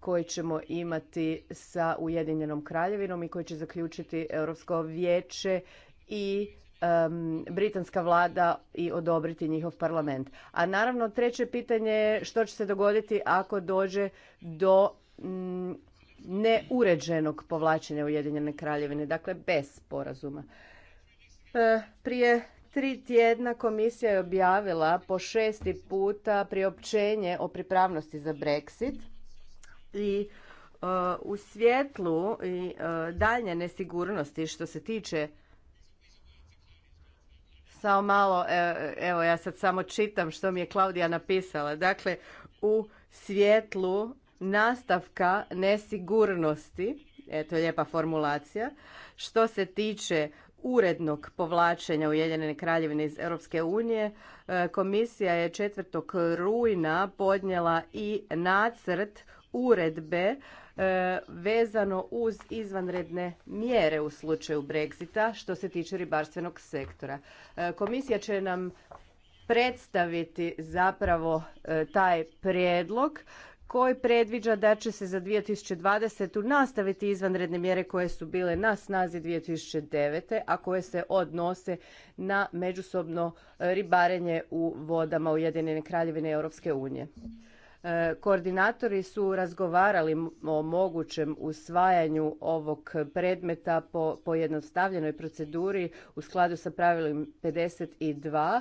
koji ćemo imati sa Ujedinjenom kraljevinom i koji će zaključiti Europsko vijeće i britanska vlada i odobriti njihov parlament. A naravno treće pitanje je što će se dogoditi ako dođe do mm, neuređenog povlačenja Ujedinjene kraljevine, dakle bez sporazuma. E, prije tri tjedna komisija je objavila po šesti puta priopćenje o pripravnosti za Brexit i e, u svjetlu i e, daljnje nesigurnosti što se tiče samo malo, e, evo ja sad samo čitam što mi je Klaudija napisala. Dakle, u svjetlu nastavka nesigurnosti, eto lijepa formulacija, što se tiče urednog povlačenja Ujedinjene kraljevine iz Europske unije, komisija je 4. rujna podnijela i nacrt uredbe e, vezano uz izvanredne mjere u slučaju Brexita što se tiče ribarstvenog sektora. E, komisija će nam predstaviti zapravo e, taj prijedlog koji predviđa da će se za 2020. nastaviti izvanredne mjere koje su bile na snazi 2009. a koje se odnose na međusobno ribarenje u vodama Ujedinjene kraljevine Europske unije. E, koordinatori su razgovarali o mogućem usvajanju ovog predmeta po pojednostavljenoj proceduri u skladu sa pravilom 52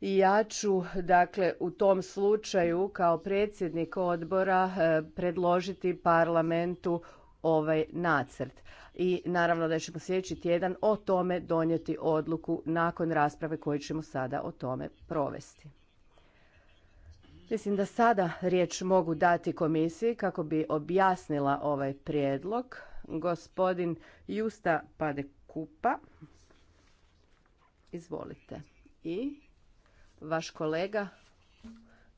i ja ću dakle u tom slučaju kao predsjednik odbora e, predložiti parlamentu ovaj nacrt i naravno da ćemo sljedeći tjedan o tome donijeti odluku nakon rasprave koju ćemo sada o tome provesti. Mislim da sada riječ mogu dati komisiji kako bi objasnila ovaj prijedlog. Gospodin Justa Padekupa, izvolite. I vaš kolega,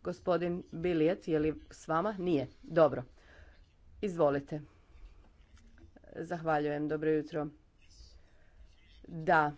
gospodin Bilijet, je li s vama? Nije. Dobro. Izvolite. Zahvaljujem. Dobro jutro. Da,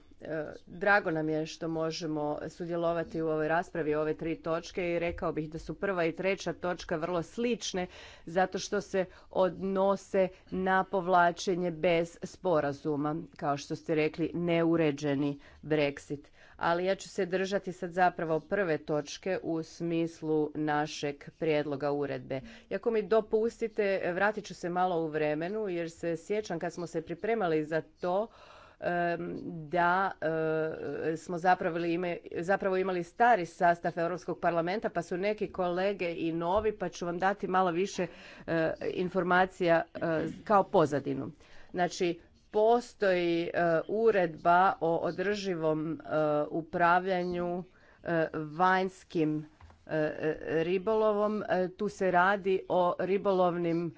Drago nam je što možemo sudjelovati u ovoj raspravi ove tri točke i rekao bih da su prva i treća točka vrlo slične zato što se odnose na povlačenje bez sporazuma, kao što ste rekli neuređeni Brexit. Ali ja ću se držati sad zapravo prve točke u smislu našeg prijedloga uredbe. ako mi dopustite, vratit ću se malo u vremenu jer se sjećam kad smo se pripremali za to, da eh, smo zapravo imali stari sastav Europskog parlamenta, pa su neki kolege i novi, pa ću vam dati malo više eh, informacija eh, kao pozadinu. Znači, postoji uredba o održivom upravljanju vanjskim ribolovom. Tu se radi o ribolovnim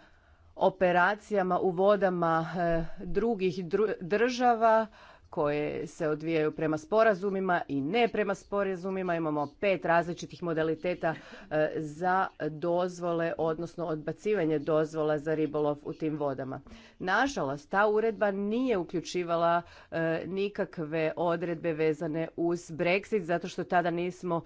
operacijama u vodama e, drugih država koje se odvijaju prema sporazumima i ne prema sporazumima. Imamo pet različitih modaliteta e, za dozvole, odnosno odbacivanje dozvola za ribolov u tim vodama. Nažalost, ta uredba nije uključivala e, nikakve odredbe vezane uz Brexit, zato što tada nismo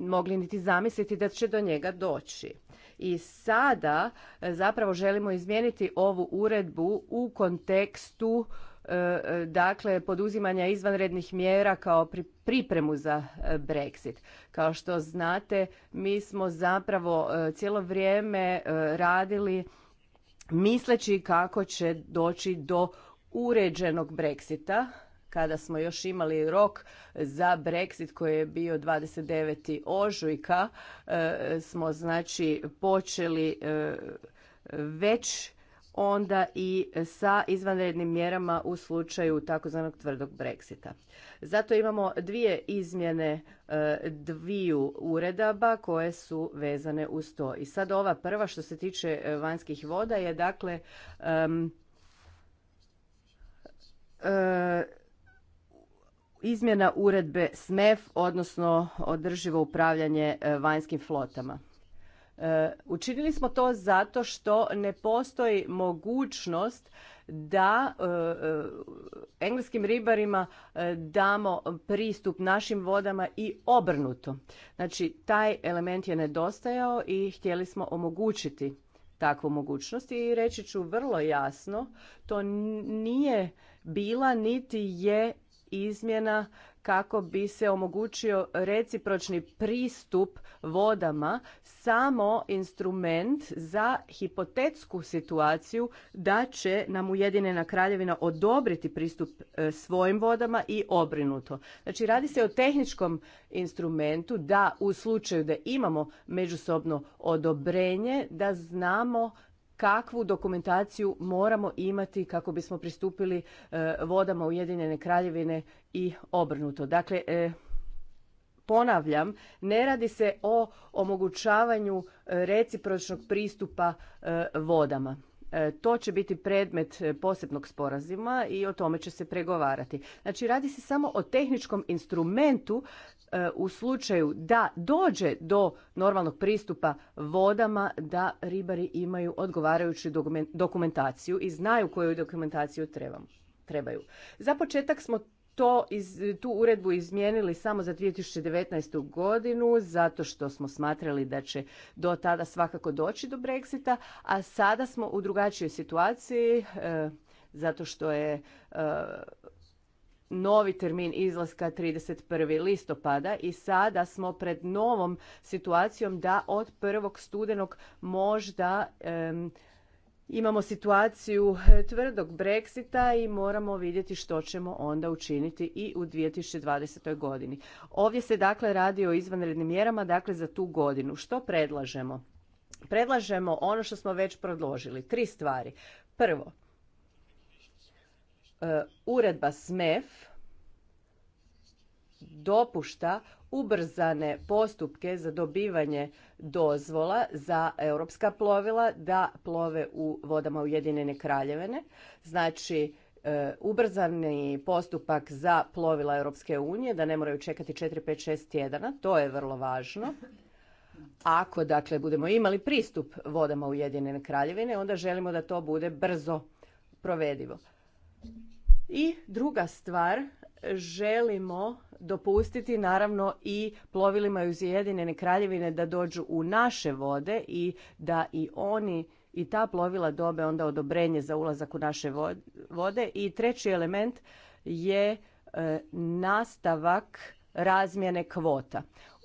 mogli niti zamisliti da će do njega doći. I sada e, zapravo želimo izmijeniti ovu uredbu u kontekstu e, e, dakle poduzimanja izvanrednih mjera kao pripremu za Brexit. Kao što znate, mi smo zapravo cijelo vrijeme radili misleći kako će doći do uređenog Brexita kada smo još imali rok za Brexit koji je bio 29. ožujka, e, smo znači počeli e, već onda i sa izvanrednim mjerama u slučaju takozvanog tvrdog Brexita. Zato imamo dvije izmjene e, dviju uredaba koje su vezane uz to. I sad ova prva što se tiče vanjskih voda je dakle izmjena uredbe SMEF, odnosno održivo upravljanje e, vanjskim flotama. E, učinili smo to zato što ne postoji mogućnost da e, engleskim ribarima damo pristup našim vodama i obrnuto. Znači, taj element je nedostajao i htjeli smo omogućiti takvu mogućnost i reći ću vrlo jasno, to nije bila niti je izmjena kako bi se omogućio recipročni pristup vodama samo instrument za hipotetsku situaciju da će nam Ujedinjena kraljevina odobriti pristup e, svojim vodama i obrinuto. Znači radi se o tehničkom instrumentu da u slučaju da imamo međusobno odobrenje da znamo kakvu dokumentaciju moramo imati kako bismo pristupili e, vodama Ujedinjene kraljevine i obrnuto. Dakle, e, ponavljam, ne radi se o omogućavanju e, recipročnog pristupa vodama. To će biti predmet posebnog sporazima i o tome će se pregovarati. Znači, radi se samo o tehničkom instrumentu E, u slučaju da dođe do normalnog pristupa vodama da ribari imaju odgovarajuću dokumentaciju i znaju koju dokumentaciju trebaju. Za početak smo to iz, tu uredbu izmijenili samo za 2019. godinu zato što smo smatrali da će do tada svakako doći do Brexita, a sada smo u drugačijoj situaciji e, zato što je e, novi termin izlaska 31. listopada i sada smo pred novom situacijom da od 1. studenog možda imamo situaciju tvrdog breksita i moramo vidjeti što ćemo onda učiniti i u 2020. godini. Ovdje se dakle radi o izvanrednim mjerama dakle za tu godinu. Što predlažemo? Predlažemo ono što smo već predložili. Tri stvari. Prvo, E, uredba SMEF dopušta ubrzane postupke za dobivanje dozvola za europska plovila da plove u vodama Ujedinjene kraljevine. Znači, e, ubrzani postupak za plovila Europske unije, da ne moraju čekati 4, 5, 6 tjedana, to je vrlo važno. Ako, dakle, budemo imali pristup vodama Ujedinjene kraljevine, onda želimo da to bude brzo provedivo. I druga stvar, želimo dopustiti naravno i plovilima iz Ujedinjene kraljevine da dođu u naše vode i da i oni i ta plovila dobe onda odobrenje za ulazak u naše vode. I treći element je e, nastavak razmjene kvota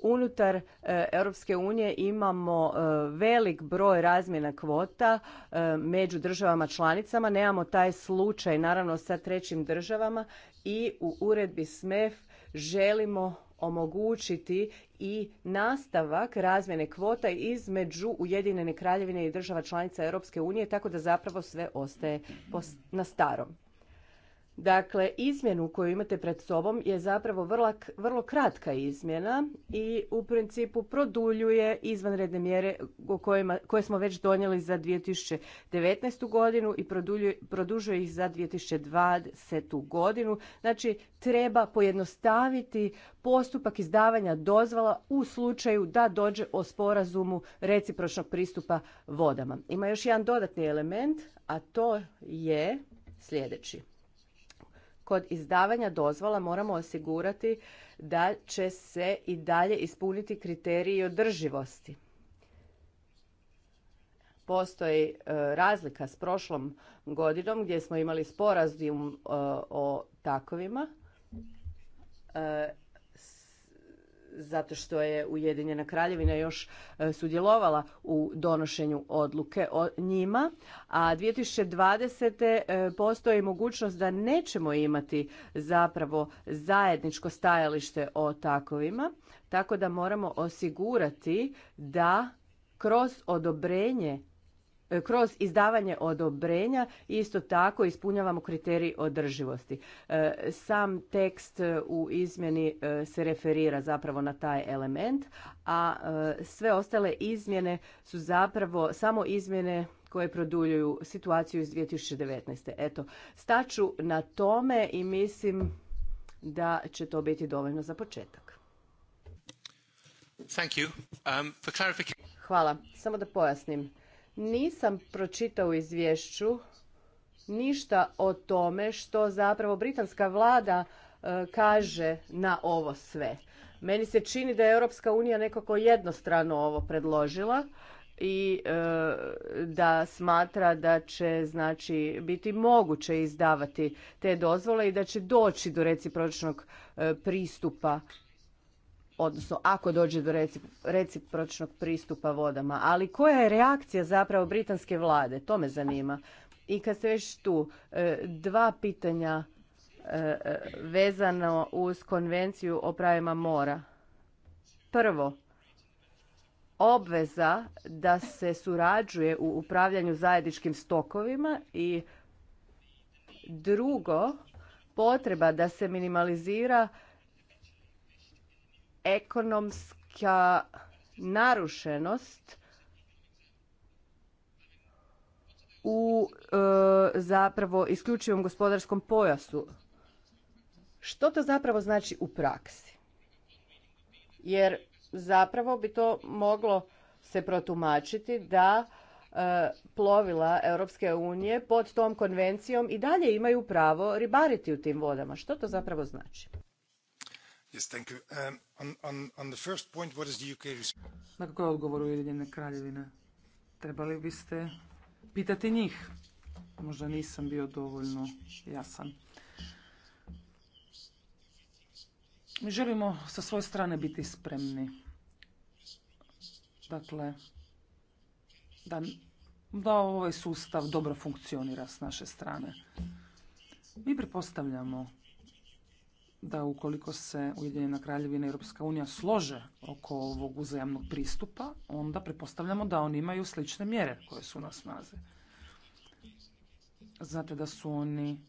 unutar eh, Europske unije imamo eh, velik broj razmjena kvota eh, među državama članicama. Nemamo taj slučaj naravno sa trećim državama i u uredbi SMEF želimo omogućiti i nastavak razmjene kvota između Ujedinjene kraljevine i država članica Europske unije, tako da zapravo sve ostaje na starom. Dakle, izmjenu koju imate pred sobom je zapravo vrlo, vrlo kratka izmjena i u principu produljuje izvanredne mjere kojima, koje smo već donijeli za 2019. godinu i produžuje ih za 2020. godinu. Znači, treba pojednostaviti postupak izdavanja dozvala u slučaju da dođe o sporazumu recipročnog pristupa vodama. Ima još jedan dodatni element, a to je sljedeći kod izdavanja dozvola moramo osigurati da će se i dalje ispuniti kriteriji održivosti. Postoji e, razlika s prošlom godinom gdje smo imali sporazum e, o takovima e, zato što je Ujedinjena kraljevina još e, sudjelovala u donošenju odluke o njima, a 2020. E, postoji mogućnost da nećemo imati zapravo zajedničko stajalište o takovima, tako da moramo osigurati da kroz odobrenje E, kroz izdavanje odobrenja isto tako ispunjavamo kriterij održivosti. E, sam tekst e, u izmjeni se referira zapravo na taj element, a sve ostale izmjene su zapravo samo izmjene koje produljuju situaciju iz 2019. Eto, staću na tome i mislim da će to biti dovoljno za početak. Um, Hvala. Samo da pojasnim nisam pročitao u izvješću ništa o tome što zapravo britanska vlada e, kaže na ovo sve. Meni se čini da je Europska unija nekako jednostrano ovo predložila i e, da smatra da će znači biti moguće izdavati te dozvole i da će doći do recipročnog e, pristupa odnosno ako dođe do recipročnog pristupa vodama. Ali koja je reakcija zapravo britanske vlade? To me zanima. I kad ste već tu, e, dva pitanja e, e, vezano uz konvenciju o pravima mora. Prvo, obveza da se surađuje u upravljanju zajedničkim stokovima i drugo, potreba da se minimalizira ekonomska narušenost u e, zapravo isključivom gospodarskom pojasu. Što to zapravo znači u praksi? Jer zapravo bi to moglo se protumačiti da e, plovila Europske unije pod tom konvencijom i dalje imaju pravo ribariti u tim vodama. Što to zapravo znači? Yes, um, na on, on je odgovor Ujedinjene kraljevine? Trebali biste pitati njih. Možda nisam bio dovoljno jasan. Mi želimo sa svoje strane biti spremni. Dakle, da, da ovaj sustav dobro funkcionira s naše strane. Mi pretpostavljamo da ukoliko se Ujedinjena kraljevina i Europska unija slože oko ovog uzajamnog pristupa, onda pretpostavljamo da oni imaju slične mjere koje su na snazi. Znate da su oni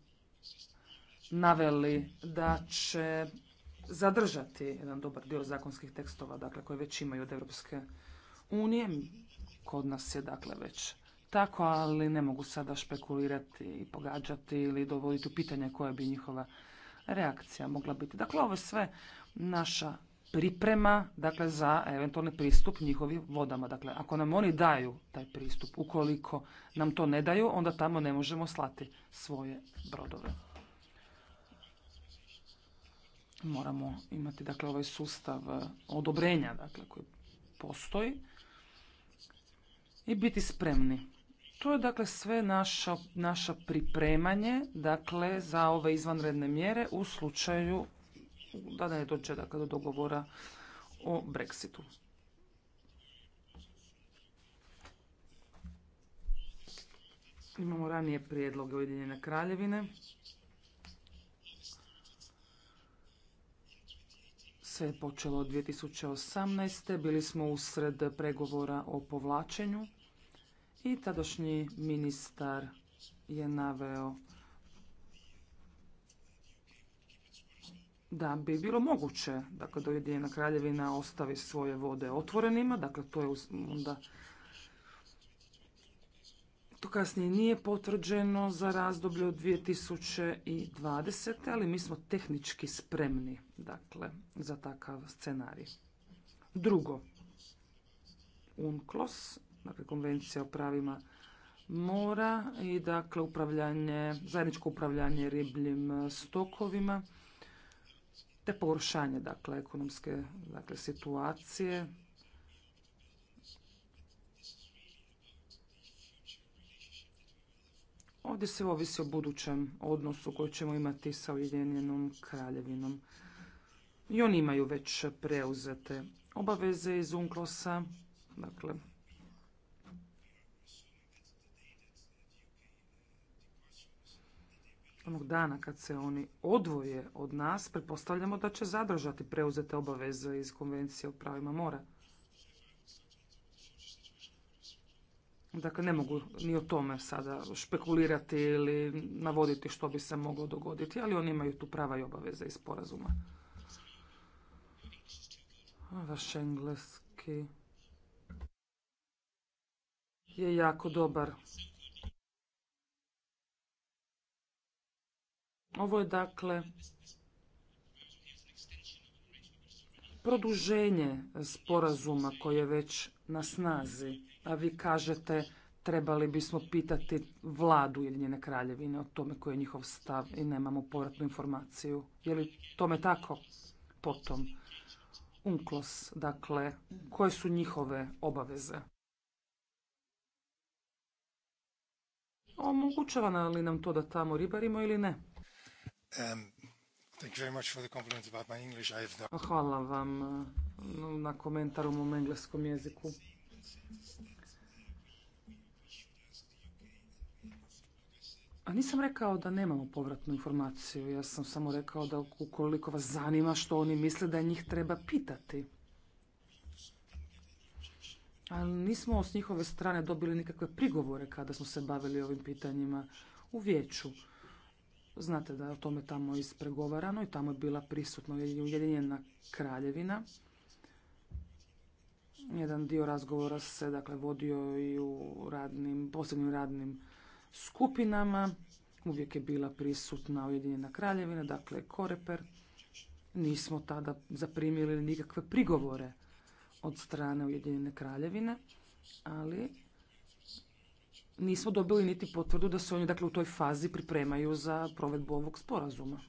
naveli da će zadržati jedan dobar dio zakonskih tekstova dakle, koje već imaju od Europske unije. Kod nas je dakle već tako, ali ne mogu sada špekulirati i pogađati ili dovoditi u pitanje koja bi njihova reakcija mogla biti. Dakle, ovo je sve naša priprema dakle, za eventualni pristup njihovim vodama. Dakle, ako nam oni daju taj pristup, ukoliko nam to ne daju, onda tamo ne možemo slati svoje brodove. Moramo imati dakle, ovaj sustav e, odobrenja dakle, koji postoji i biti spremni to je dakle sve naša, naša pripremanje dakle za ove izvanredne mjere u slučaju da ne dođe dakle, do dogovora o Brexitu. Imamo ranije prijedloge Ujedinjene kraljevine. Sve je počelo od 2018. Bili smo usred pregovora o povlačenju i tadašnji ministar je naveo da bi bilo moguće dakle, da Ujedinjena kraljevina ostavi svoje vode otvorenima, dakle to je onda to kasnije nije potvrđeno za razdoblje od 2020. ali mi smo tehnički spremni dakle, za takav scenarij. Drugo, UNCLOS dakle konvencija o pravima mora i dakle upravljanje, zajedničko upravljanje ribljim e, stokovima te pogoršanje dakle ekonomske dakle, situacije Ovdje se ovisi o budućem odnosu koji ćemo imati sa Ujedinjenom kraljevinom. I oni imaju već preuzete obaveze iz unclos dakle Onog dana kad se oni odvoje od nas, pretpostavljamo da će zadržati preuzete obaveze iz Konvencije o pravima mora. Dakle, ne mogu ni o tome sada špekulirati ili navoditi što bi se moglo dogoditi, ali oni imaju tu prava i obaveze iz sporazuma. Vaš engleski je jako dobar. Ovo je dakle produženje sporazuma koji je već na snazi, a vi kažete trebali bismo pitati vladu Ujedinjene kraljevine o tome koji je njihov stav i nemamo povratnu informaciju. Je li tome tako? Potom, unklos, dakle, koje su njihove obaveze? Omogućava li nam to da tamo ribarimo ili ne? Hvala vam uh, na komentaru mom engleskom jeziku. A nisam rekao da nemamo povratnu informaciju. Ja sam samo rekao da ukoliko vas zanima što oni misle da njih treba pitati. A nismo s njihove strane dobili nikakve prigovore kada smo se bavili ovim pitanjima u vijeću. Znate da je o tome tamo ispregovarano i tamo je bila prisutna Ujedinjena kraljevina. Jedan dio razgovora se dakle vodio i u radnim, posebnim radnim skupinama. Uvijek je bila prisutna Ujedinjena kraljevina, dakle Koreper. Nismo tada zaprimili nikakve prigovore od strane Ujedinjene kraljevine, ali nismo dobili niti potvrdu da se oni dakle u toj fazi pripremaju za provedbu ovog sporazuma.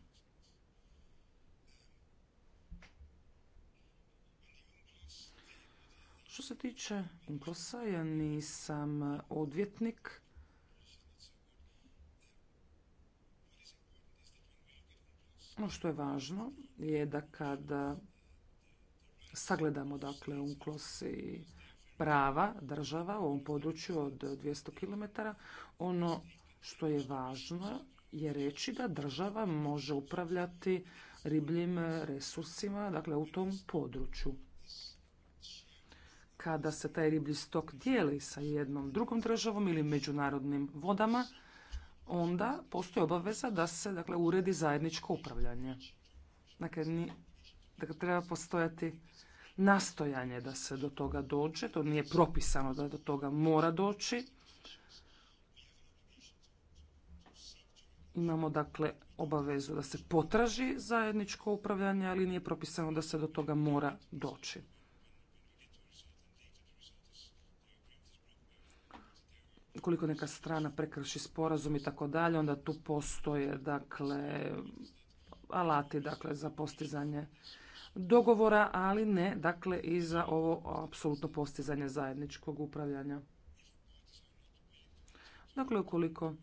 Što se tiče Unklosa, ja nisam odvjetnik. Ono što je važno je da kada sagledamo dakle Unklos i prava država u ovom području od 200 km. Ono što je važno je reći da država može upravljati ribljim resursima, dakle u tom području. Kada se taj riblji stok dijeli sa jednom drugom državom ili međunarodnim vodama, onda postoji obaveza da se dakle, uredi zajedničko upravljanje. Dakle, ni, dakle treba postojati nastojanje da se do toga dođe, to nije propisano da do toga mora doći. Imamo dakle obavezu da se potraži zajedničko upravljanje, ali nije propisano da se do toga mora doći. Ukoliko neka strana prekrši sporazum i tako dalje, onda tu postoje dakle alati dakle za postizanje dogovora, ali ne dakle i za ovo apsolutno postizanje zajedničkog upravljanja. Dakle, ukoliko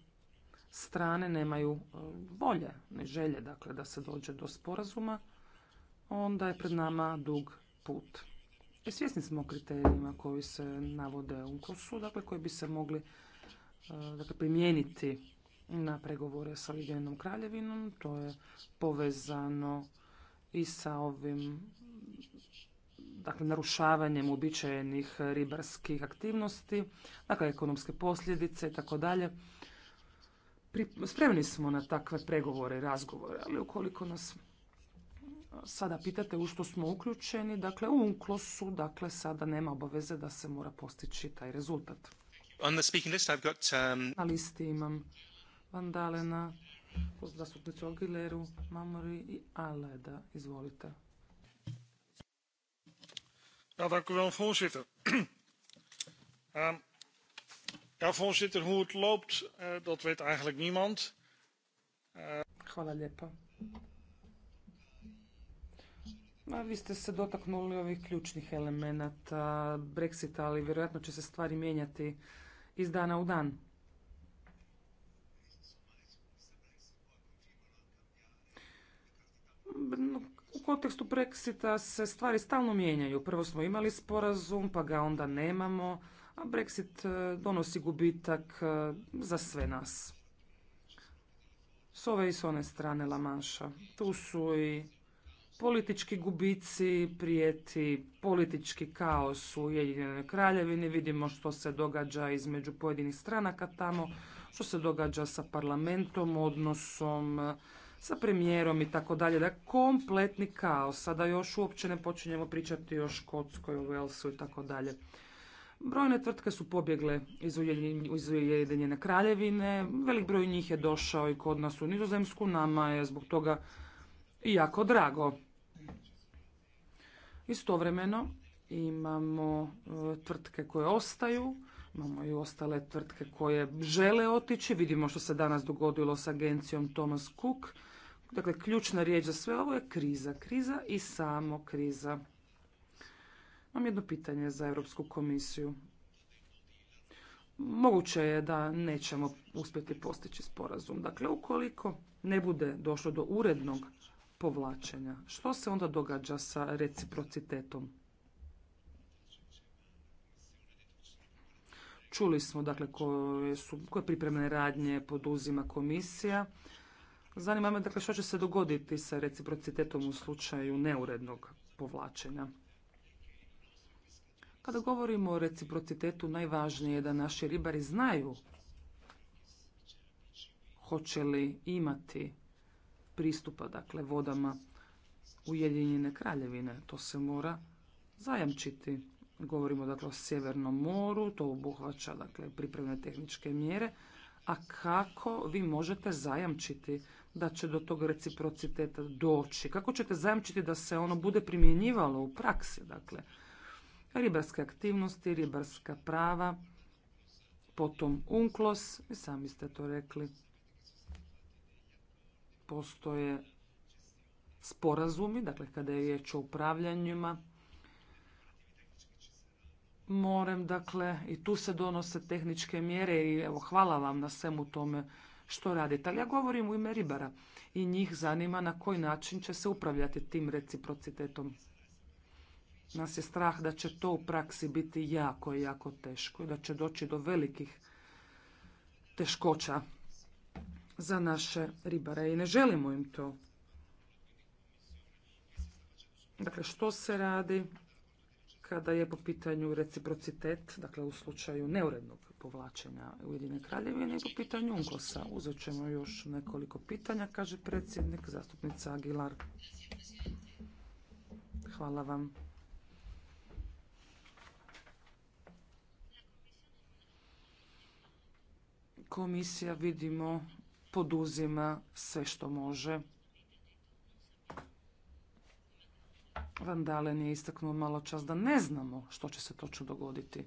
strane nemaju e, volje, ne želje dakle da se dođe do sporazuma, onda je pred nama dug put. I e, svjesni smo o kriterijima koji se navode u Kosu, dakle koji bi se mogli e, dakle, primijeniti na pregovore sa Ujedinjenom kraljevinom. To je povezano i sa ovim dakle, narušavanjem uobičajenih ribarskih aktivnosti, dakle, ekonomske posljedice i tako dalje. Spremni smo na takve pregovore i razgovore, ali ukoliko nas sada pitate u što smo uključeni, dakle u unclos dakle sada nema obaveze da se mora postići taj rezultat. On the list, I've got, um, Na listi imam Vandalena, zastupnicu Aguileru, Mamori i Aleda. Izvolite. Ja, dank u wel, voorzitter. Uh, ja, voorzitter, hoe het loopt, uh, dat weet eigenlijk niemand. Uh... Hvala lijepa. Ma, vi ste se dotaknuli ovih ključnih elemenata Brexita, ali vjerojatno će se stvari mijenjati iz dana u dan. u kontekstu Brexita se stvari stalno mijenjaju. Prvo smo imali sporazum, pa ga onda nemamo, a Brexit e, donosi gubitak e, za sve nas. S ove i s one strane Lamanša. Tu su i politički gubici, prijeti politički kaos u Ujedinjenoj kraljevini. Vidimo što se događa između pojedinih stranaka tamo, što se događa sa parlamentom, odnosom sa premijerom i tako dalje. Da je kompletni kaos. Sada još uopće ne počinjemo pričati o Škotskoj, o Walesu i tako dalje. Brojne tvrtke su pobjegle iz Ujedinjene kraljevine. Velik broj njih je došao i kod nas u Nizozemsku. Nama je zbog toga jako drago. Istovremeno imamo e, tvrtke koje ostaju, imamo i ostale tvrtke koje žele otići. Vidimo što se danas dogodilo s agencijom Thomas Cook. Dakle, ključna riječ za sve ovo je kriza. Kriza i samo kriza. Imam jedno pitanje za Europsku komisiju. Moguće je da nećemo uspjeti postići sporazum. Dakle, ukoliko ne bude došlo do urednog povlačenja, što se onda događa sa reciprocitetom? Čuli smo dakle koje su koje pripremne radnje poduzima komisija. Zanima me dakle što će se dogoditi sa reciprocitetom u slučaju neurednog povlačenja. Kada govorimo o reciprocitetu, najvažnije je da naši ribari znaju hoće li imati pristupa dakle vodama Ujedinjene kraljevine. To se mora zajamčiti. Govorimo dakle o Sjevernom moru, to obuhvaća dakle pripremne tehničke mjere. A kako vi možete zajamčiti da će do tog reciprociteta doći? Kako ćete zajamčiti da se ono bude primjenjivalo u praksi? Dakle, ribarske aktivnosti, ribarska prava, potom unklos, i sami ste to rekli, postoje sporazumi, dakle kada je riječ o upravljanjima, morem, dakle, i tu se donose tehničke mjere i evo, hvala vam na svemu tome što radite. Ali ja govorim u ime ribara i njih zanima na koji način će se upravljati tim reciprocitetom. Nas je strah da će to u praksi biti jako, jako teško i da će doći do velikih teškoća za naše ribare i ne želimo im to. Dakle, što se radi? kada je po pitanju reciprocitet, dakle u slučaju neurednog povlačenja Ujedine kraljevine i po pitanju Unkosa. Uzet ćemo još nekoliko pitanja, kaže predsjednik, zastupnica Aguilar. Hvala vam. Komisija vidimo poduzima sve što može Vandalen je istaknuo malo čas da ne znamo što će se točno dogoditi.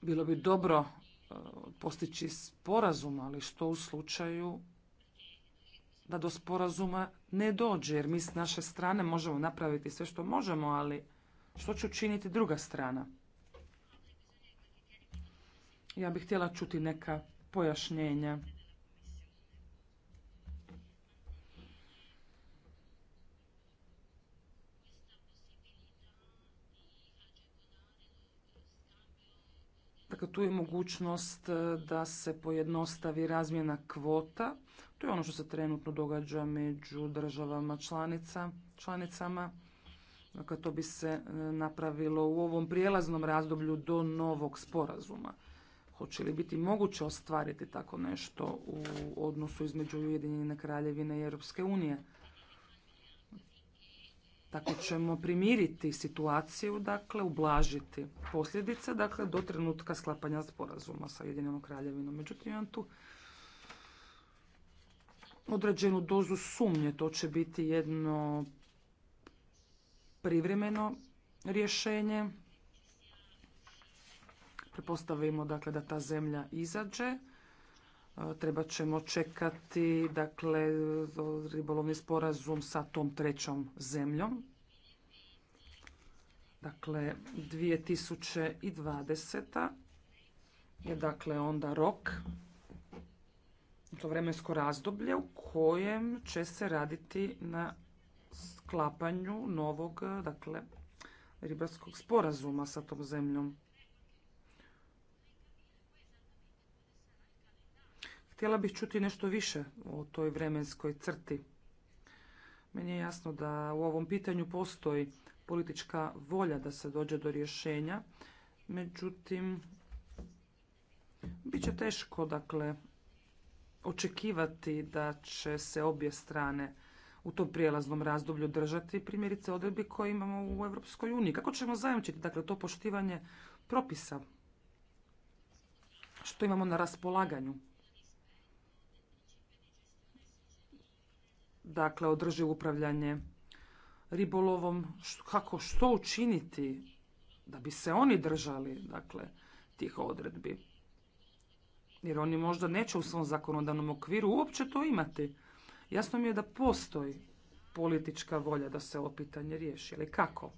Bilo bi dobro e, postići sporazum, ali što u slučaju da do sporazuma ne dođe, jer mi s naše strane možemo napraviti sve što možemo, ali što će učiniti druga strana? Ja bih htjela čuti neka pojašnjenja. Dakle, tu je mogućnost e, da se pojednostavi razmjena kvota. To je ono što se trenutno događa među državama članica, članicama. Dakle, to bi se e, napravilo u ovom prijelaznom razdoblju do novog sporazuma. Hoće li biti moguće ostvariti tako nešto u odnosu između Ujedinjene kraljevine i Europske unije? Tako ćemo primiriti situaciju, dakle, ublažiti posljedice, dakle, do trenutka sklapanja sporazuma sa Jedinom kraljevinom. Međutim, imam tu određenu dozu sumnje. To će biti jedno privremeno rješenje. Prepostavimo, dakle, da ta zemlja izađe Treba ćemo čekati dakle, ribolovni sporazum sa tom trećom zemljom. Dakle, 2020. je dakle onda rok, to vremensko razdoblje u kojem će se raditi na sklapanju novog dakle, ribarskog sporazuma sa tom zemljom. Htjela bih čuti nešto više o toj vremenskoj crti. Meni je jasno da u ovom pitanju postoji politička volja da se dođe do rješenja, međutim, bit će teško, dakle, očekivati da će se obje strane u tom prijelaznom razdoblju držati, primjerice odredbi koje imamo u Europskoj uniji. Kako ćemo zajamčiti dakle, to poštivanje propisa što imamo na raspolaganju? dakle održivo upravljanje ribolovom, kako što učiniti da bi se oni držali dakle tih odredbi. Jer oni možda neće u svom zakonodavnom okviru uopće to imati. Jasno mi je da postoji politička volja da se ovo pitanje riješi, ali kako?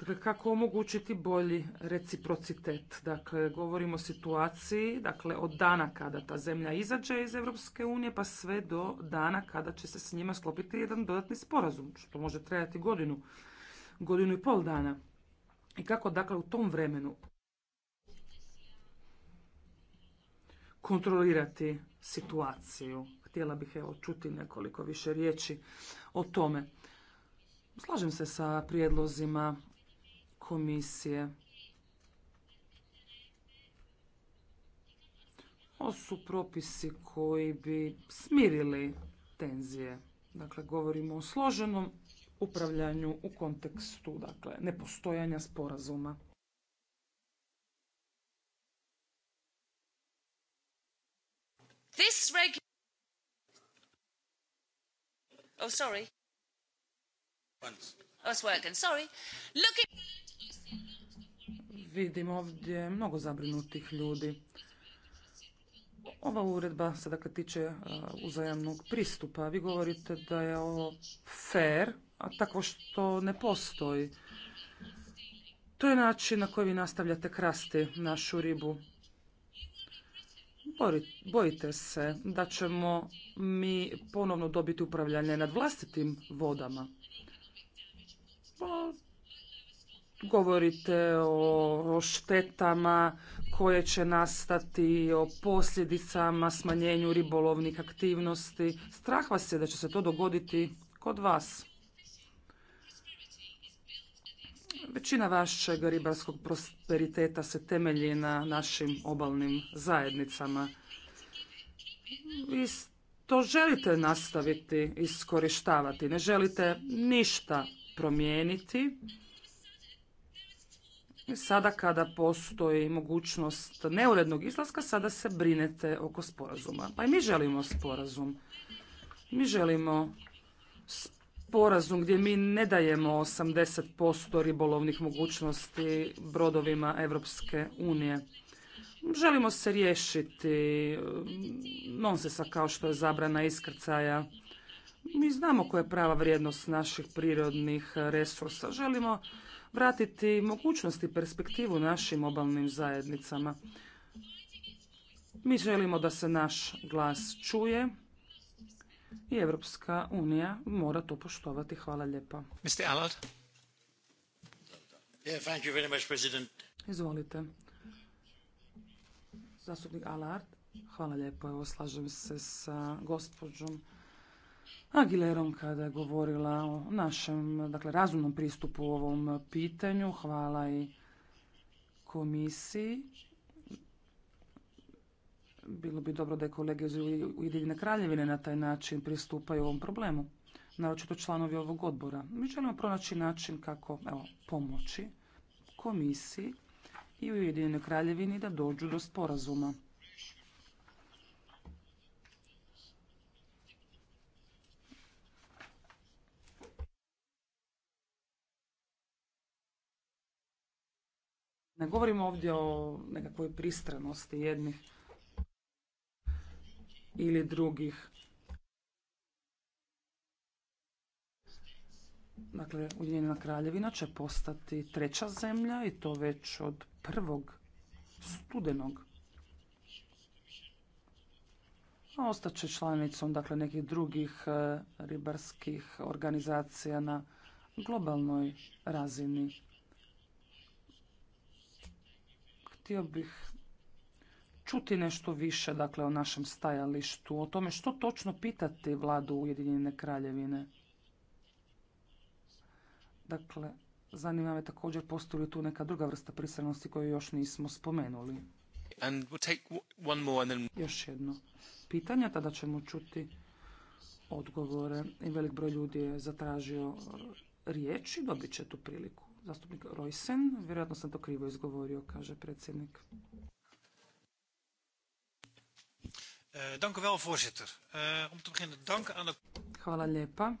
Dakle, kako omogućiti bolji reciprocitet? Dakle, govorimo o situaciji, dakle, od dana kada ta zemlja izađe iz Europske unije, pa sve do dana kada će se s njima sklopiti jedan dodatni sporazum, što može trajati godinu, godinu i pol dana. I kako, dakle, u tom vremenu kontrolirati situaciju? Htjela bih, evo, čuti nekoliko više riječi o tome. Slažem se sa prijedlozima komisije Ovo su propisi koji bi smirili tenzije. Dakle, govorimo o složenom upravljanju u kontekstu dakle, nepostojanja sporazuma. This reg- oh, sorry. Once. Oh, working. Sorry. Looking Vidim ovdje mnogo zabrinutih ljudi. Ova uredba se dakle tiče uzajamnog pristupa. Vi govorite da je ovo fair, a tako što ne postoji. To je način na koji vi nastavljate krasti našu ribu. Bojite se da ćemo mi ponovno dobiti upravljanje nad vlastitim vodama. Pa, Govorite o štetama koje će nastati, o posljedicama, smanjenju ribolovnih aktivnosti. Strah vas je da će se to dogoditi kod vas. Većina vašeg ribarskog prosperiteta se temelji na našim obalnim zajednicama. Vi to želite nastaviti iskorištavati, ne želite ništa promijeniti Sada kada postoji mogućnost neurednog izlaska, sada se brinete oko sporazuma. Pa i mi želimo sporazum. Mi želimo sporazum gdje mi ne dajemo 80% ribolovnih mogućnosti brodovima Evropske unije. Želimo se riješiti mm, nonsesa kao što je zabrana iskrcaja. Mi znamo koja je prava vrijednost naših prirodnih resursa. Želimo vratiti mogućnosti i perspektivu našim obalnim zajednicama. Mi želimo da se naš glas čuje i Evropska unija mora to poštovati. Hvala lijepa. Izvolite. Zastupnik Alard. Hvala lijepo. Evo, slažem se sa gospođom Aguilerom kada je govorila o našem dakle, razumnom pristupu u ovom pitanju. Hvala i komisiji. Bilo bi dobro da je kolege iz Ujedinjene kraljevine na taj način pristupaju ovom problemu, naročito članovi ovog odbora. Mi želimo pronaći način kako evo, pomoći komisiji i Ujedinjenoj kraljevini da dođu do sporazuma. Ne govorimo ovdje o nekakvoj pristranosti jednih ili drugih. Dakle, Ujedinjena kraljevina će postati treća zemlja i to već od prvog studenog. A ostaće članicom dakle, nekih drugih e, ribarskih organizacija na globalnoj razini. htio bih čuti nešto više dakle, o našem stajalištu, o tome što točno pitati vladu Ujedinjene kraljevine. Dakle, zanima me također postoji tu neka druga vrsta prisrednosti koju još nismo spomenuli. Još jedno pitanje, tada ćemo čuti odgovore. I velik broj ljudi je zatražio riječ i dobit će tu priliku zastupnik Rojsen. Vjerojatno sam to krivo izgovorio, kaže predsjednik. Hvala lijepa.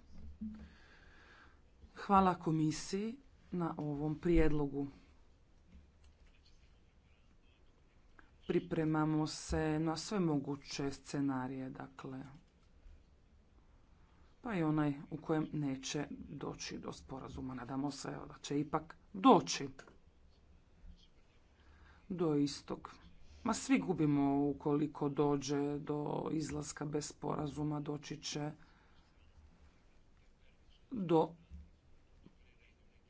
Hvala komisiji na ovom prijedlogu. Pripremamo se na sve moguće scenarije, dakle, pa i onaj u kojem neće doći do sporazuma. Nadamo se da će ipak doći do istog. Ma svi gubimo ukoliko dođe do izlaska bez sporazuma, doći će do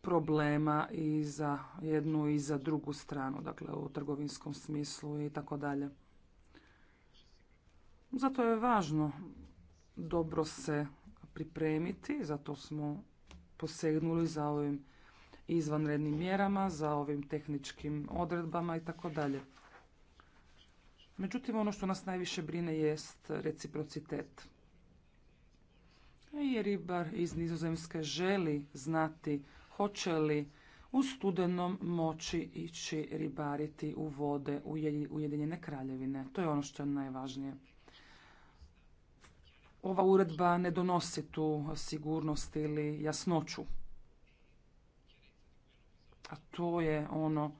problema i za jednu i za drugu stranu, dakle u trgovinskom smislu i tako dalje. Zato je važno dobro se pripremiti, zato smo posegnuli za ovim izvanrednim mjerama, za ovim tehničkim odredbama i tako dalje. Međutim, ono što nas najviše brine jest reciprocitet. I ribar iz Nizozemske želi znati hoće li u studenom moći ići ribariti u vode Ujedinjene kraljevine. To je ono što je najvažnije ova uredba ne donosi tu sigurnost ili jasnoću. A to je ono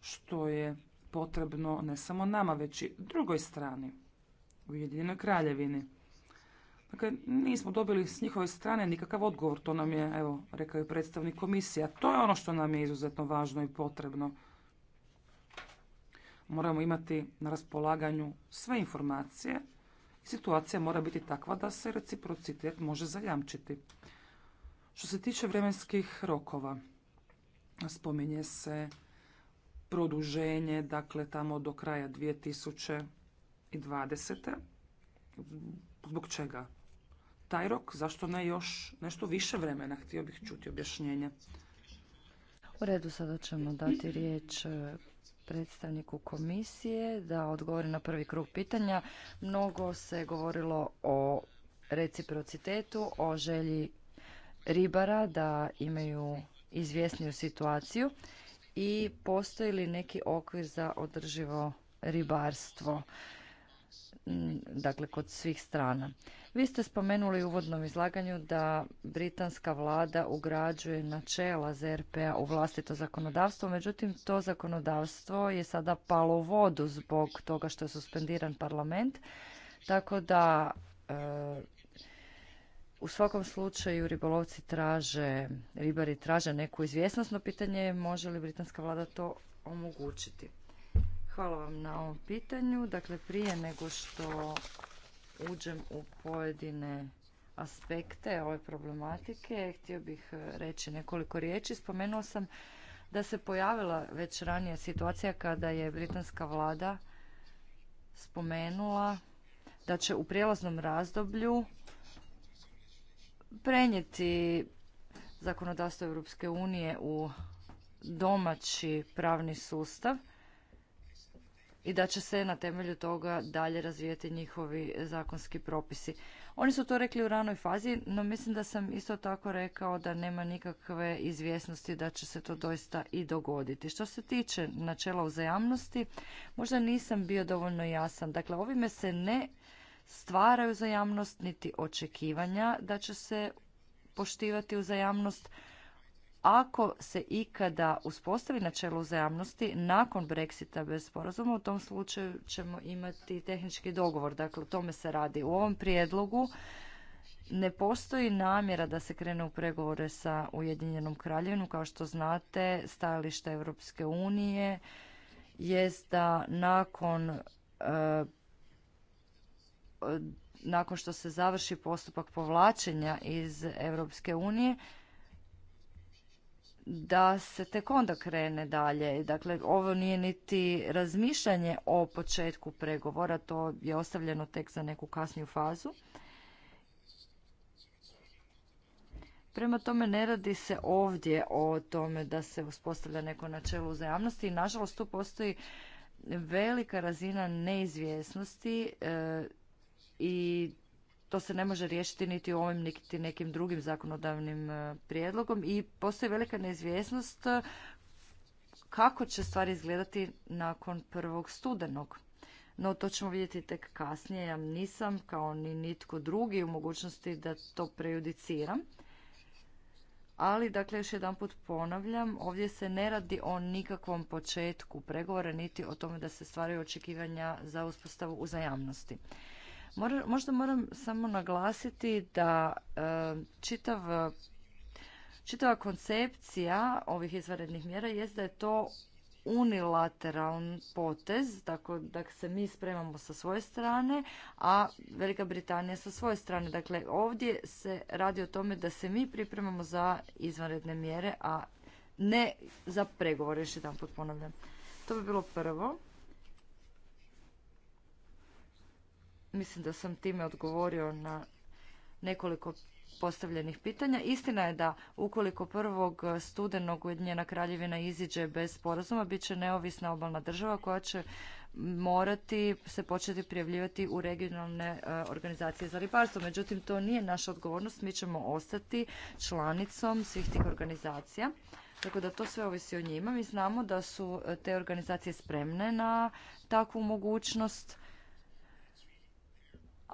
što je potrebno ne samo nama, već i drugoj strani, Ujedinjenoj kraljevini. Dakle, nismo dobili s njihove strane nikakav odgovor, to nam je, evo, rekao je predstavnik komisije. To je ono što nam je izuzetno važno i potrebno. Moramo imati na raspolaganju sve informacije situacija mora biti takva da se reciprocitet može zajamčiti. Što se tiče vremenskih rokova, spominje se produženje, dakle tamo do kraja 2020. Zbog čega? Taj rok, zašto ne još nešto više vremena? Htio bih čuti objašnjenje. U redu sada ćemo dati riječ predstavniku komisije da odgovori na prvi krug pitanja. Mnogo se govorilo o reciprocitetu, o želji ribara da imaju izvjesniju situaciju i postoji li neki okvir za održivo ribarstvo dakle kod svih strana. Vi ste spomenuli u uvodnom izlaganju da britanska vlada ugrađuje načela ZRP-a u vlastito zakonodavstvo, međutim to zakonodavstvo je sada palo u vodu zbog toga što je suspendiran parlament, tako da e, u svakom slučaju ribolovci traže, ribari traže neku izvjesnost, no pitanje je može li britanska vlada to omogućiti. Hvala vam na ovom pitanju. Dakle, prije nego što uđem u pojedine aspekte ove problematike, htio bih e, reći nekoliko riječi. Spomenuo sam da se pojavila već ranije situacija kada je britanska vlada spomenula da će u prijelaznom razdoblju prenijeti zakonodavstvo Europske unije u domaći pravni sustav – i da će se na temelju toga dalje razvijati njihovi zakonski propisi. Oni su to rekli u ranoj fazi, no mislim da sam isto tako rekao da nema nikakve izvjesnosti da će se to doista i dogoditi. Što se tiče načela uzajamnosti, možda nisam bio dovoljno jasan. Dakle, ovime se ne stvaraju uzajamnost niti očekivanja da će se poštivati uzajamnost, ako se ikada uspostavi načelo uzajamnosti nakon Brexita bez sporazuma, u tom slučaju ćemo imati tehnički dogovor. Dakle, o tome se radi. U ovom prijedlogu ne postoji namjera da se krene u pregovore sa Ujedinjenom kraljevinom. Kao što znate, stajalište Europske unije jest da nakon eh, nakon što se završi postupak povlačenja iz Europske unije, da se tek onda krene dalje. Dakle, ovo nije niti razmišljanje o početku pregovora, to je ostavljeno tek za neku kasniju fazu. Prema tome ne radi se ovdje o tome da se uspostavlja neko načelo uzajamnosti i nažalost tu postoji velika razina neizvjesnosti e, i to se ne može riješiti niti ovim niti nekim drugim zakonodavnim e, prijedlogom i postoji velika neizvjesnost e, kako će stvari izgledati nakon prvog studenog. No to ćemo vidjeti tek kasnije, ja nisam kao ni nitko drugi u mogućnosti da to prejudiciram. Ali, dakle, još jedan put ponavljam, ovdje se ne radi o nikakvom početku pregovora, niti o tome da se stvaraju očekivanja za uspostavu uzajamnosti. Možda moram samo naglasiti da e, čitav, čitava koncepcija ovih izvanrednih mjera je da je to unilateralan potez, tako da se mi spremamo sa svoje strane, a Velika Britanija sa svoje strane. Dakle, ovdje se radi o tome da se mi pripremamo za izvanredne mjere, a ne za pregovore, još jedan ponavljam. To bi bilo prvo. Mislim da sam time odgovorio na nekoliko postavljenih pitanja. Istina je da ukoliko prvog studenog Ujedinjena kraljevina iziđe bez sporazuma, bit će neovisna obalna država koja će morati se početi prijavljivati u regionalne e, organizacije za ribarstvo. Međutim, to nije naša odgovornost. Mi ćemo ostati članicom svih tih organizacija. Tako da to sve ovisi o njima. Mi znamo da su te organizacije spremne na takvu mogućnost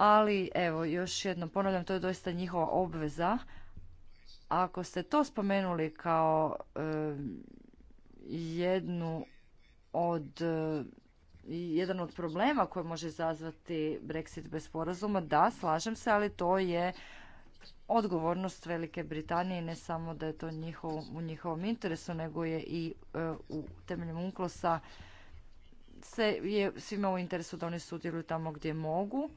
ali evo još jednom ponavljam to je doista njihova obveza ako ste to spomenuli kao jednu od e, jedan od problema koje može izazvati Brexit bez sporazuma, da, slažem se, ali to je odgovornost Velike Britanije ne samo da je to njihov, u njihovom interesu, nego je i e, u temeljem unklosa se je svima u interesu da oni sudjeluju tamo gdje mogu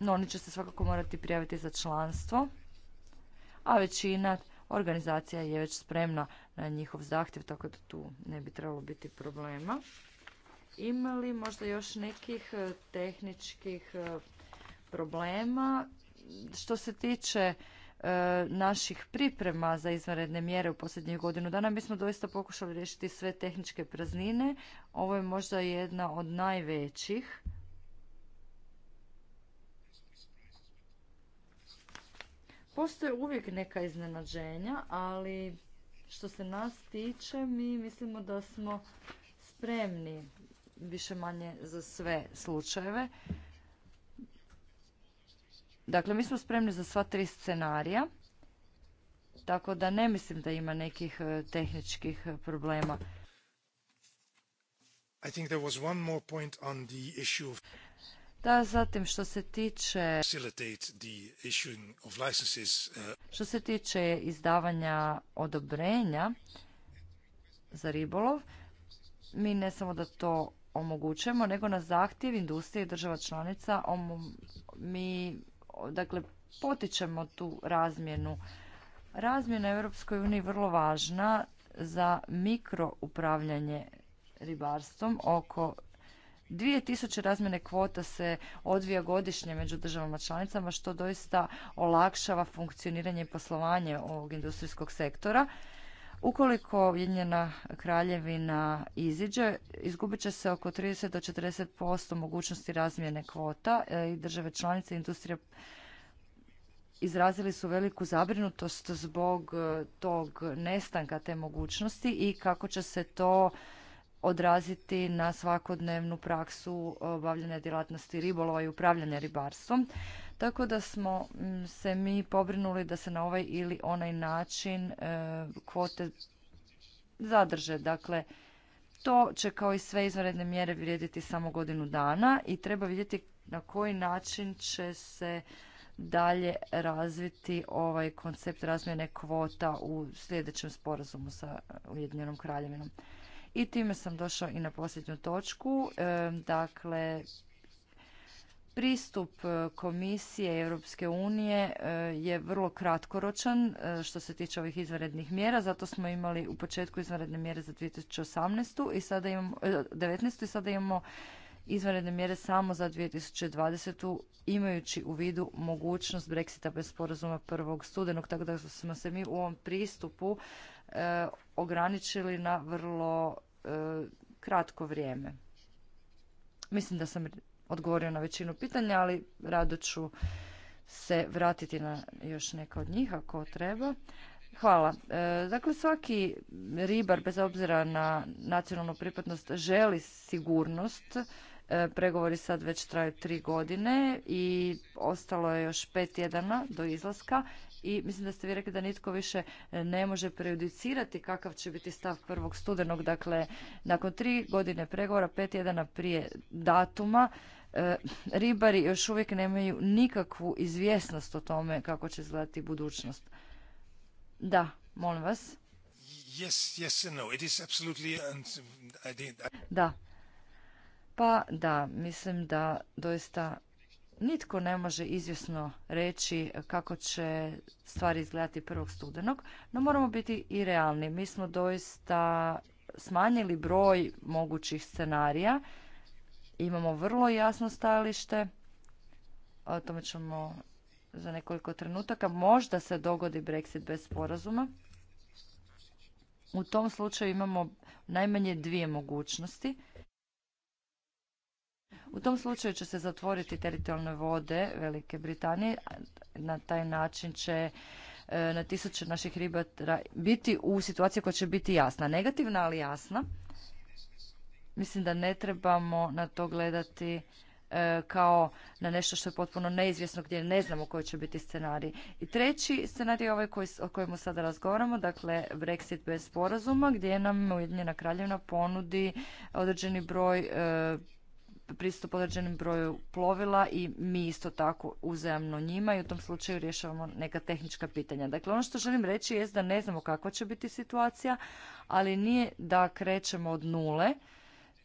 no oni će se svakako morati prijaviti za članstvo, a većina organizacija je već spremna na njihov zahtjev, tako da tu ne bi trebalo biti problema. Ima li možda još nekih e, tehničkih e, problema? Što se tiče e, naših priprema za izvanredne mjere u posljednjih godinu dana, mi smo doista pokušali riješiti sve tehničke praznine. Ovo je možda jedna od najvećih Postoje uvijek neka iznenađenja, ali što se nas tiče, mi mislimo da smo spremni više manje za sve slučajeve. Dakle, mi smo spremni za sva tri scenarija, tako da ne mislim da ima nekih tehničkih problema. Da, zatim što se tiče uh, što se tiče izdavanja odobrenja za ribolov, mi ne samo da to omogućujemo, nego na zahtjev industrije i država članica mi dakle potičemo tu razmjenu. Razmjena u Europskoj uniji vrlo važna za mikroupravljanje ribarstvom oko 2000 razmjene kvota se odvija godišnje među državama članicama što doista olakšava funkcioniranje i poslovanje ovog industrijskog sektora. Ukoliko Ujedinjena kraljevina iziđe, izgubit će se oko 30 do 40% mogućnosti razmjene kvota e, i države članice industrija izrazili su veliku zabrinutost zbog e, tog nestanka te mogućnosti i kako će se to odraziti na svakodnevnu praksu obavljanja e, djelatnosti ribolova i upravljanja ribarstvom. Tako da smo se mi pobrinuli da se na ovaj ili onaj način e, kvote zadrže. Dakle, to će kao i sve izvanredne mjere vrijediti samo godinu dana i treba vidjeti na koji način će se dalje razviti ovaj koncept razmjene kvota u sljedećem sporazumu sa Ujedinjenom kraljevinom. I time sam došao i na posljednju točku. E, dakle, pristup e, Komisije Europske unije e, je vrlo kratkoročan što se tiče ovih izvanrednih mjera, zato smo imali u početku izvanredne mjere za 2018. i sada imamo 19. i sada imamo izvanredne mjere samo za 2020. imajući u vidu mogućnost Brexita bez sporazuma prvog studenog, tako da smo se mi u ovom pristupu e, ograničili na vrlo e, kratko vrijeme. Mislim da sam odgovorio na većinu pitanja, ali rado ću se vratiti na još neka od njih ako treba. Hvala. E, dakle, svaki ribar, bez obzira na nacionalnu pripadnost, želi sigurnost. E, pregovori sad već traju tri godine i ostalo je još pet tjedana do izlaska i mislim da ste vi rekli da nitko više e, ne može prejudicirati kakav će biti stav prvog studenog. Dakle, nakon tri godine pregovora, pet jedana prije datuma, e, ribari još uvijek nemaju nikakvu izvjesnost o tome kako će izgledati budućnost. Da, molim vas. Da. Pa da, mislim da doista nitko ne može izvjesno reći kako će stvari izgledati prvog studenog, no moramo biti i realni. Mi smo doista smanjili broj mogućih scenarija, imamo vrlo jasno stajalište, o tome ćemo za nekoliko trenutaka, možda se dogodi Brexit bez sporazuma. U tom slučaju imamo najmanje dvije mogućnosti. U tom slučaju će se zatvoriti teritorijalne vode Velike Britanije. Na taj način će e, na tisuće naših ribara biti u situaciji koja će biti jasna. Negativna, ali jasna. Mislim da ne trebamo na to gledati e, kao na nešto što je potpuno neizvjesno gdje ne znamo koji će biti scenarij. I treći scenarij je ovaj o kojemu sada razgovaramo, dakle Brexit bez sporazuma gdje nam Ujedinjena kraljevina ponudi određeni broj e, pristup određenim broju plovila i mi isto tako uzajamno njima i u tom slučaju rješavamo neka tehnička pitanja. Dakle, ono što želim reći je da ne znamo kakva će biti situacija, ali nije da krećemo od nule.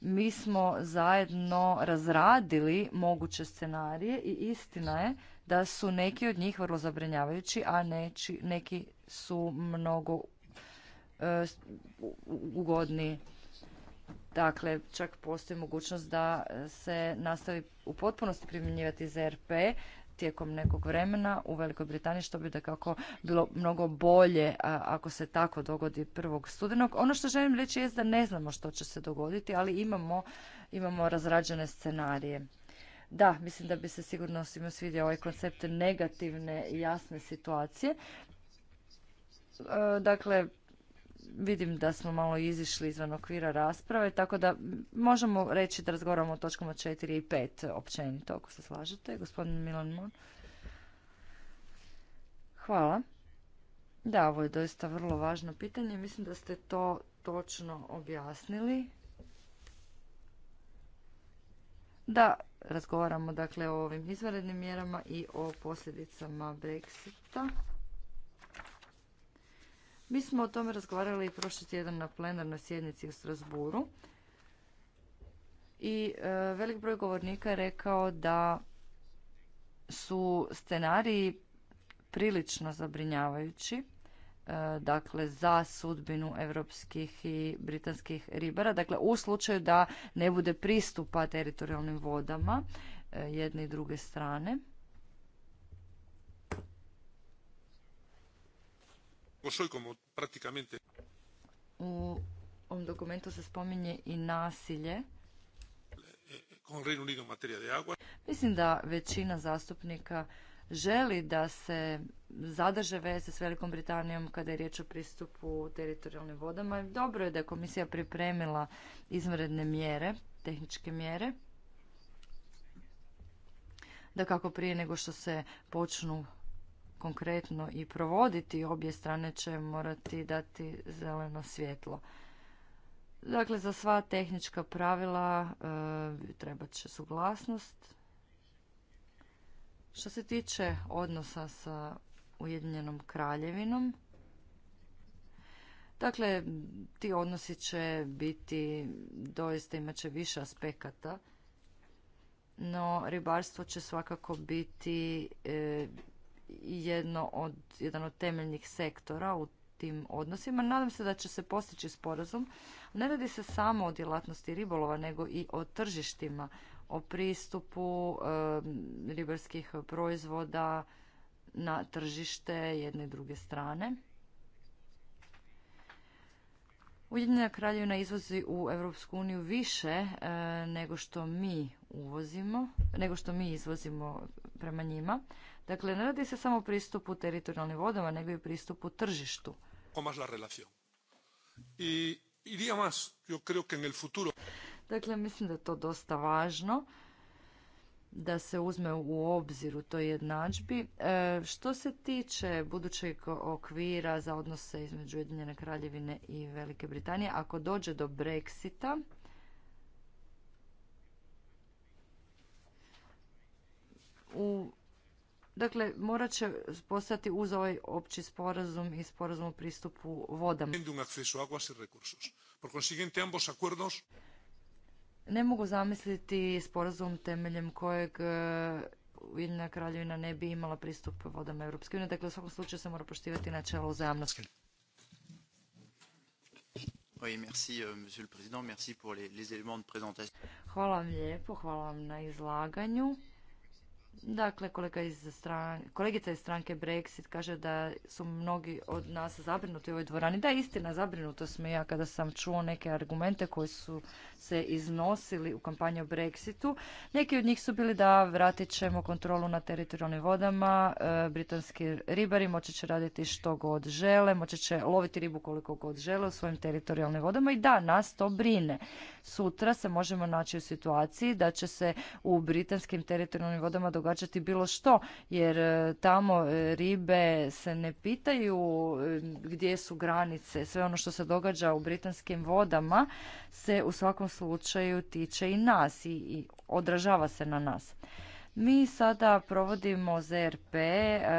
Mi smo zajedno razradili moguće scenarije i istina je da su neki od njih vrlo zabrinjavajući, a neki su mnogo e, ugodni. Dakle, čak postoji mogućnost da e, se nastavi u potpunosti primjenjivati ZRP tijekom nekog vremena u Velikoj Britaniji, što bi da kako bilo mnogo bolje ako se tako dogodi prvog studenog. Ono što želim reći je da ne znamo što će se dogoditi, ali imamo, imamo razrađene scenarije. Da, mislim da bi se sigurno svima svidio ovaj koncept negativne i jasne situacije. E, dakle, vidim da smo malo izišli izvan okvira rasprave, tako da možemo reći da razgovaramo o točkama 4 i 5 općenito, ako se slažete. Gospodin Milan Mon. Hvala. Da, ovo je doista vrlo važno pitanje. Mislim da ste to točno objasnili. Da, razgovaramo dakle o ovim izvanrednim mjerama i o posljedicama Brexita. Mi smo o tome razgovarali prošli tjedan na plenarnoj sjednici u Strasburu i e, velik broj govornika je rekao da su scenariji prilično zabrinjavajući e, dakle za sudbinu europskih i britanskih ribara dakle u slučaju da ne bude pristupa teritorijalnim vodama e, jedne i druge strane U ovom dokumentu se spominje i nasilje. Mislim da većina zastupnika želi da se zadrže veze s Velikom Britanijom kada je riječ o pristupu teritorijalnim vodama. Dobro je da je komisija pripremila izvanredne mjere, tehničke mjere. Da kako prije nego što se počnu konkretno i provoditi, obje strane će morati dati zeleno svjetlo. Dakle, za sva tehnička pravila e, treba će suglasnost. Što se tiče odnosa sa Ujedinjenom kraljevinom, dakle, ti odnosi će biti, doista imat će više aspekata, no ribarstvo će svakako biti e, jedno od, jedan od temeljnih sektora u tim odnosima. Nadam se da će se postići sporazum. Ne radi se samo o djelatnosti ribolova, nego i o tržištima, o pristupu e, ribarskih proizvoda na tržište jedne i druge strane. Ujedinjena kraljevina izvozi u Europsku uniju više e, nego što mi uvozimo, nego što mi izvozimo prema njima. Dakle, ne radi se samo pristupu teritorijalnim vodama, nego i pristupu tržištu. I, futuro. Dakle, mislim da je to dosta važno da se uzme u obzir u toj jednadžbi. E, što se tiče budućeg okvira za odnose između Ujedinjene kraljevine i Velike Britanije, ako dođe do Brexita, u Dakle, morat će postati uz ovaj opći sporazum i sporazum o pristupu vodama. Ne mogu zamisliti sporazum temeljem kojeg e, Ujedinjena kraljevina ne bi imala pristup vodama Europske unije. Dakle, u svakom slučaju se mora poštivati načelo uzajamnosti. Hvala vam lijepo, hvala vam na izlaganju. Dakle, kolega iz stran... kolegica iz stranke Brexit kaže da su mnogi od nas zabrinuti u ovoj dvorani. Da, istina, zabrinuto smo ja kada sam čuo neke argumente koji su se iznosili u kampanju o Brexitu. Neki od njih su bili da vratit ćemo kontrolu na teritorijalnim vodama, e, britanski ribari moći će raditi što god žele, moći će loviti ribu koliko god žele u svojim teritorijalnim vodama i da, nas to brine. Sutra se možemo naći u situaciji da će se u britanskim teritorijalnim vodama dogoditi događati bilo što jer e, tamo e, ribe se ne pitaju e, gdje su granice. Sve ono što se događa u britanskim vodama se u svakom slučaju tiče i nas i odražava se na nas. Mi sada provodimo ZRP.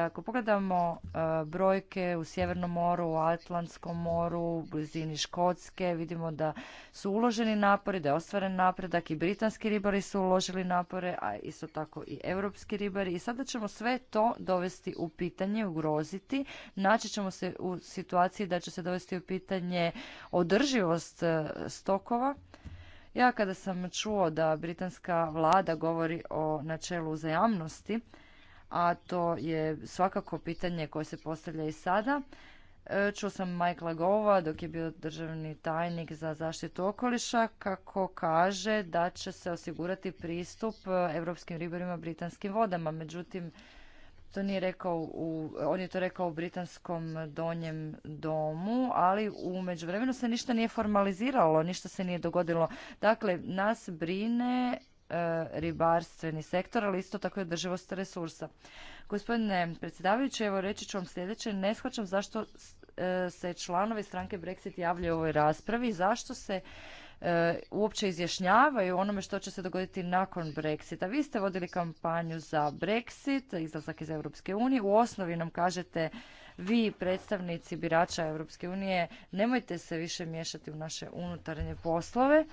Ako pogledamo e, brojke u Sjevernom moru, u Atlantskom moru, u blizini Škotske, vidimo da su uloženi napori, da je ostvaren napredak i britanski ribari su uložili napore, a isto tako i europski ribari. I sada ćemo sve to dovesti u pitanje, ugroziti. Naći ćemo se u situaciji da će se dovesti u pitanje održivost e, stokova ja kada sam čuo da britanska vlada govori o načelu uzajamnosti, a to je svakako pitanje koje se postavlja i sada, e, Čuo sam Michaela Gova dok je bio državni tajnik za zaštitu okoliša kako kaže da će se osigurati pristup europskim ribarima britanskim vodama. Međutim, to nije rekao u, on je to rekao u britanskom donjem domu, ali u međuvremenu se ništa nije formaliziralo, ništa se nije dogodilo. Dakle, nas brine e, ribarstveni sektor, ali isto tako i održivost resursa. Gospodine predsjedavajući, evo reći ću vam sljedeće, ne shvaćam zašto e, se članovi stranke Brexit javljaju u ovoj raspravi, zašto se E, uopće izjašnjavaju onome što će se dogoditi nakon Brexita. Vi ste vodili kampanju za Brexit, izlazak iz Europske unije. U osnovi nam kažete vi predstavnici birača Europske unije nemojte se više miješati u naše unutarnje poslove.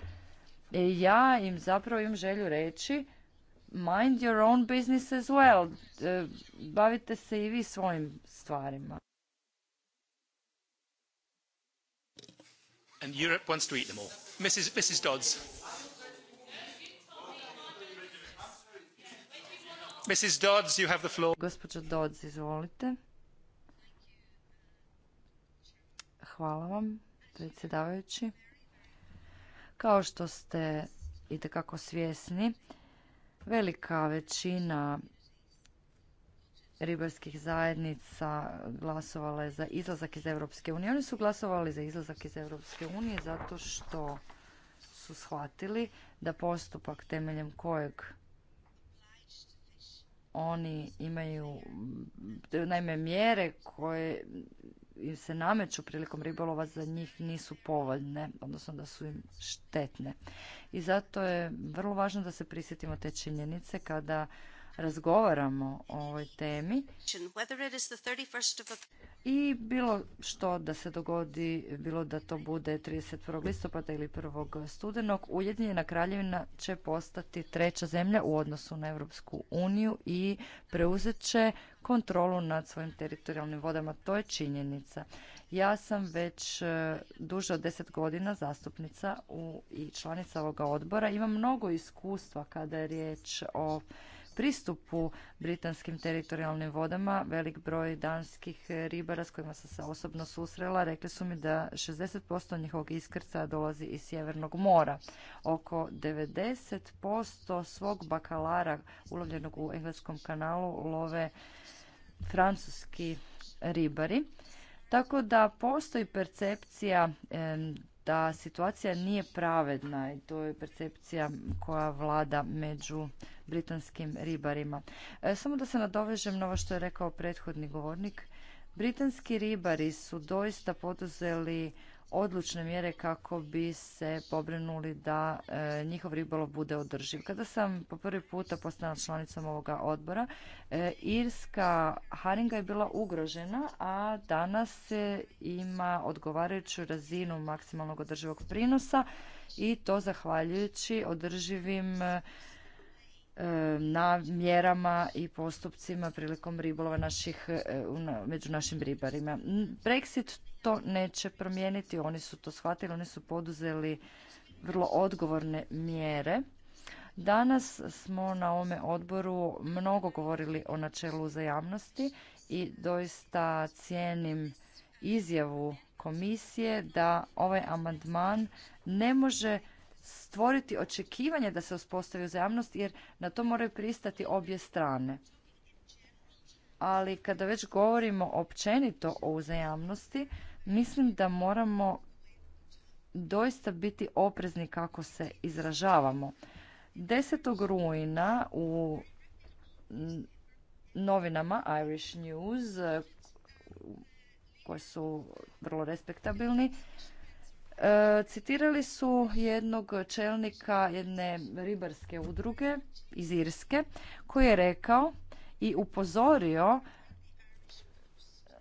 E, ja im zapravo im želju reći mind your own business as well. E, bavite se i vi svojim stvarima. And Europe wants to eat them all. Mrs. Dodds. Mrs. Dodds, you have the floor. Gospođo Dodds, izvolite. Hvala vam, predsjedavajući. Kao što ste i svjesni, velika većina ribarskih zajednica glasovale za izlazak iz Europske unije. Oni su glasovali za izlazak iz Europske unije zato što su shvatili da postupak temeljem kojeg oni imaju, naime mjere koje im se nameću prilikom ribolova za njih nisu povoljne, odnosno da su im štetne. I zato je vrlo važno da se prisjetimo te činjenice kada razgovaramo o ovoj temi i bilo što da se dogodi, bilo da to bude 31. listopada ili 1. studenog, Ujedinjena kraljevina će postati treća zemlja u odnosu na Europsku uniju i preuzet će kontrolu nad svojim teritorijalnim vodama. To je činjenica. Ja sam već e, duže od deset godina zastupnica u, i članica ovoga odbora. Imam mnogo iskustva kada je riječ o pristupu britanskim teritorijalnim vodama. Velik broj danskih ribara s kojima sam se osobno susrela rekli su mi da 60% njihovog iskrca dolazi iz Sjevernog mora. Oko 90% svog bakalara ulovljenog u Engleskom kanalu love francuski ribari. Tako da postoji percepcija da situacija nije pravedna i to je percepcija koja vlada među britanskim ribarima. E, samo da se nadovežem na ovo što je rekao prethodni govornik. Britanski ribari su doista poduzeli odlučne mjere kako bi se pobrinuli da e, njihov ribolov bude održiv. Kada sam po prvi puta postala članicom ovoga odbora, e, irska haringa je bila ugrožena, a danas ima odgovarajuću razinu maksimalnog održivog prinosa i to zahvaljujući održivim e, na mjerama i postupcima prilikom ribolova naših, među našim ribarima. Brexit to neće promijeniti. Oni su to shvatili, oni su poduzeli vrlo odgovorne mjere. Danas smo na ovome odboru mnogo govorili o načelu uzajamnosti i doista cijenim izjavu komisije da ovaj amandman ne može stvoriti očekivanje da se uspostavi uzajamnost jer na to moraju pristati obje strane. Ali kada već govorimo općenito o uzajamnosti, mislim da moramo doista biti oprezni kako se izražavamo. 10. rujna u novinama Irish News koje su vrlo respektabilni e, citirali su jednog čelnika jedne ribarske udruge iz Irske koji je rekao i upozorio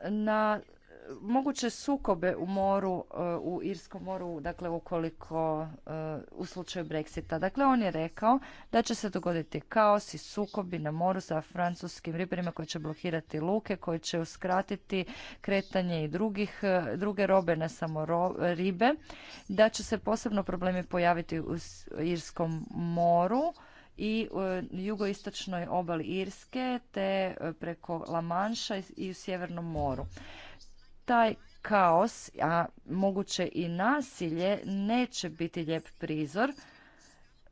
na moguće sukobe u moru, e, u Irskom moru, dakle ukoliko e, u slučaju Brexita. Dakle, on je rekao da će se dogoditi kaos i sukobi na moru sa francuskim ribarima koji će blokirati luke, koji će uskratiti kretanje i drugih, e, druge robe, ne samo ribe, da će se posebno problemi pojaviti u Irskom moru i jugoistočnoj obali Irske te preko Lamanša i u Sjevernom moru taj kaos, a moguće i nasilje, neće biti lijep prizor.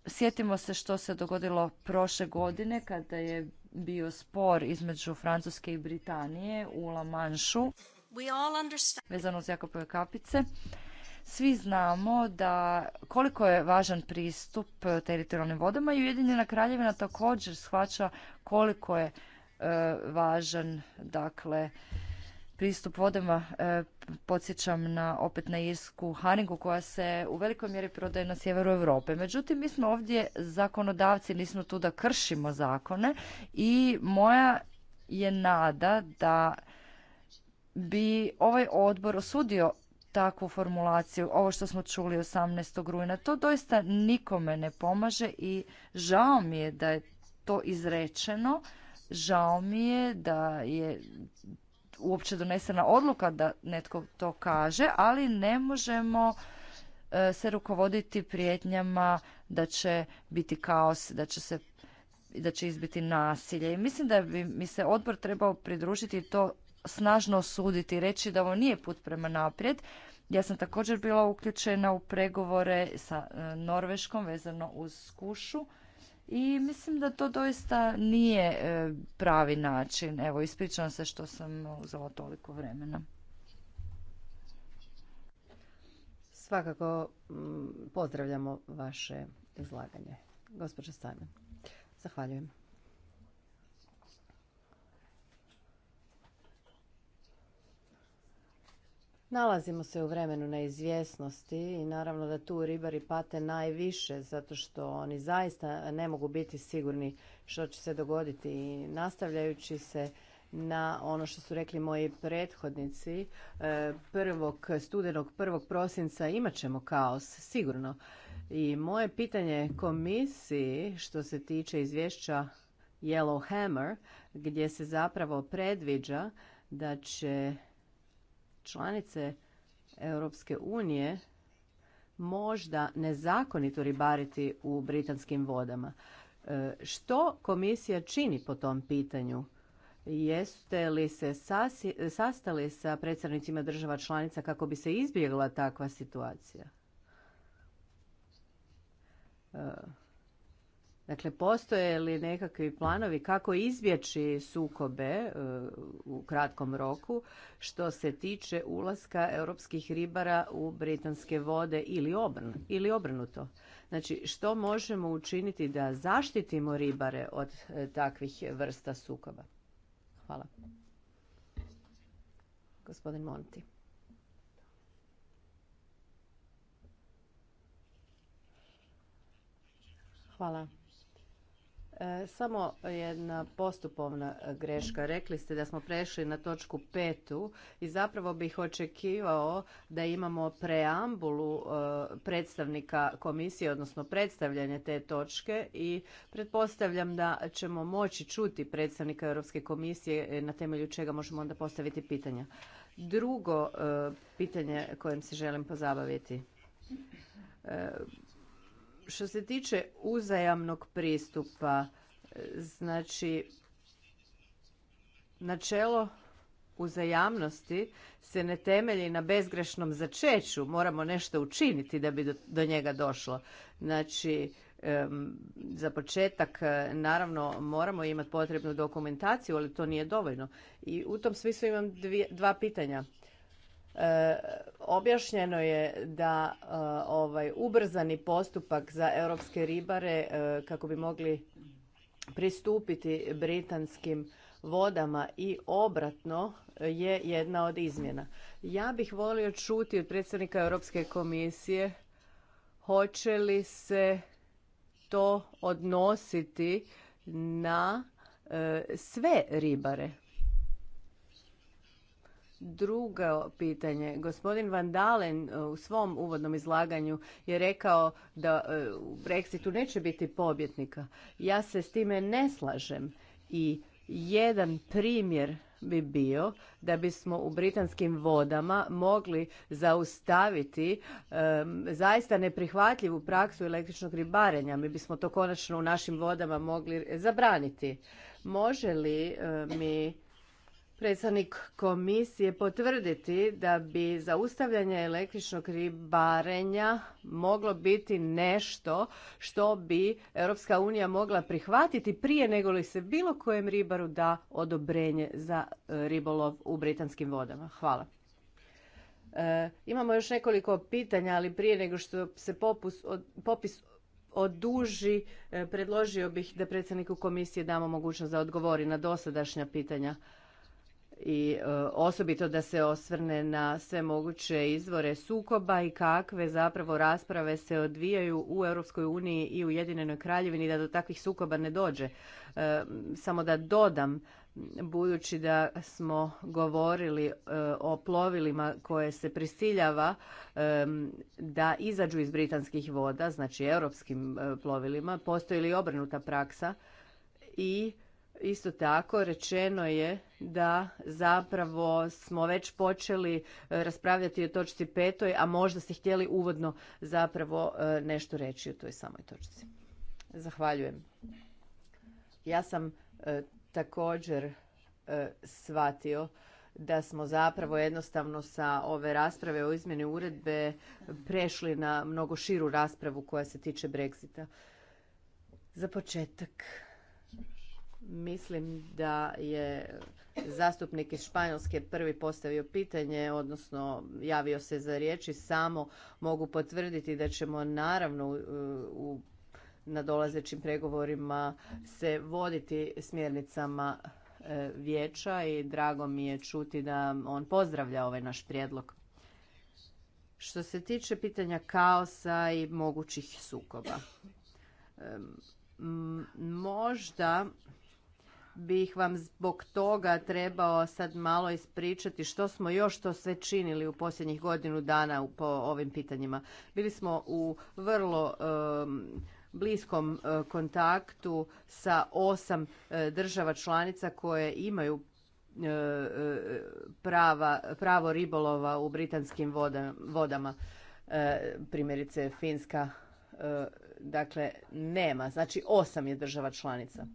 Sjetimo se što se dogodilo prošle godine kada je bio spor između Francuske i Britanije u La Manšu vezano uz Jakopove kapice. Svi znamo da koliko je važan pristup teritorijalnim vodama i Ujedinjena kraljevina također shvaća koliko je e, važan dakle pristup vodama e, podsjećam na opet na irsku haringu koja se u velikoj mjeri prodaje na sjeveru Europe. Međutim, mi smo ovdje zakonodavci, nismo tu da kršimo zakone i moja je nada da bi ovaj odbor osudio takvu formulaciju, ovo što smo čuli 18. rujna, to doista nikome ne pomaže i žao mi je da je to izrečeno, žao mi je da je uopće donesena odluka da netko to kaže, ali ne možemo e, se rukovoditi prijetnjama da će biti kaos, da će se da će izbiti nasilje. I mislim da bi mi se odbor trebao pridružiti i to snažno osuditi i reći da ovo nije put prema naprijed. Ja sam također bila uključena u pregovore sa e, Norveškom vezano uz Kušu. I mislim da to doista nije e, pravi način. Evo, ispričavam se što sam uzela toliko vremena. Svakako mm, pozdravljamo vaše izlaganje. Gospođa Stajan, zahvaljujem. Nalazimo se u vremenu neizvjesnosti i naravno da tu ribari pate najviše zato što oni zaista ne mogu biti sigurni što će se dogoditi i nastavljajući se na ono što su rekli moji prethodnici, e, prvog studenog, prvog prosinca imat ćemo kaos, sigurno. I moje pitanje komisiji što se tiče izvješća Yellow Hammer, gdje se zapravo predviđa da će članice Europske unije možda nezakonito ribariti u britanskim vodama. E, što komisija čini po tom pitanju? Jeste li se sastali sa predstavnicima država članica kako bi se izbjegla takva situacija? E, Dakle, postoje li nekakvi planovi kako izbjeći sukobe e, u kratkom roku što se tiče ulaska europskih ribara u britanske vode ili, obrn, ili obrnuto? Znači, što možemo učiniti da zaštitimo ribare od e, takvih vrsta sukoba? Hvala. Gospodin Monti. Hvala. E, samo jedna postupovna greška. Rekli ste da smo prešli na točku petu i zapravo bih očekivao da imamo preambulu e, predstavnika komisije, odnosno predstavljanje te točke i pretpostavljam da ćemo moći čuti predstavnika Europske komisije e, na temelju čega možemo onda postaviti pitanja. Drugo pitanje kojem se želim pozabaviti što se tiče uzajamnog pristupa, znači načelo uzajamnosti se ne temelji na bezgrešnom začeću. Moramo nešto učiniti da bi do, njega došlo. Znači, za početak e, naravno moramo imati potrebnu dokumentaciju, ali to nije dovoljno. I u tom smislu imam dva pitanja. E, objašnjeno je da e, ovaj ubrzani postupak za europske ribare e, kako bi mogli pristupiti britanskim vodama i obratno je jedna od izmjena. Ja bih volio čuti od predsjednika Europske komisije hoće li se to odnositi na sve ribare Drugo pitanje. Gospodin Van Dalen e, u svom uvodnom izlaganju je rekao da e, u Brexitu neće biti pobjetnika. Ja se s time ne slažem i jedan primjer bi bio da bismo u britanskim vodama mogli zaustaviti zaista neprihvatljivu praksu električnog ribarenja. Mi bismo to konačno u našim vodama mogli zabraniti. Može li e, mi Predsjednik komisije potvrditi da bi zaustavljanje električnog ribarenja moglo biti nešto što bi Europska unija mogla prihvatiti prije nego li se bilo kojem ribaru da odobrenje za e, ribolov u britanskim vodama. Hvala. E, imamo još nekoliko pitanja, ali prije nego što se od, popis oduži, e, predložio bih da predsjedniku komisije damo mogućnost da odgovori na dosadašnja pitanja i e, osobito da se osvrne na sve moguće izvore sukoba i kakve zapravo rasprave se odvijaju u Europskoj uniji i u kraljevini da do takvih sukoba ne dođe. E, samo da dodam, budući da smo govorili e, o plovilima koje se prisiljava da izađu iz britanskih voda, znači europskim plovilima, postoji li obrnuta praksa i isto tako rečeno je da zapravo smo već počeli e, raspravljati o točci petoj, a možda ste htjeli uvodno zapravo e, nešto reći o toj samoj točci. Zahvaljujem. Ja sam e, također shvatio da smo zapravo jednostavno sa ove rasprave o izmjeni uredbe prešli na mnogo širu raspravu koja se tiče Brexita. Za početak, mislim da je zastupnik iz Španjolske prvi postavio pitanje, odnosno javio se za riječi, samo mogu potvrditi da ćemo naravno u dolazećim pregovorima se voditi smjernicama e, vijeća i drago mi je čuti da on pozdravlja ovaj naš prijedlog. Što se tiče pitanja kaosa i mogućih sukoba, možda bih vam zbog toga trebao sad malo ispričati što smo još to sve činili u posljednjih godinu dana po ovim pitanjima. Bili smo u vrlo bliskom e, kontaktu sa osam e, država članica koje imaju e, prava, pravo ribolova u britanskim vodama. Primjerice Finska dakle nema. Znači osam je država članica.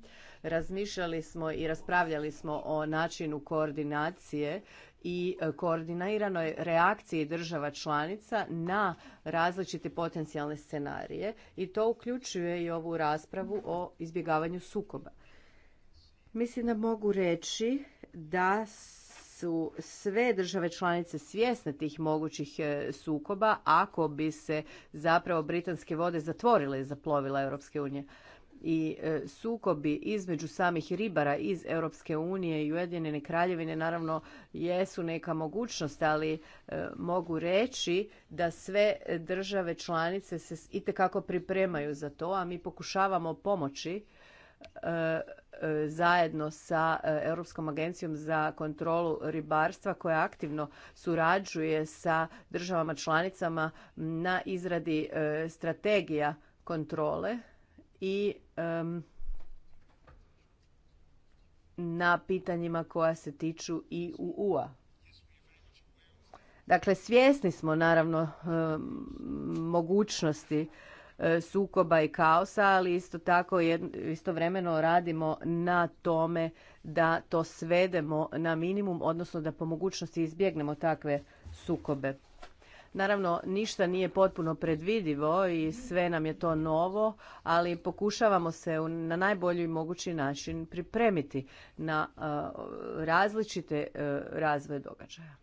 Razmišljali smo i raspravljali smo o načinu koordinacije i koordiniranoj reakciji država članica na različite potencijalne scenarije i to uključuje i ovu raspravu o izbjegavanju sukoba. Mislim da mogu reći da su sve države članice svjesne tih mogućih e, sukoba ako bi se zapravo britanske vode zatvorile za plovila Europske unije i e, sukobi između samih ribara iz Europske unije i Ujedinjene kraljevine naravno jesu neka mogućnost, ali e, mogu reći da sve države članice se itekako pripremaju za to, a mi pokušavamo pomoći e, zajedno sa Europskom agencijom za kontrolu ribarstva koja aktivno surađuje sa državama članicama na izradi strategija kontrole i um, na pitanjima koja se tiču i u UA. Dakle, svjesni smo naravno mogućnosti e, sukoba i kaosa, ali isto tako istovremeno radimo na tome da to svedemo na minimum, odnosno da po mogućnosti izbjegnemo takve sukobe. Naravno, ništa nije potpuno predvidivo i sve nam je to novo, ali pokušavamo se na najbolji mogući način pripremiti na e, različite e, razvoje događaja.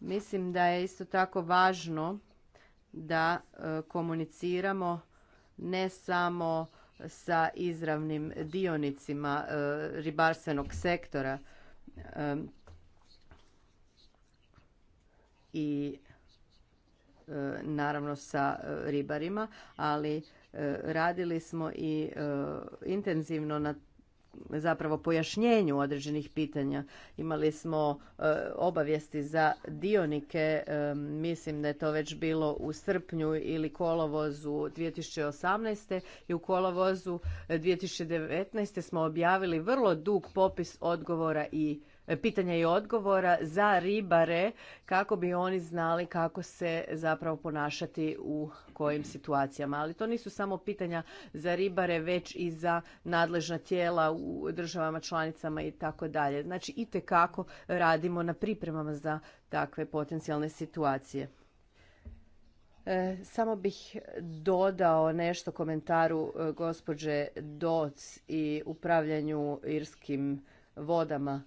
Mislim da je isto tako važno da e, komuniciramo ne samo sa izravnim dionicima ribarstvenog sektora i e, naravno sa e, ribarima, ali e, radili smo i intenzivno na zapravo pojašnjenju određenih pitanja. Imali smo obavijesti za dionike, mislim da je to već bilo u srpnju ili kolovozu 2018. i u kolovozu 2019. smo objavili vrlo dug popis odgovora i pitanja i odgovora za ribare kako bi oni znali kako se zapravo ponašati u kojim situacijama. Ali to nisu samo pitanja za ribare, već i za nadležna tijela u državama, članicama i tako dalje. Znači i kako radimo na pripremama za takve potencijalne situacije. E, samo bih dodao nešto komentaru e, gospođe Doc i upravljanju irskim vodama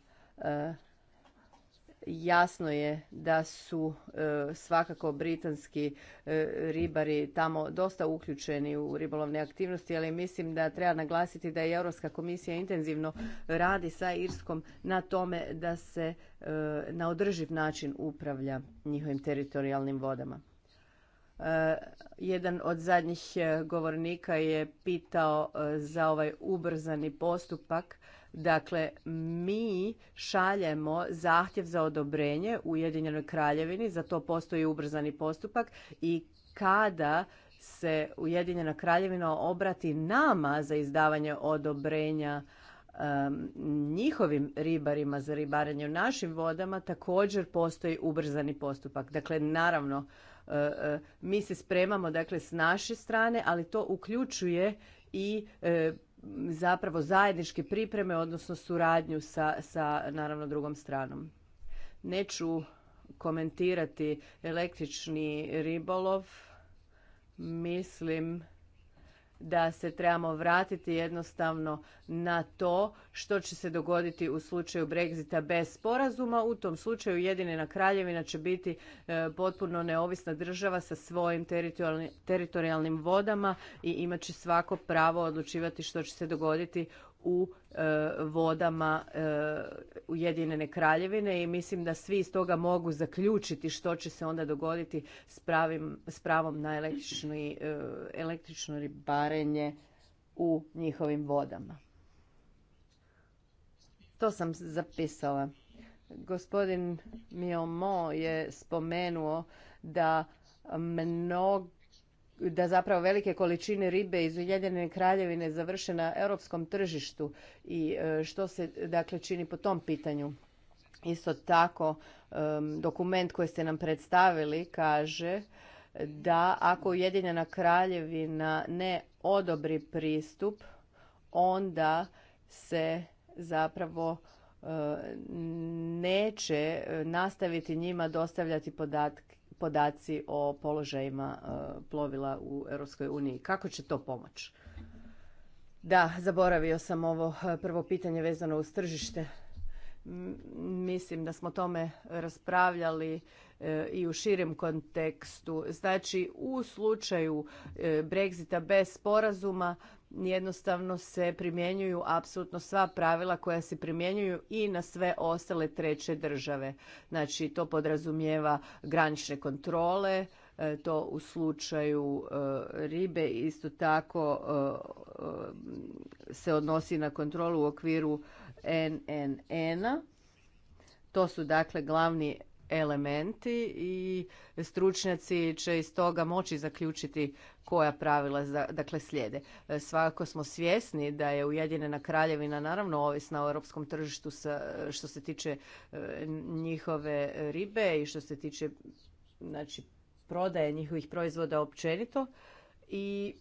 jasno je da su e, svakako britanski e, ribari tamo dosta uključeni u ribolovne aktivnosti, ali mislim da treba naglasiti da je Europska komisija intenzivno radi sa Irskom na tome da se e, na održiv način upravlja njihovim teritorijalnim vodama. Jedan od zadnjih govornika je pitao za ovaj ubrzani postupak Dakle, mi šaljemo zahtjev za odobrenje Ujedinjenoj kraljevini, za to postoji ubrzani postupak i kada se Ujedinjena kraljevina obrati nama za izdavanje odobrenja njihovim ribarima za ribarenje u našim vodama, također postoji ubrzani postupak. Dakle, naravno, e, e, mi se spremamo dakle, s naše strane, ali to uključuje i e, zapravo zajedničke pripreme, odnosno suradnju sa, sa naravno drugom stranom. Neću komentirati električni ribolov. Mislim da se trebamo vratiti jednostavno na to što će se dogoditi u slučaju Brexita bez sporazuma. U tom slučaju Jedinjena kraljevina će biti e, potpuno neovisna država sa svojim teritorijalnim vodama i imat će svako pravo odlučivati što će se dogoditi u e, vodama e, Ujedinjene kraljevine i mislim da svi iz toga mogu zaključiti što će se onda dogoditi s, pravim, s pravom na e, električno ribarenje u njihovim vodama. To sam zapisala. Gospodin Miomo je spomenuo da mnogo da zapravo velike količine ribe iz Ujedinjene kraljevine završe na europskom tržištu i e, što se dakle čini po tom pitanju. Isto tako dokument koji ste nam predstavili kaže da ako Ujedinjena kraljevina ne odobri pristup onda se zapravo e, neće nastaviti njima dostavljati podatke podaci o položajima e, plovila u Europskoj uniji. Kako će to pomoći? Da, zaboravio sam ovo e, prvo pitanje vezano uz tržište. Mislim da smo tome raspravljali e, i u širem kontekstu. Znači, u slučaju Brexita bez sporazuma jednostavno se primjenjuju apsolutno sva pravila koja se primjenjuju i na sve ostale treće države. Znači to podrazumijeva granične kontrole, e, to u slučaju e, ribe isto tako e, se odnosi na kontrolu u okviru NNN-a. To su dakle glavni elementi i stručnjaci će iz toga moći zaključiti koja pravila dakle slijede. E, svakako smo svjesni da je Ujedinjena kraljevina naravno ovisna o europskom tržištu sa, što se tiče e, njihove ribe i što se tiče znači, prodaje njihovih proizvoda općenito i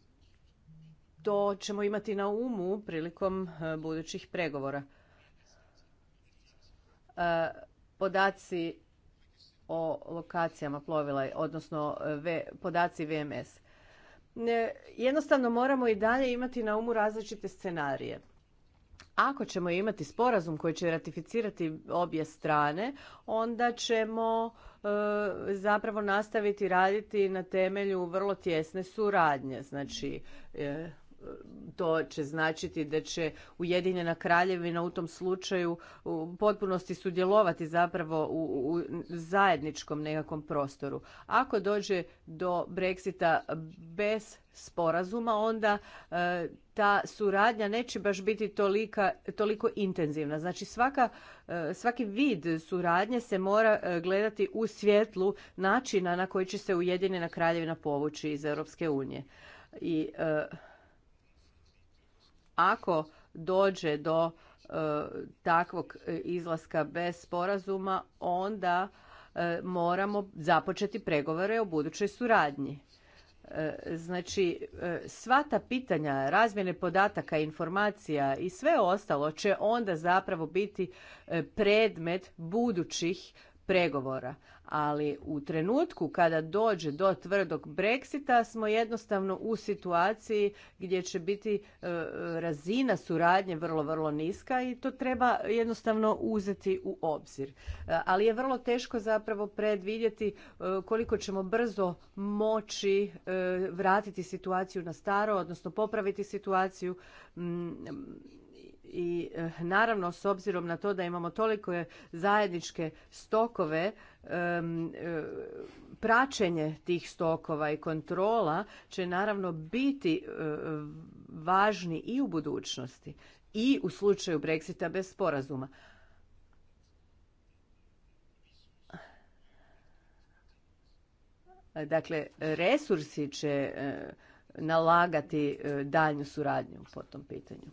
to ćemo imati na umu prilikom e, budućih pregovora. Podaci o lokacijama plovila, odnosno eh, podaci VMS. Jednostavno moramo i dalje imati na umu različite scenarije. Ako ćemo imati sporazum koji će ratificirati obje strane, onda ćemo eh, zapravo nastaviti raditi na temelju vrlo tjesne suradnje. Znači, eh, to će značiti da će Ujedinjena kraljevina u tom slučaju u potpunosti sudjelovati zapravo u, zajedničkom nekakvom prostoru. Ako dođe do Brexita bez sporazuma, onda e, ta suradnja neće baš biti tolika, toliko intenzivna. Znači svaka, e, svaki vid suradnje se mora e, gledati u svjetlu načina na koji će se Ujedinjena kraljevina povući iz Europske unije. I ako dođe do e, takvog izlaska bez sporazuma, onda e, moramo započeti pregovore o budućoj suradnji. E, znači, sva ta pitanja razmjene podataka, informacija i sve ostalo će onda zapravo biti predmet budućih pregovora. Ali u trenutku kada dođe do tvrdog Brexita smo jednostavno u situaciji gdje će biti e, razina suradnje vrlo, vrlo niska i to treba jednostavno uzeti u obzir. E, ali je vrlo teško zapravo predvidjeti e, koliko ćemo brzo moći vratiti situaciju na staro, odnosno popraviti situaciju mm, i eh, naravno s obzirom na to da imamo toliko zajedničke stokove eh, praćenje tih stokova i kontrola će naravno biti eh, važni i u budućnosti i u slučaju Brexita bez sporazuma. Dakle, resursi će nalagati daljnju suradnju po tom pitanju.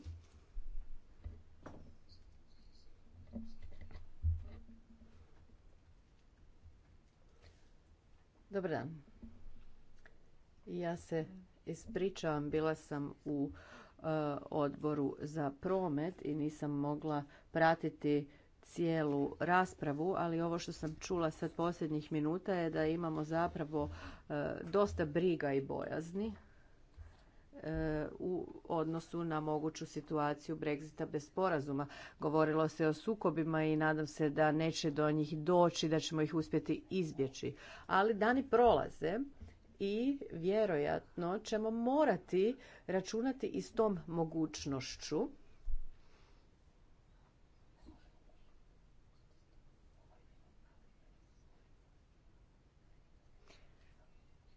Dobar dan. Ja se ispričavam, bila sam u uh, odboru za promet i nisam mogla pratiti cijelu raspravu, ali ovo što sam čula sad posljednjih minuta je da imamo zapravo uh, dosta briga i bojazni u odnosu na moguću situaciju Brexita bez sporazuma. Govorilo se o sukobima i nadam se da neće do njih doći, da ćemo ih uspjeti izbjeći. Ali dani prolaze i vjerojatno ćemo morati računati i s tom mogućnošću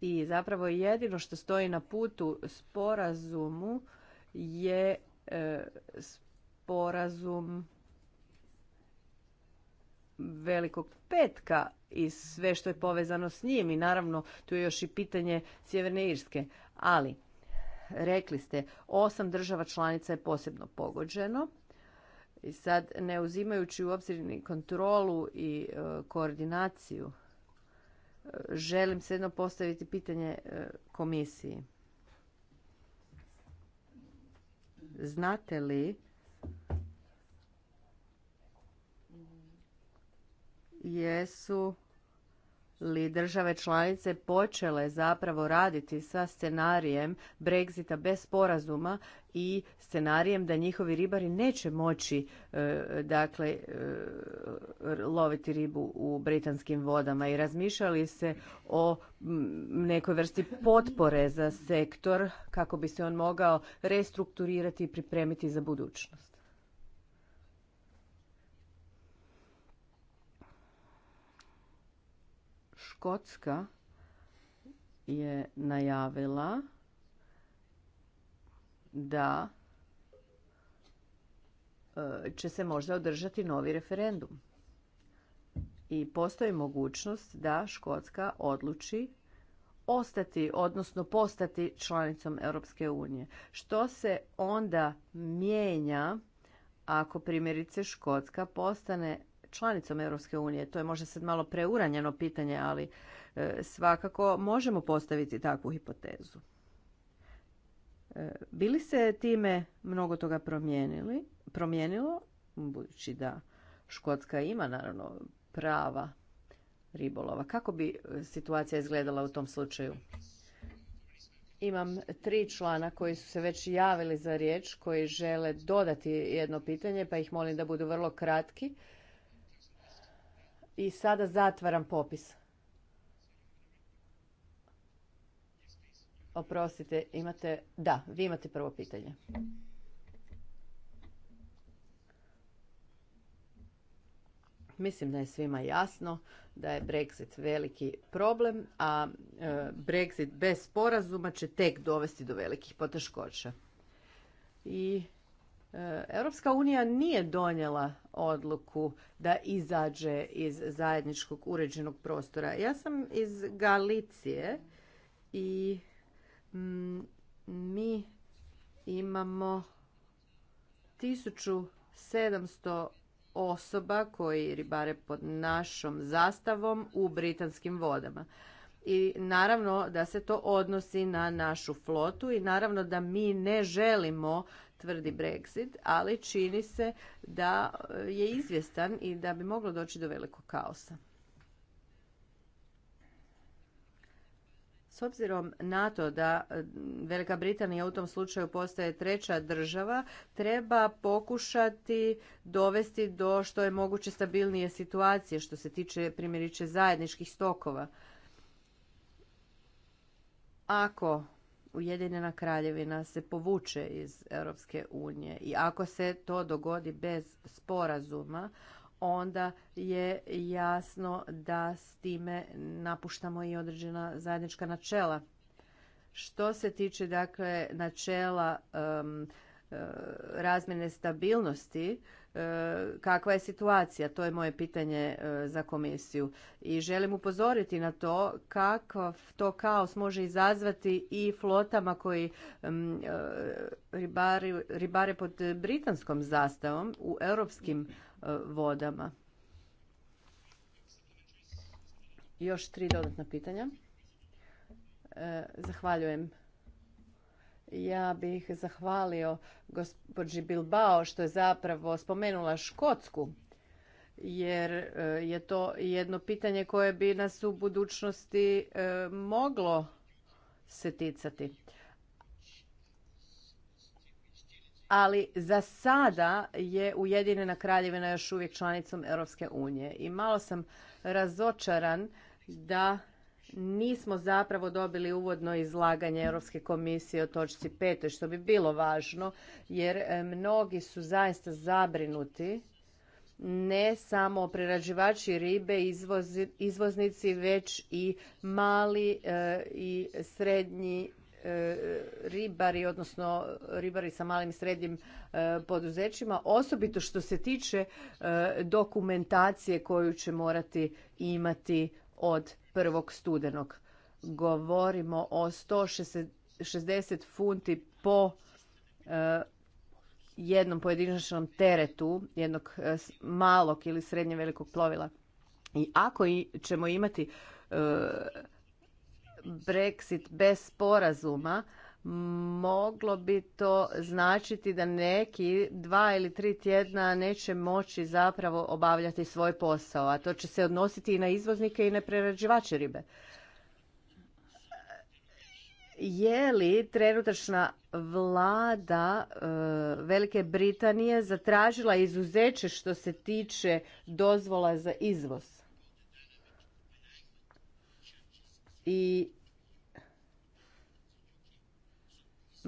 I zapravo jedino što stoji na putu sporazumu je e, sporazum velikog petka i sve što je povezano s njim i naravno tu je još i pitanje Sjeverne Irske. Ali, rekli ste, osam država članica je posebno pogođeno. I sad, ne uzimajući u obzir kontrolu i e, koordinaciju želim se jedno postaviti pitanje e, komisiji. Znate li jesu li države članice počele zapravo raditi sa scenarijem Brexita bez sporazuma i scenarijem da njihovi ribari neće moći e, dakle e, loviti ribu u britanskim vodama i razmišljali se o nekoj vrsti potpore za sektor kako bi se on mogao restrukturirati i pripremiti za budućnost. Škotska je najavila da e, će se možda održati novi referendum. I postoji mogućnost da Škotska odluči ostati, odnosno postati članicom Europske unije. Što se onda mijenja ako primjerice Škotska postane članicom Europske unije. To je možda sad malo preuranjeno pitanje, ali e, svakako možemo postaviti takvu hipotezu. E, bili se time mnogo toga promijenili, promijenilo, budući da Škotska ima naravno prava ribolova. Kako bi e, situacija izgledala u tom slučaju? Imam tri člana koji su se već javili za riječ, koji žele dodati jedno pitanje, pa ih molim da budu vrlo kratki i sada zatvaram popis. Oprostite, imate... Da, vi imate prvo pitanje. Mislim da je svima jasno da je Brexit veliki problem, a e, Brexit bez sporazuma će tek dovesti do velikih poteškoća. I Europska unija nije donijela odluku da izađe iz zajedničkog uređenog prostora. Ja sam iz Galicije i mm, mi imamo 1700 osoba koji ribare pod našom zastavom u britanskim vodama. I naravno da se to odnosi na našu flotu i naravno da mi ne želimo tvrdi Brexit, ali čini se da e, je izvjestan i da bi moglo doći do velikog kaosa. S obzirom na to da e, Velika Britanija u tom slučaju postaje treća država, treba pokušati dovesti do što je moguće stabilnije situacije što se tiče primjerice zajedničkih stokova. Ako Ujedinjena kraljevina se povuče iz Europske unije i ako se to dogodi bez sporazuma, onda je jasno da s time napuštamo i određena zajednička načela. Što se tiče dakle načela e, razmjene stabilnosti, E, kakva je situacija? To je moje pitanje e, za komisiju. I želim upozoriti na to kakav to kaos može izazvati i flotama koji e, ribari, ribare pod britanskom zastavom u europskim vodama. Još tri dodatna pitanja. Zahvaljujem ja bih zahvalio gospođi Bilbao što je zapravo spomenula Škotsku jer eh, je to jedno pitanje koje bi nas u budućnosti eh, moglo se ticati. Ali za sada je Ujedinjena kraljevina još uvijek članicom Europske unije i malo sam razočaran da nismo zapravo dobili uvodno izlaganje Europske komisije o točci 5. što bi bilo važno jer e, mnogi su zaista zabrinuti ne samo prerađivači ribe, izvoznici, već i mali e, i srednji e, ribari, odnosno ribari sa malim i srednjim poduzećima, osobito što se tiče dokumentacije koju će morati imati od 1. studenog. Govorimo o 160 funti po e, jednom pojedinačnom teretu jednog e, malog ili srednje velikog plovila. I ako ćemo imati e, Brexit bez sporazuma, moglo bi to značiti da neki dva ili tri tjedna neće moći zapravo obavljati svoj posao, a to će se odnositi i na izvoznike i na prerađivače ribe. Je li trenutačna vlada e, Velike Britanije zatražila izuzeće što se tiče dozvola za izvoz? I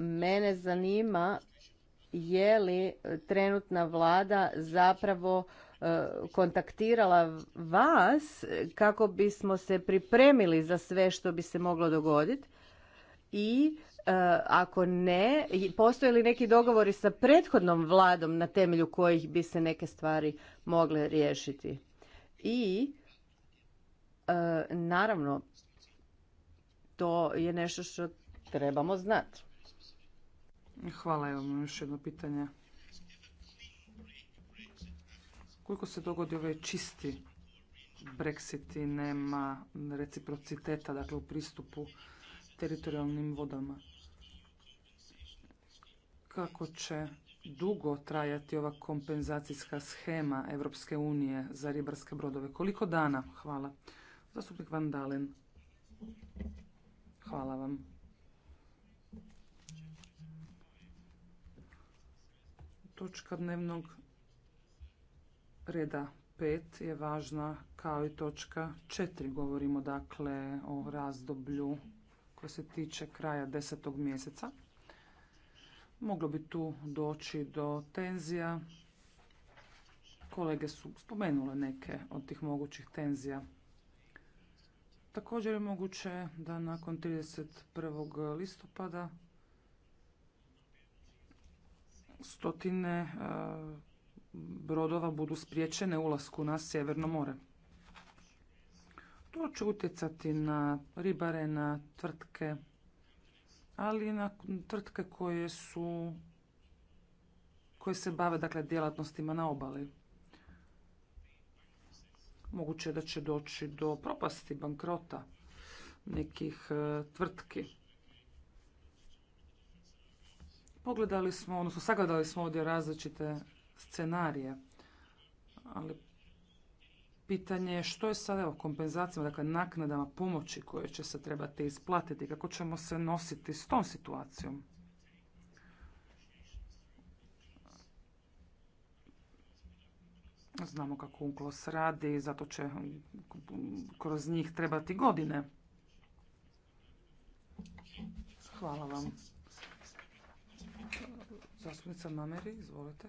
Mene zanima je li trenutna vlada zapravo e, kontaktirala vas kako bismo se pripremili za sve što bi se moglo dogoditi i e, ako ne, postoje li neki dogovori sa prethodnom vladom na temelju kojih bi se neke stvari mogle riješiti? I e, naravno, to je nešto što trebamo znati. Hvala, vam još jedno pitanje. Koliko se dogodi ovaj čisti Brexit i nema reciprociteta, dakle u pristupu teritorijalnim vodama? Kako će dugo trajati ova kompenzacijska schema Europske unije za ribarske brodove? Koliko dana? Hvala. Zastupnik Van Dalen. Hvala vam. Točka dnevnog reda 5 je važna kao i točka 4. Govorimo dakle o razdoblju koje se tiče kraja desetog mjeseca. Moglo bi tu doći do tenzija. Kolege su spomenule neke od tih mogućih tenzija. Također je moguće da nakon 31. listopada stotine e, brodova budu spriječene ulasku na Sjeverno more. To će utjecati na ribare, na tvrtke, ali i na tvrtke koje su koje se bave dakle djelatnostima na obali. Moguće je da će doći do propasti, bankrota nekih e, tvrtki. Pogledali smo, odnosno sagledali smo ovdje različite scenarije, ali pitanje je što je sada evo, kompenzacijama, dakle naknadama pomoći koje će se trebati isplatiti, kako ćemo se nositi s tom situacijom. Znamo kako UNCLOS radi, zato će kroz njih trebati godine. Hvala vam. Zastupnica Mameri, izvolite.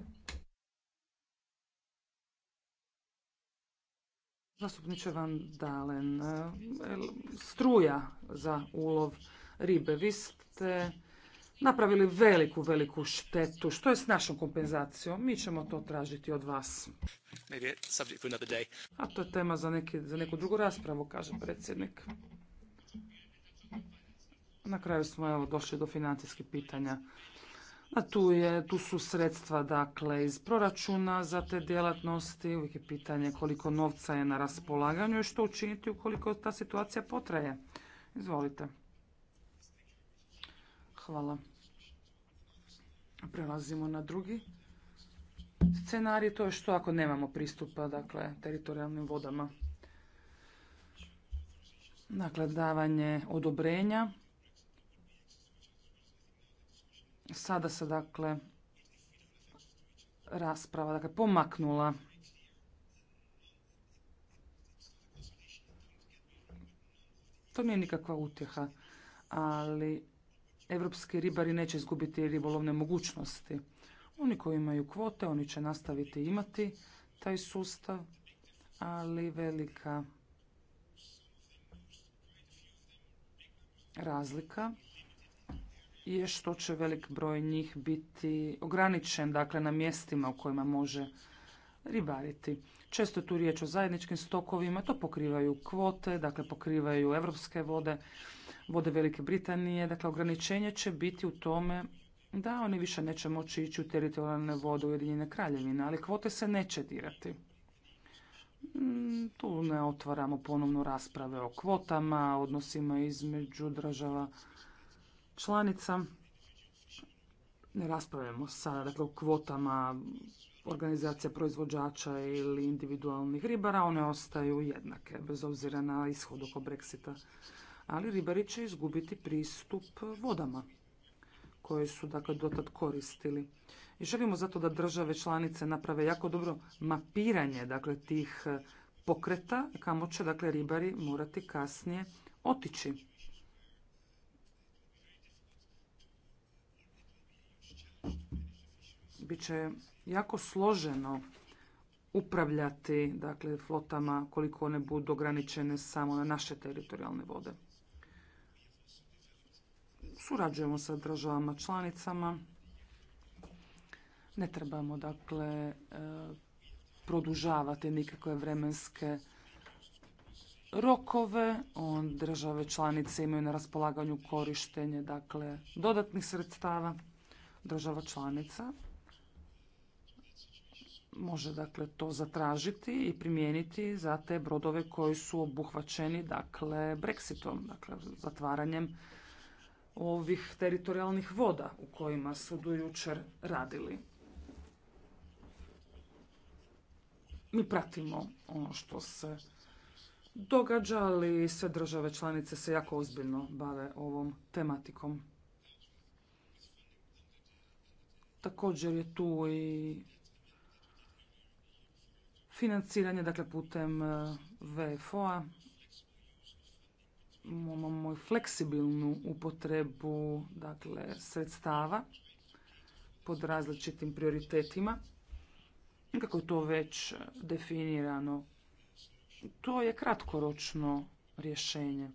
Zastupniče Van Dalen, eh, struja za ulov ribe. Vi ste napravili veliku, veliku štetu. Što je s našom kompenzacijom? Mi ćemo to tražiti od vas. A to je tema za, za neku drugu raspravu, kaže predsjednik. Na kraju smo evo, došli do financijskih pitanja. A tu, je, tu su sredstva dakle iz proračuna za te djelatnosti, uvijek je pitanje koliko novca je na raspolaganju i što učiniti ukoliko ta situacija potraje. Izvolite. Hvala. Prelazimo na drugi scenarij, to je što ako nemamo pristupa dakle, teritorijalnim vodama. Dakle, davanje odobrenja Sada se dakle rasprava dakle, pomaknula. To nije nikakva utjeha, ali evropski ribari neće izgubiti ribolovne mogućnosti. Oni koji imaju kvote, oni će nastaviti imati taj sustav, ali velika razlika je što će velik broj njih biti ograničen dakle, na mjestima u kojima može ribariti. Često je tu riječ o zajedničkim stokovima, to pokrivaju kvote, dakle pokrivaju evropske vode, vode Velike Britanije. Dakle, ograničenje će biti u tome da oni više neće moći ići u teritorijalne vode Ujedinjene kraljevine, ali kvote se neće dirati. Mm, tu ne otvaramo ponovno rasprave o kvotama, odnosima između država članica. Ne raspravljamo sa dakle, o kvotama organizacija proizvođača ili individualnih ribara, one ostaju jednake, bez obzira na ishod oko Brexita. Ali ribari će izgubiti pristup vodama koje su dakle, dotad koristili. I želimo zato da države članice naprave jako dobro mapiranje dakle, tih pokreta, kamo će dakle, ribari morati kasnije otići. bit će jako složeno upravljati dakle, flotama koliko one budu ograničene samo na naše teritorijalne vode. Surađujemo sa državama članicama. Ne trebamo dakle e, produžavati nikakve vremenske rokove. On, države članice imaju na raspolaganju korištenje dakle dodatnih sredstava država članica može dakle to zatražiti i primijeniti za te brodove koji su obuhvaćeni dakle Brexitom, dakle zatvaranjem ovih teritorijalnih voda u kojima su do jučer radili. Mi pratimo ono što se događa, ali sve države članice se jako ozbiljno bave ovom tematikom. Također je tu i financiranje, dakle putem e, VFO-a. Imamo fleksibilnu upotrebu dakle, sredstava pod različitim prioritetima. Kako je to već e, definirano, to je kratkoročno rješenje.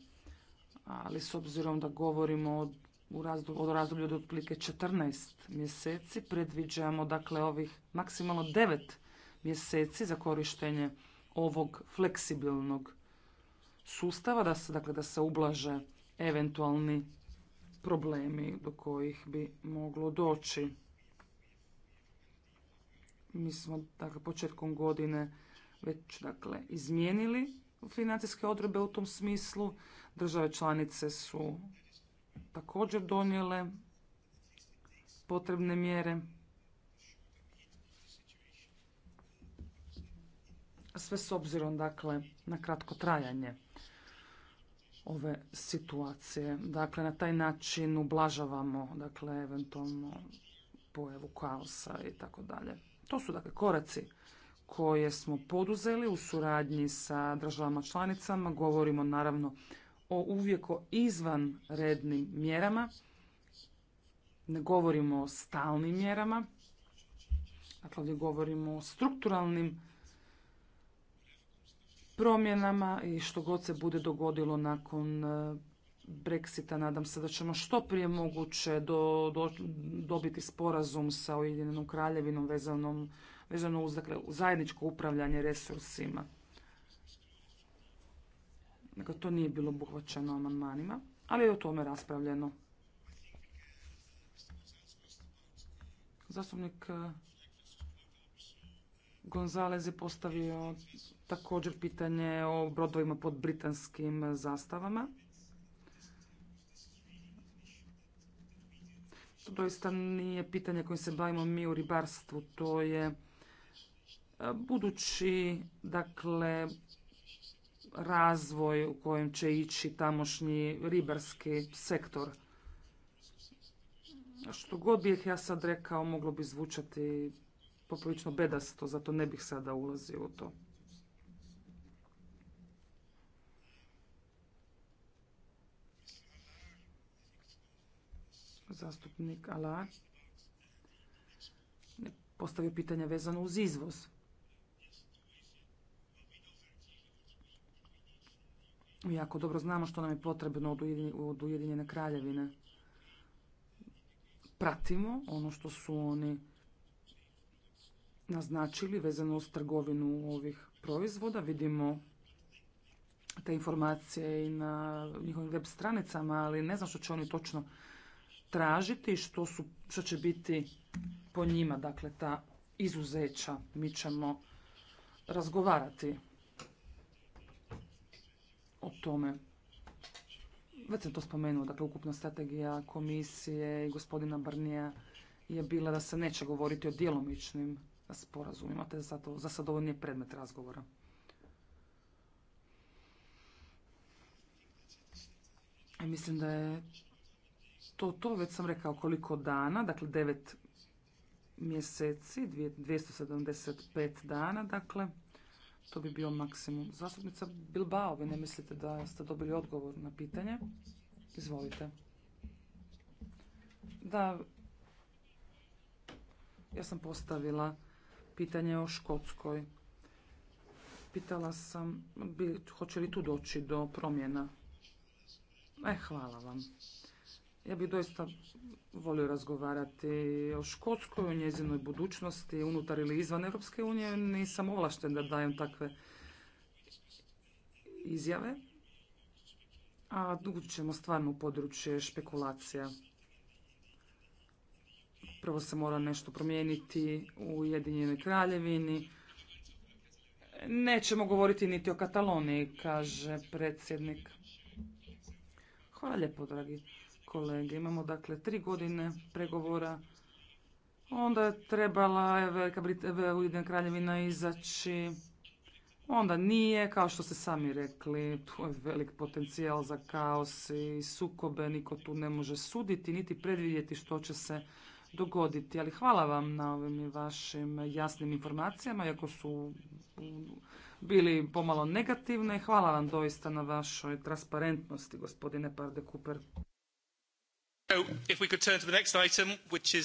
Ali s obzirom da govorimo o u razdoblju, od razdoblju od otprilike 14 mjeseci predviđamo dakle ovih maksimalno 9 mjeseci za korištenje ovog fleksibilnog sustava, da se, dakle, da se ublaže eventualni problemi do kojih bi moglo doći. Mi smo dakle, početkom godine već dakle, izmijenili financijske odrebe u tom smislu. Države članice su također donijele potrebne mjere. sve s obzirom dakle na kratko trajanje ove situacije. Dakle, na taj način ublažavamo dakle eventualno pojavu kaosa i tako dalje. To su dakle koraci koje smo poduzeli u suradnji sa državama članicama. Govorimo naravno o uvijek o izvanrednim mjerama. Ne govorimo o stalnim mjerama. Dakle, ovdje govorimo o strukturalnim promjenama i što god se bude dogodilo nakon e, Brexita. Nadam se da ćemo što prije moguće do, dobiti sporazum sa Ujedinjenom kraljevinom vezanom, vezano uz dakle, zajedničko upravljanje resursima. Dakle, to nije bilo obuhvaćeno amandmanima, ali je o tome raspravljeno. Zastupnik e, Gonzalez je postavio također pitanje o brodovima pod britanskim zastavama. To doista nije pitanje kojim se bavimo mi u ribarstvu, to je e, budući dakle razvoj u kojem će ići tamošnji ribarski sektor. Što god bih ja sad rekao moglo bi zvučati poprilično bedasto, zato ne bih sada ulazio u to. Zastupnik Alar postavio pitanje vezano uz izvoz. Mi jako dobro znamo što nam je potrebno od Ujedinjene kraljevine. Pratimo ono što su oni naznačili vezano uz trgovinu ovih proizvoda. Vidimo te informacije i na njihovim web stranicama, ali ne znam što će oni točno tražiti i što, su, što će biti po njima, dakle ta izuzeća. Mi ćemo razgovarati o tome. Već sam to spomenuo, dakle ukupna strategija komisije i gospodina Barnija je bila da se neće govoriti o djelomičnim sporazum. Imate za sad ovo nije predmet razgovora. E, mislim da je to to, već sam rekao koliko dana, dakle 9 mjeseci, 275 dana, dakle to bi bio maksimum. Zastupnica Bilbao, vi ne mislite da ste dobili odgovor na pitanje? Izvolite. Da, ja sam postavila pitanje o Škotskoj. Pitala sam bi, hoće li tu doći do promjena. E, hvala vam. Ja bih doista volio razgovarati o Škotskoj, o njezinoj budućnosti, unutar ili izvan Europske unije. Nisam ovlašten da dajem takve izjave. A dugo ćemo stvarno u područje špekulacija prvo se mora nešto promijeniti u Ujedinjenoj kraljevini. Nećemo govoriti niti o Kataloniji, kaže predsjednik. Hvala lijepo, dragi kolege. Imamo dakle tri godine pregovora. Onda je trebala Velika Ujedinjena kraljevina izaći. Onda nije, kao što ste sami rekli, tu je velik potencijal za kaos i sukobe, niko tu ne može suditi, niti predvidjeti što će se dogoditi. Ali hvala vam na ovim vašim jasnim informacijama, iako su bili pomalo negativne. Hvala vam doista na vašoj transparentnosti, gospodine Parde Cooper.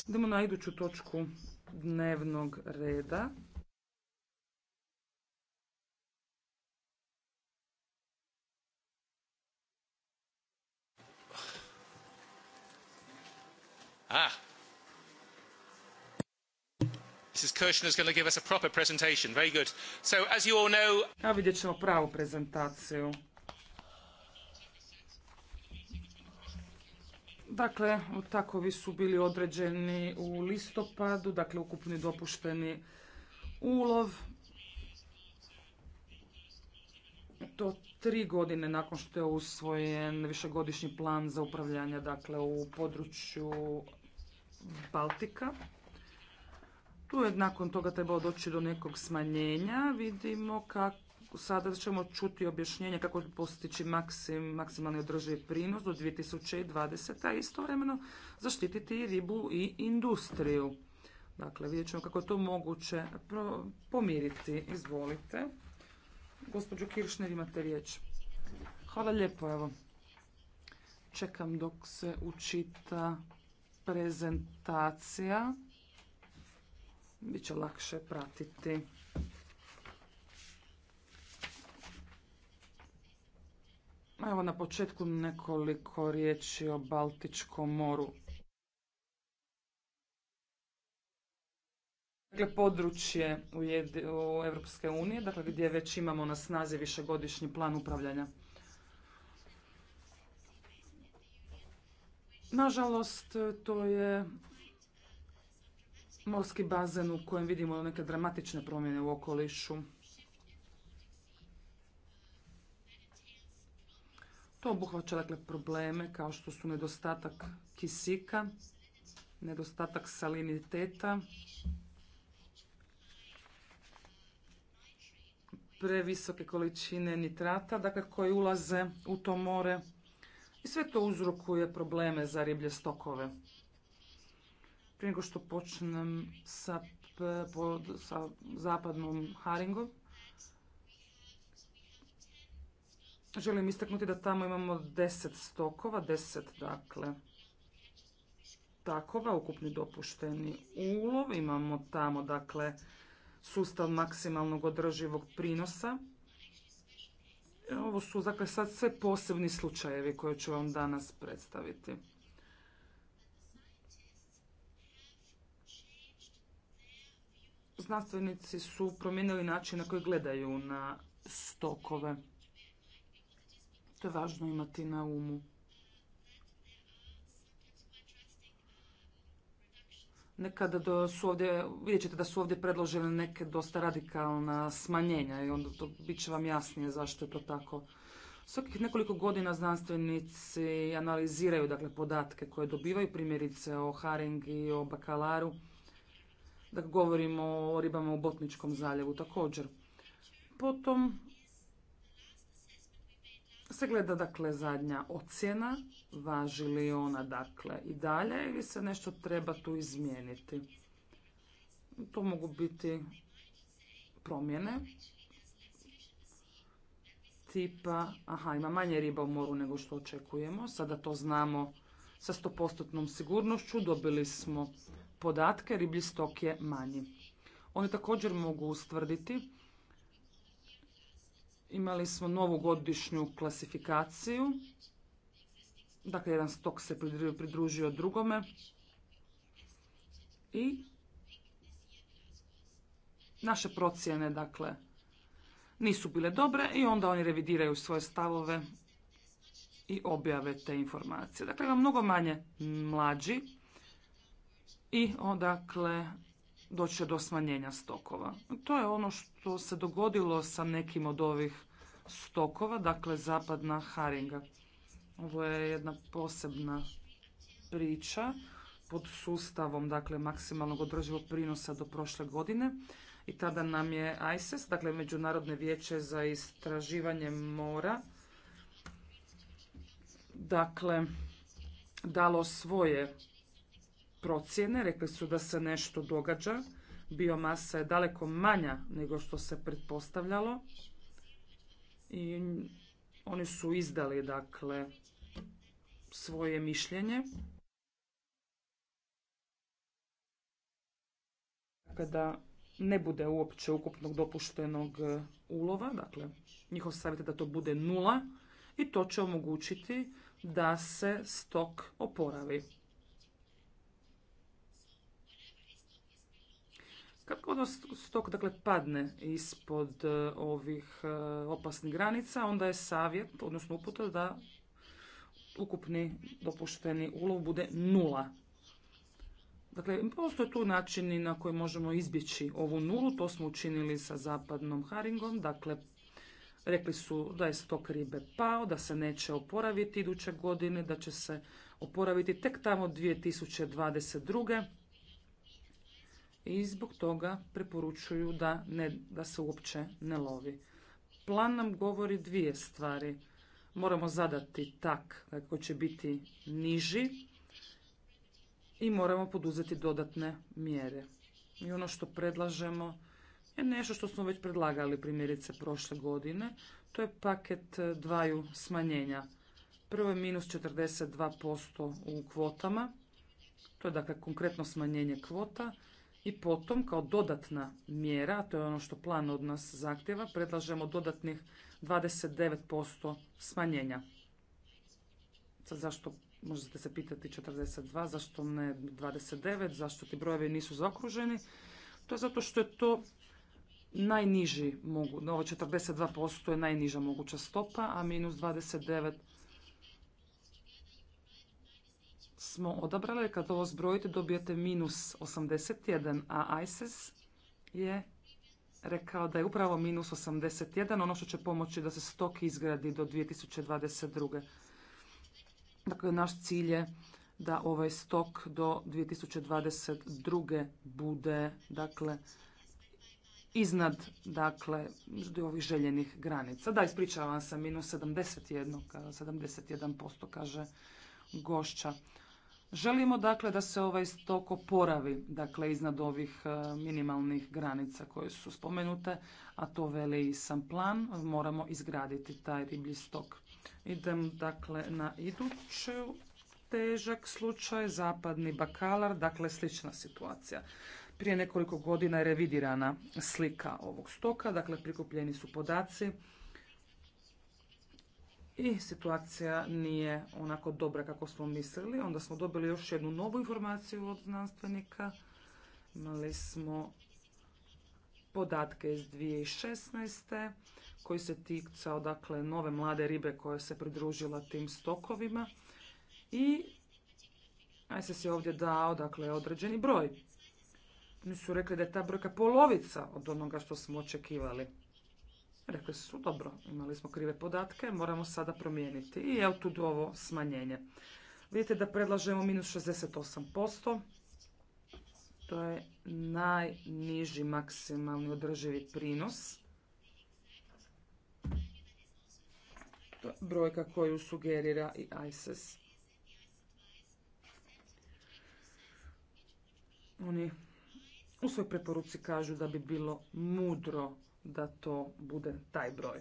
Idemo na iduću točku dnevnog reda. Ah, a vidjet ćemo pravu prezentaciju. Dakle, takovi su bili određeni u listopadu, dakle ukupni dopušteni ulov. To tri godine nakon što je usvojen višegodišnji plan za upravljanje dakle, u području Baltika. Tu je nakon toga trebalo doći do nekog smanjenja. Vidimo kako sada ćemo čuti objašnjenje kako postići maksimalni održivi prinos do 2020. a istovremeno zaštititi i ribu i industriju. Dakle, vidjet ćemo kako je to moguće pomiriti. Izvolite. Gospođo Kiršner, imate riječ. Hvala lijepo, evo. Čekam dok se učita prezentacija će lakše pratiti. Evo na početku nekoliko riječi o Baltičkom moru. Dakle, područje u, u Europske unije, dakle gdje već imamo na snazi višegodišnji plan upravljanja. Nažalost, to je morski bazen u kojem vidimo neke dramatične promjene u okolišu. To obuhvaća dakle probleme kao što su nedostatak kisika, nedostatak saliniteta, previsoke količine nitrata koje dakle, koji ulaze u to more i sve to uzrokuje probleme za riblje stokove. Prije nego što počnem sa, zapadnom haringom, želim istaknuti da tamo imamo 10 stokova, 10 dakle takova, ukupni dopušteni ulov, imamo tamo dakle sustav maksimalnog održivog prinosa. Ovo su dakle sad sve posebni slučajevi koje ću vam danas predstaviti. znanstvenici su promijenili način na koji gledaju na stokove. To je važno imati na umu. Nekada su ovdje, vidjet ćete da su ovdje predložene neke dosta radikalna smanjenja i onda to bit će vam jasnije zašto je to tako. Svakih nekoliko godina znanstvenici analiziraju dakle, podatke koje dobivaju, primjerice o i o bakalaru da govorimo o ribama u Botničkom zaljevu također. Potom se gleda dakle zadnja ocjena, važi li ona dakle i dalje ili se nešto treba tu izmijeniti. To mogu biti promjene tipa, aha, ima manje riba u moru nego što očekujemo, sada to znamo sa 100% sigurnošću, dobili smo podatke, riblji stok je manji. Oni također mogu ustvrditi, imali smo novu godišnju klasifikaciju, dakle jedan stok se pridružio drugome i naše procjene dakle nisu bile dobre i onda oni revidiraju svoje stavove i objave te informacije. Dakle, ima mnogo manje mlađi i odakle doće do smanjenja stokova. To je ono što se dogodilo sa nekim od ovih stokova, dakle zapadna haringa. Ovo je jedna posebna priča pod sustavom dakle maksimalnog održivog prinosa do prošle godine i tada nam je ISIS, e dakle Međunarodne vijeće za istraživanje mora, dakle dalo svoje procjene, rekli su da se nešto događa. Biomasa je daleko manja nego što se pretpostavljalo i oni su izdali dakle svoje mišljenje. Kada dakle, ne bude uopće ukupnog dopuštenog e, ulova, dakle njihov savjet je da to bude nula i to će omogućiti da se stok oporavi. Kad ono stok dakle, padne ispod e, ovih e, opasnih granica, onda je savjet, odnosno uputa da ukupni dopušteni ulov bude nula. Dakle, postoje tu načini na koji možemo izbjeći ovu nulu. To smo učinili sa zapadnom haringom. Dakle, rekli su da je stok ribe pao, da se neće oporaviti iduće godine, da će se oporaviti tek tamo 2022 i zbog toga preporučuju da, ne, da se uopće ne lovi. Plan nam govori dvije stvari. Moramo zadati tak koji će biti niži i moramo poduzeti dodatne mjere. I ono što predlažemo je nešto što smo već predlagali primjerice prošle godine. To je paket e, dvaju smanjenja. Prvo je minus 42% u kvotama. To je dakle konkretno smanjenje kvota i potom, kao dodatna mjera, to je ono što plan od nas zahtjeva, predlažemo dodatnih 29% smanjenja. Sad zašto, možete se pitati 42, zašto ne 29, zašto ti brojevi nisu zaokruženi? To je zato što je to najniži, mogu, ovo 42% je najniža moguća stopa, a minus 29% smo odabrali, kad ovo zbrojite dobijete minus 81, a ISIS je rekao da je upravo minus 81 ono što će pomoći da se stok izgradi do 2022. Dakle, naš cilj je da ovaj stok do 2022. bude dakle iznad dakle ovih željenih granica. Da, ispričavam se, minus 71, 71% kaže gošća. Želimo dakle da se ovaj stok oporavi, dakle iznad ovih e, minimalnih granica koje su spomenute, a to veli i sam plan, moramo izgraditi taj riblji stok. Idem dakle na iduću težak slučaj, zapadni bakalar, dakle slična situacija. Prije nekoliko godina je revidirana slika ovog stoka, dakle prikupljeni su podaci i situacija nije onako dobra kako smo mislili. Onda smo dobili još jednu novu informaciju od znanstvenika. Imali smo podatke iz 2016. koji se ticao dakle, nove mlade ribe koja se pridružila tim stokovima. I ISIS je ovdje dao dakle, određeni broj. Oni su rekli da je ta brojka polovica od onoga što smo očekivali. Rekli su, dobro, imali smo krive podatke, moramo sada promijeniti. I evo tu ovo smanjenje. Vidite da predlažemo minus 68%. To je najniži maksimalni održivi prinos. To je brojka koju sugerira i ISIS. Oni u svoj preporuci kažu da bi bilo mudro da to bude taj broj.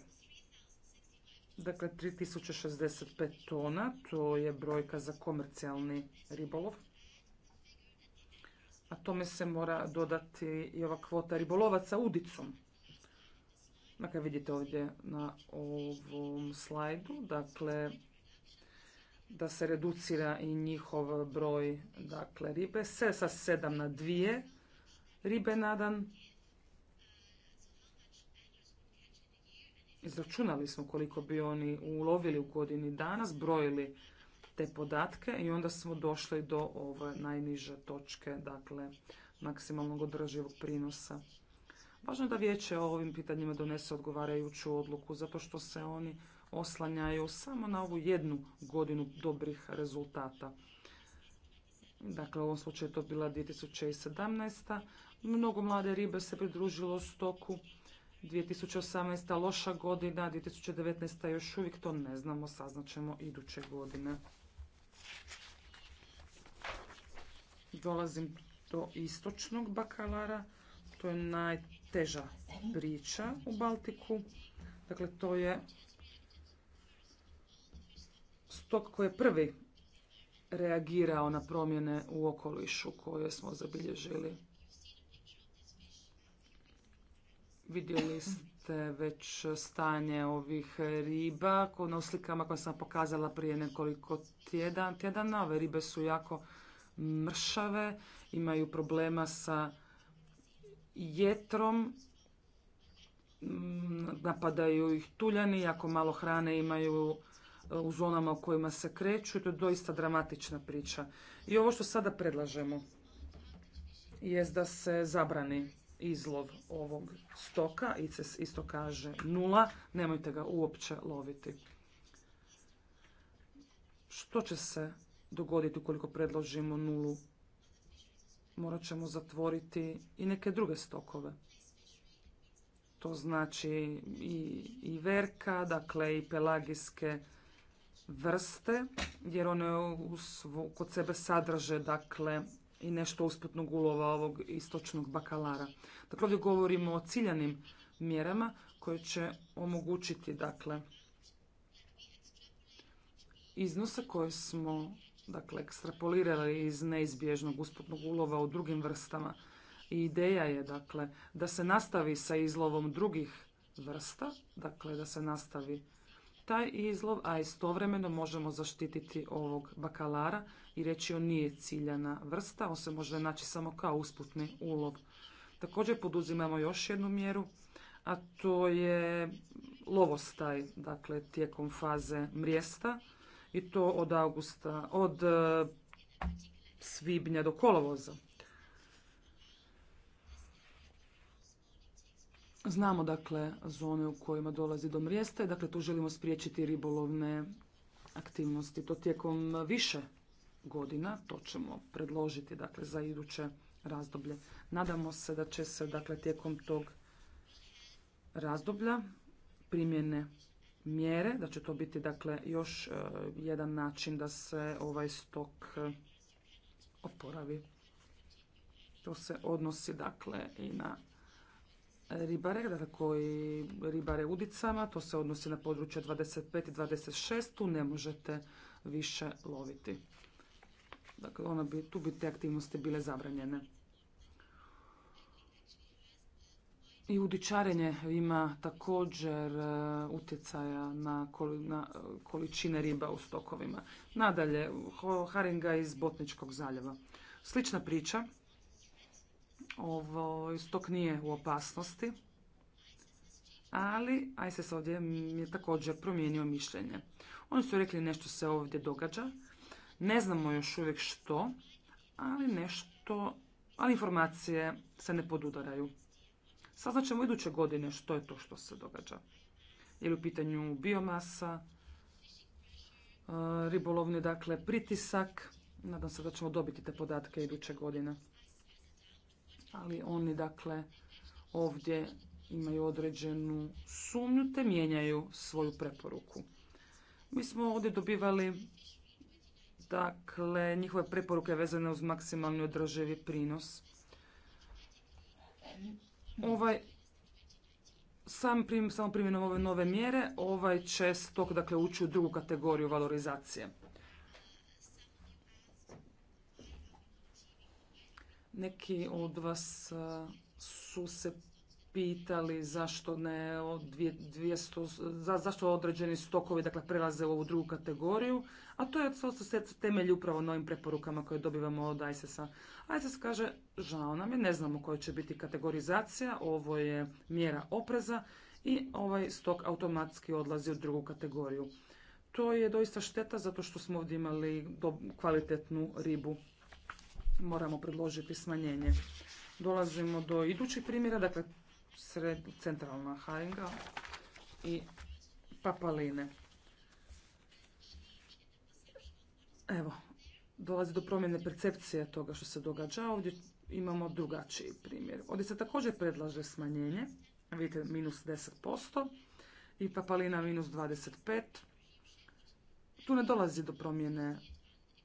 Dakle, 3065 tona, to je brojka za komercijalni ribolov. A tome se mora dodati i ova kvota ribolovaca udicom. Dakle, vidite ovdje na ovom slajdu, dakle, da se reducira i njihov broj dakle, ribe, sa sedam na dvije ribe na dan, Izračunali smo koliko bi oni ulovili u godini dana, zbrojili te podatke i onda smo došli do ove najniže točke, dakle maksimalnog održivog prinosa. Važno je da vijeće o ovim pitanjima donese odgovarajuću odluku, zato što se oni oslanjaju samo na ovu jednu godinu dobrih rezultata. Dakle, u ovom slučaju je to bila 2017. Mnogo mlade ribe se pridružilo stoku 2018. loša godina, 2019. još uvijek to ne znamo, saznaćemo iduće godine. Dolazim do istočnog bakalara, to je najteža priča u Baltiku. Dakle, to je stok koji je prvi reagirao na promjene u okolišu koje smo zabilježili. Vidjeli ste već stanje ovih riba na oslikama koje sam pokazala prije nekoliko tjedan, tjedana. Ove ribe su jako mršave, imaju problema sa jetrom, napadaju ih tuljani, jako malo hrane imaju u zonama u kojima se kreću to je doista dramatična priča. I ovo što sada predlažemo je da se zabrani izlov ovog stoka, ICES isto kaže nula, nemojte ga uopće loviti. Što će se dogoditi ukoliko predložimo nulu? Morat ćemo zatvoriti i neke druge stokove. To znači i, verka, dakle i pelagijske vrste, jer one kod sebe sadrže dakle i nešto usputnog ulova ovog istočnog bakalara. Dakle, ovdje govorimo o ciljanim mjerama koje će omogućiti, dakle, iznose koje smo dakle, ekstrapolirali iz neizbježnog usputnog ulova u drugim vrstama. I ideja je dakle, da se nastavi sa izlovom drugih vrsta, dakle da se nastavi taj izlov, a istovremeno možemo zaštititi ovog bakalara i reći on nije ciljana vrsta, on se može naći samo kao usputni ulov. Također poduzimamo još jednu mjeru, a to je lovostaj, dakle tijekom faze mrijesta i to od augusta, od e, svibnja do kolovoza. Znamo dakle zone u kojima dolazi do mrijesta i dakle tu želimo spriječiti ribolovne aktivnosti. To tijekom više godina, to ćemo predložiti dakle za iduće razdoblje. Nadamo se da će se dakle tijekom tog razdoblja primjene mjere, da će to biti dakle još e, jedan način da se ovaj stok e, oporavi. To se odnosi dakle i na ribare dakle, koji ribare udicama, to se odnosi na područje 25 i 26, tu ne možete više loviti. Dakle, ona bi, tu bi te aktivnosti bile zabranjene. I udičarenje ima također e, utjecaja na, e, količine riba u stokovima. Nadalje, haringa iz Botničkog zaljeva. Slična priča, stok nije u opasnosti, ali ISIS ovdje je također promijenio mišljenje. Oni su rekli nešto se ovdje događa, ne znamo još uvijek što, ali nešto, ali informacije se ne podudaraju. Saznat ćemo iduće godine što je to što se događa. Je li u pitanju biomasa, e, ribolovni dakle pritisak, nadam se da ćemo dobiti te podatke iduće godine ali oni dakle ovdje imaju određenu sumnju te mijenjaju svoju preporuku. Mi smo ovdje dobivali dakle njihove preporuke vezane uz maksimalni održivi prinos. Ovaj sam prim, samo primjenom ove nove mjere ovaj će stok dakle ući u drugu kategoriju valorizacije. Neki od vas e, su se pitali zašto ne 200, zašto određeni stokovi dakle prelaze u ovu drugu kategoriju, a to je to se temelji upravo novim preporukama koje dobivamo od ISIS-a. ISIS kaže, žao nam je, ne znamo koja će biti kategorizacija, ovo je mjera opreza i ovaj stok automatski odlazi u drugu kategoriju. To je doista šteta zato što smo ovdje imali kvalitetnu ribu moramo predložiti smanjenje. Dolazimo do idućih primjera, dakle sred, centralna haringa i papaline. Evo, dolazi do promjene percepcije toga što se događa. Ovdje imamo drugačiji primjer. Ovdje se također predlaže smanjenje, vidite minus 10% i papalina minus 25%. Tu ne dolazi do promjene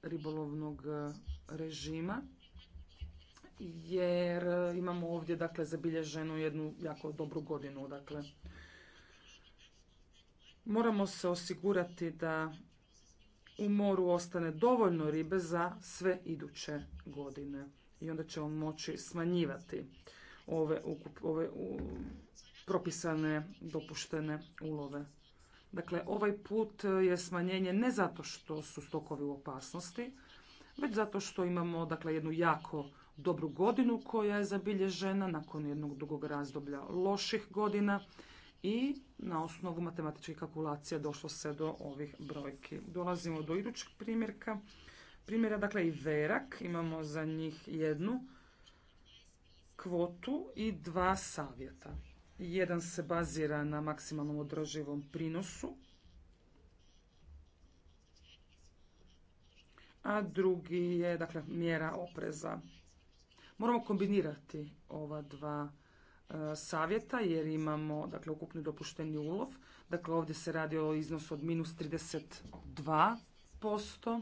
ribolovnog režima jer imamo ovdje dakle zabilježenu jednu jako dobru godinu dakle moramo se osigurati da u moru ostane dovoljno ribe za sve iduće godine i onda ćemo moći smanjivati ove, ove propisane dopuštene ulove. Dakle, ovaj put je smanjenje ne zato što su stokovi u opasnosti, već zato što imamo dakle, jednu jako dobru godinu koja je zabilježena nakon jednog dugog razdoblja loših godina i na osnovu matematičkih kalkulacija došlo se do ovih brojki. Dolazimo do idućeg primjerka. Primjera, dakle, i verak. Imamo za njih jednu kvotu i dva savjeta. Jedan se bazira na maksimalnom održivom prinosu, a drugi je dakle, mjera opreza. Moramo kombinirati ova dva e, savjeta jer imamo dakle, ukupni dopušteni ulov. Dakle, ovdje se radi o iznosu od minus 32%.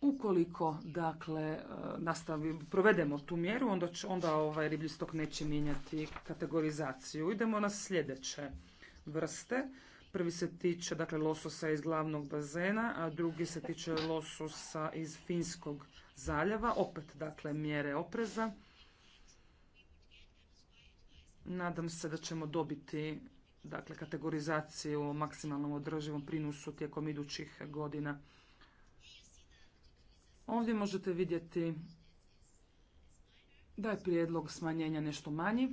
Ukoliko dakle, e, nastavi, provedemo tu mjeru, onda, onda ovaj riblji stok neće mijenjati kategorizaciju. Idemo na sljedeće vrste. Prvi se tiče dakle, lososa iz glavnog bazena, a drugi se tiče lososa iz Finskog zaljeva. Opet, dakle, mjere opreza. Nadam se da ćemo dobiti dakle, kategorizaciju o maksimalnom održivom prinosu tijekom idućih godina. Ovdje možete vidjeti da je prijedlog smanjenja nešto manji.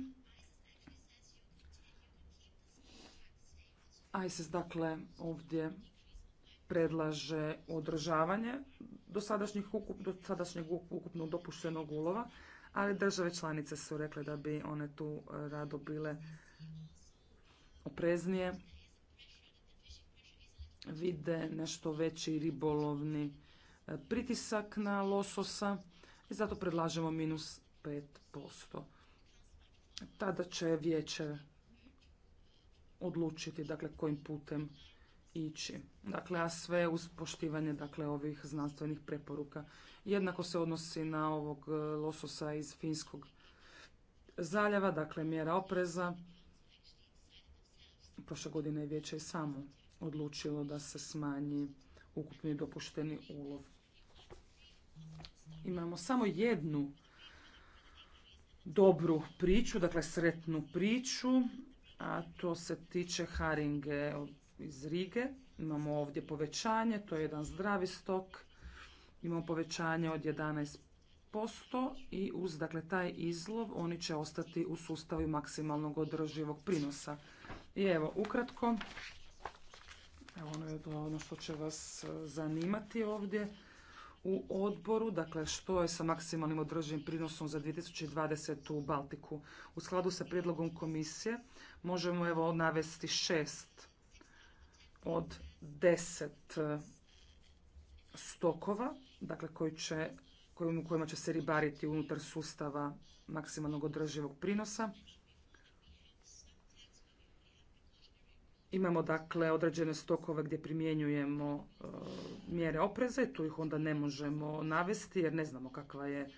ISIS dakle ovdje predlaže održavanje dosadašnjih ukup, ukupno dopuštenog ulova, ali države članice su rekle da bi one tu e, rado bile opreznije, vide nešto veći ribolovni e, pritisak na lososa i zato predlažemo minus 5%. Tada će vijeće odlučiti dakle kojim putem ići. Dakle, a sve uz poštivanje dakle, ovih znanstvenih preporuka. Jednako se odnosi na ovog e, lososa iz Finskog zaljeva, dakle mjera opreza. Prošle godine je vijeće i samo odlučilo da se smanji ukupni dopušteni ulov. Imamo samo jednu dobru priču, dakle sretnu priču a to se tiče haringe iz Rige. Imamo ovdje povećanje, to je jedan zdravi stok. Imamo povećanje od 11% i uz dakle, taj izlov oni će ostati u sustavu maksimalnog održivog prinosa. I evo, ukratko, evo ono je ono što će vas eh, zanimati ovdje u odboru, dakle što je sa maksimalnim održivim prinosom za 2020. u Baltiku. U skladu sa prijedlogom komisije možemo evo navesti šest od deset e, stokova, dakle koji će, kojima će se ribariti unutar sustava maksimalnog održivog prinosa. Imamo dakle određene stokove gdje primjenjujemo e, mjere opreze. tu ih onda ne možemo navesti jer ne znamo kakva je e,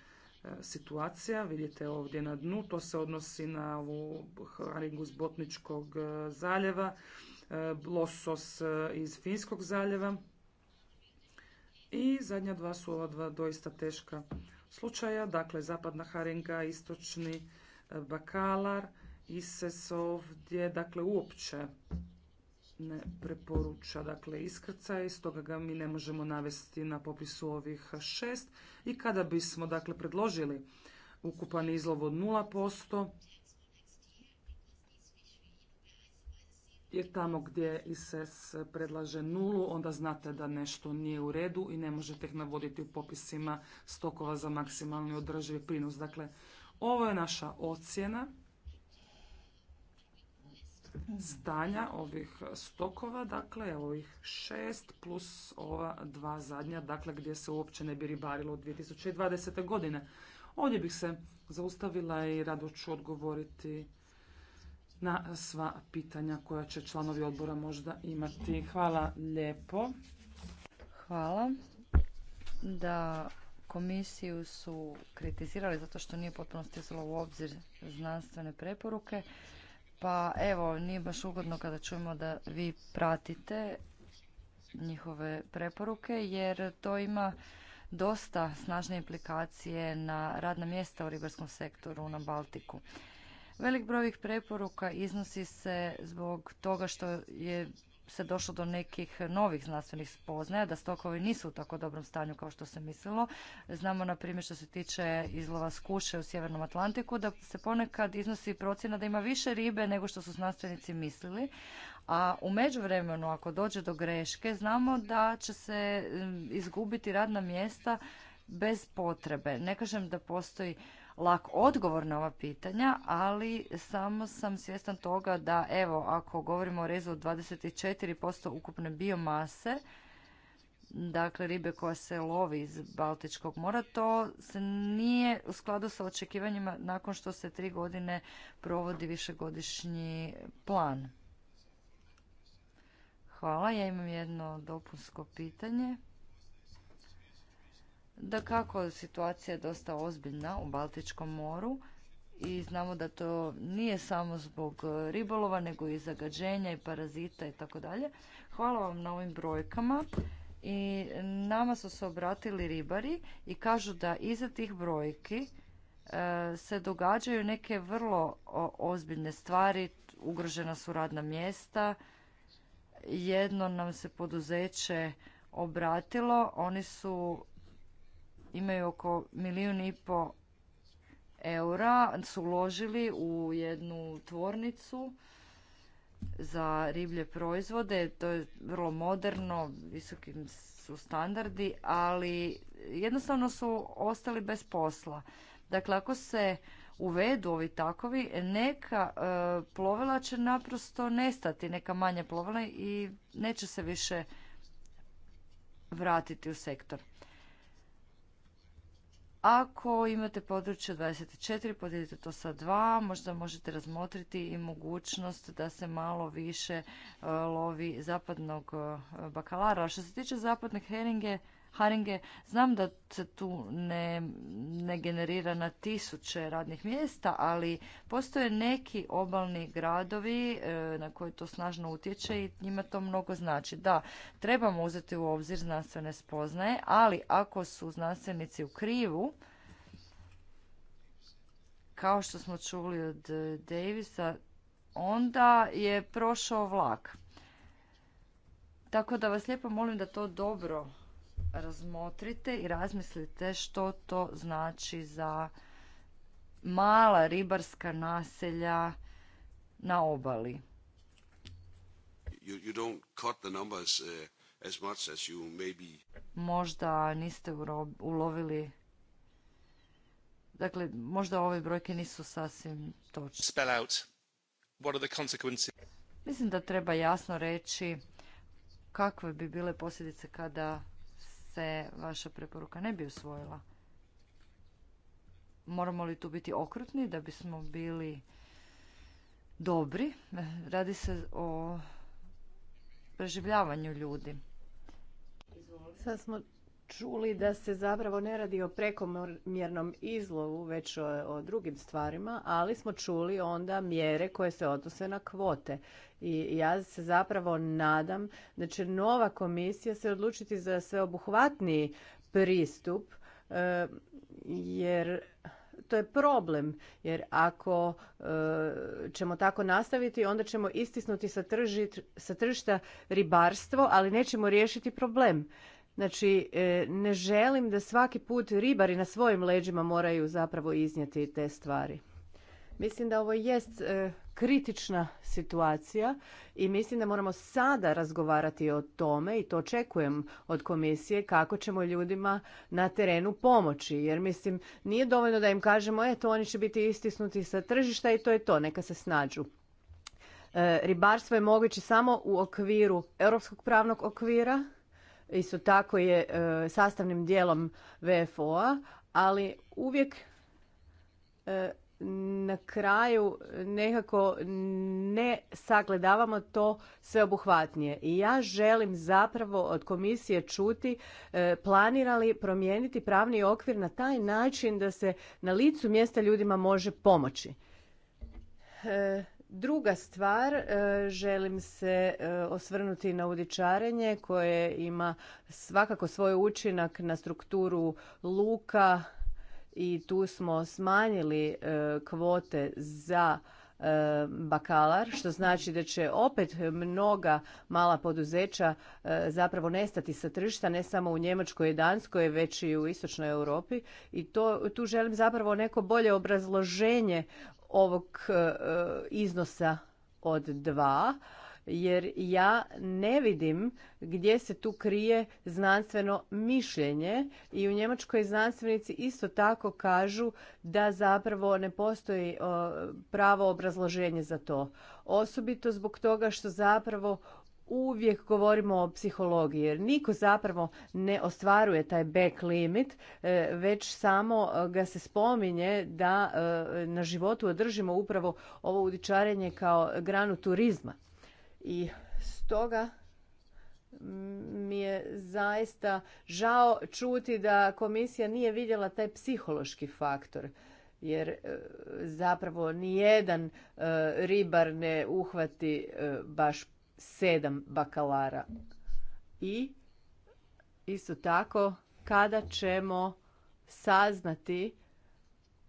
situacija. Vidite ovdje na dnu, to se odnosi na ovu haringu iz Botničkog e, zaljeva, losos iz Finskog zaljeva. I zadnja dva su ova dva doista teška slučaja, dakle zapadna haringa, istočni bakalar, ses ovdje, dakle uopće ne preporuča dakle iskrcaj, stoga ga mi ne možemo navesti na popisu ovih šest. I kada bismo dakle predložili ukupan izlov od 0%, jer tamo gdje ISS predlaže nulu, onda znate da nešto nije u redu i ne možete ih navoditi u popisima stokova za maksimalni održivi prinos. Dakle, ovo je naša ocjena stanja ovih stokova, dakle ovih šest plus ova dva zadnja, dakle gdje se uopće ne bi ribarilo od 2020. godine. Ovdje bih se zaustavila i rado ću odgovoriti na sva pitanja koja će članovi odbora možda imati. Hvala lijepo. Hvala. Da komisiju su kritizirali zato što nije potpuno stizalo u obzir znanstvene preporuke. Pa evo, nije baš ugodno kada čujemo da vi pratite njihove preporuke, jer to ima dosta snažne implikacije na radna mjesta u ribarskom sektoru na Baltiku. Velik broj ovih preporuka iznosi se zbog toga što je se došlo do nekih novih znanstvenih spoznaja, da stokovi nisu u tako dobrom stanju kao što se mislilo. Znamo, na primjer, što se tiče izlova skuše u Sjevernom Atlantiku, da se ponekad iznosi procjena da ima više ribe nego što su znanstvenici mislili. A u međuvremenu, ako dođe do greške, znamo da će se mm, izgubiti radna mjesta bez potrebe. Ne kažem da postoji lak odgovor na ova pitanja, ali samo sam svjestan toga da evo ako govorimo o rezu od 24% ukupne biomase, dakle ribe koja se lovi iz Baltičkog mora, to se nije u skladu sa očekivanjima nakon što se tri godine provodi višegodišnji plan. Hvala, ja imam jedno dopunsko pitanje. Da kako situacija je dosta ozbiljna u Baltičkom moru i znamo da to nije samo zbog e, ribolova nego i zagađenja i parazita i tako dalje. Hvala vam na ovim brojkama i nama su se obratili ribari i kažu da iza tih brojki e, se događaju neke vrlo ozbiljne stvari, ugrožena su radna mjesta. Jedno nam se poduzeće obratilo, oni su imaju oko milijun i po eura, su uložili u jednu tvornicu za riblje proizvode. To je vrlo moderno, visoki su standardi, ali jednostavno su ostali bez posla. Dakle, ako se uvedu ovi takovi, neka e, plovila će naprosto nestati, neka manja plovila i neće se više vratiti u sektor. Ako imate područje 24, podijelite to sa 2, možda možete razmotriti i mogućnost da se malo više e, lovi zapadnog e, bakalara. A što se tiče zapadne heringe, Haringe. Znam da se tu ne, generira na tisuće radnih mjesta, ali postoje neki obalni gradovi e, na koje to snažno utječe i njima to mnogo znači. Da, trebamo uzeti u obzir znanstvene spoznaje, ali ako su znanstvenici u krivu, kao što smo čuli od Davisa, onda je prošao vlak. Tako da vas lijepo molim da to dobro razmotrite i razmislite što to znači za mala ribarska naselja na obali. Možda niste ulovili Dakle, možda ove brojke nisu sasvim točne. Mislim da treba jasno reći kakve bi bile posljedice kada se vaša preporuka ne bi usvojila? Moramo li tu biti okrutni da bismo bili dobri? Radi se o preživljavanju ljudi. Sad smo čuli da se zapravo ne radi o prekomjernom izlovu, već o, drugim stvarima, ali smo čuli onda mjere koje se odnose na kvote. I ja se zapravo nadam da će nova komisija se odlučiti za sveobuhvatniji pristup, e, jer to je problem jer ako e, ćemo tako nastaviti onda ćemo istisnuti sa, tržišta ribarstvo ali nećemo riješiti problem Znači, e, ne želim da svaki put ribari na svojim leđima moraju zapravo iznijeti te stvari. Mislim da ovo jest e, kritična situacija i mislim da moramo sada razgovarati o tome i to očekujem od komisije kako ćemo ljudima na terenu pomoći. Jer mislim, nije dovoljno da im kažemo eto oni će biti istisnuti sa tržišta i to je to, neka se snađu. E, ribarstvo je moguće samo u okviru europskog pravnog okvira isto tako je e, sastavnim dijelom VFO-a, ali uvijek e, na kraju nekako ne sagledavamo to sveobuhvatnije. I ja želim zapravo od komisije čuti e, planira li promijeniti pravni okvir na taj način da se na licu mjesta ljudima može pomoći. Druga stvar, e, želim se e, osvrnuti na udičarenje koje ima svakako svoj učinak na strukturu luka i tu smo smanjili e, kvote za bakalar, što znači da će opet mnoga mala poduzeća zapravo nestati sa tržišta, ne samo u Njemačkoj i Danskoj, već i u Istočnoj Europi. I tu želim zapravo neko bolje obrazloženje ovog e, iznosa od dva jer ja ne vidim gdje se tu krije znanstveno mišljenje i u Njemačkoj znanstvenici isto tako kažu da zapravo ne postoji e, pravo obrazloženje za to. Osobito zbog toga što zapravo uvijek govorimo o psihologiji jer niko zapravo ne ostvaruje taj back limit e, već samo e, ga se spominje da e, na životu održimo upravo ovo udičarenje kao granu turizma i stoga mi je zaista žao čuti da komisija nije vidjela taj psihološki faktor jer zapravo nijedan ribar ne uhvati baš sedam bakalara. I isto tako kada ćemo saznati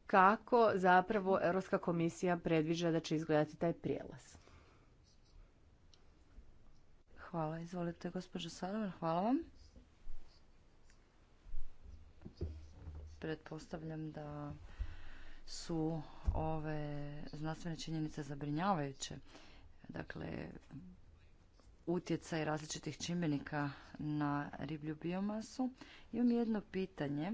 kako zapravo Europska komisija predviđa da će izgledati taj prijelaz. Hvala. Izvolite, gospođo Salomer. Hvala vam. Pretpostavljam da su ove znanstvene činjenice zabrinjavajuće. Dakle, utjecaj različitih čimbenika na riblju biomasu. Imam jedno pitanje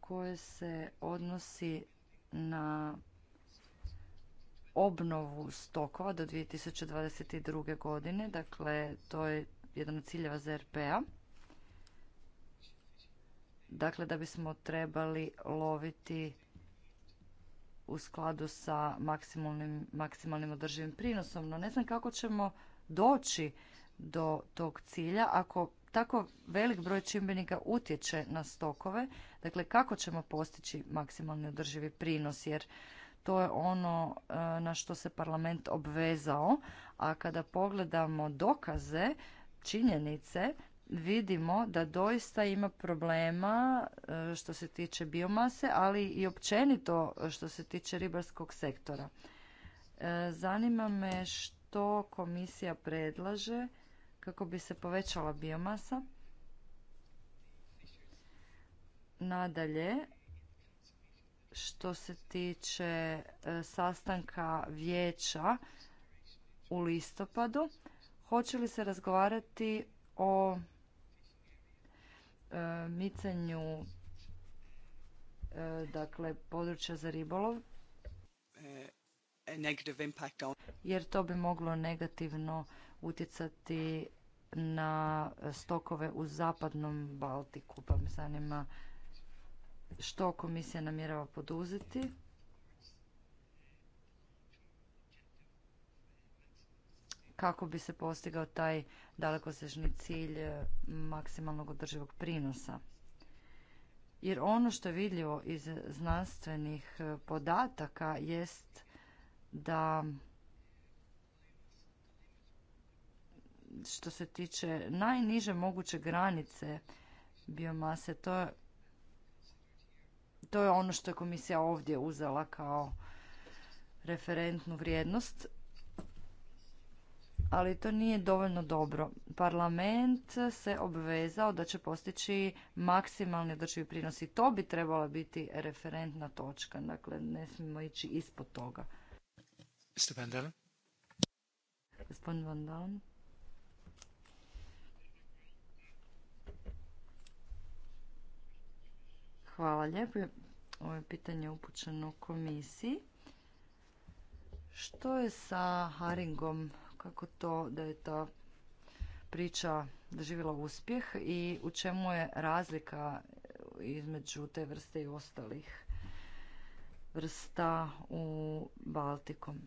koje se odnosi na obnovu stokova do 2022. godine. Dakle, to je jedan od ciljeva ZRP-a. Dakle, da bismo trebali loviti u skladu sa maksimalnim, maksimalnim održivim prinosom. No ne znam kako ćemo doći do tog cilja ako tako velik broj čimbenika utječe na stokove, dakle kako ćemo postići maksimalni održivi prinos jer to je ono e, na što se parlament obvezao, a kada pogledamo dokaze, činjenice, vidimo da doista ima problema e, što se tiče biomase, ali i općenito što se tiče ribarskog sektora. E, zanima me što komisija predlaže kako bi se povećala biomasa. Nadalje, što se tiče e, sastanka vijeća u listopadu, hoće li se razgovarati o e, micanju e, dakle područja za ribolov jer to bi moglo negativno utjecati na stokove u zapadnom Baltiku, pa me zanima što komisija namjerava poduzeti. kako bi se postigao taj dalekosežni cilj eh, maksimalnog održivog prinosa. Jer ono što je vidljivo iz znanstvenih eh, podataka jest da što se tiče najniže moguće granice biomase. To je, to je ono što je komisija ovdje uzela kao referentnu vrijednost. Ali to nije dovoljno dobro. Parlament se obvezao da će postići maksimalni održivi prinos i to bi trebala biti referentna točka. Dakle, ne smijemo ići ispod toga. Mr. Vandalen. Hvala lijepo. Ovo je pitanje upućeno komisiji. Što je sa Haringom? Kako to da je ta priča doživjela uspjeh i u čemu je razlika između te vrste i ostalih vrsta u Baltikom?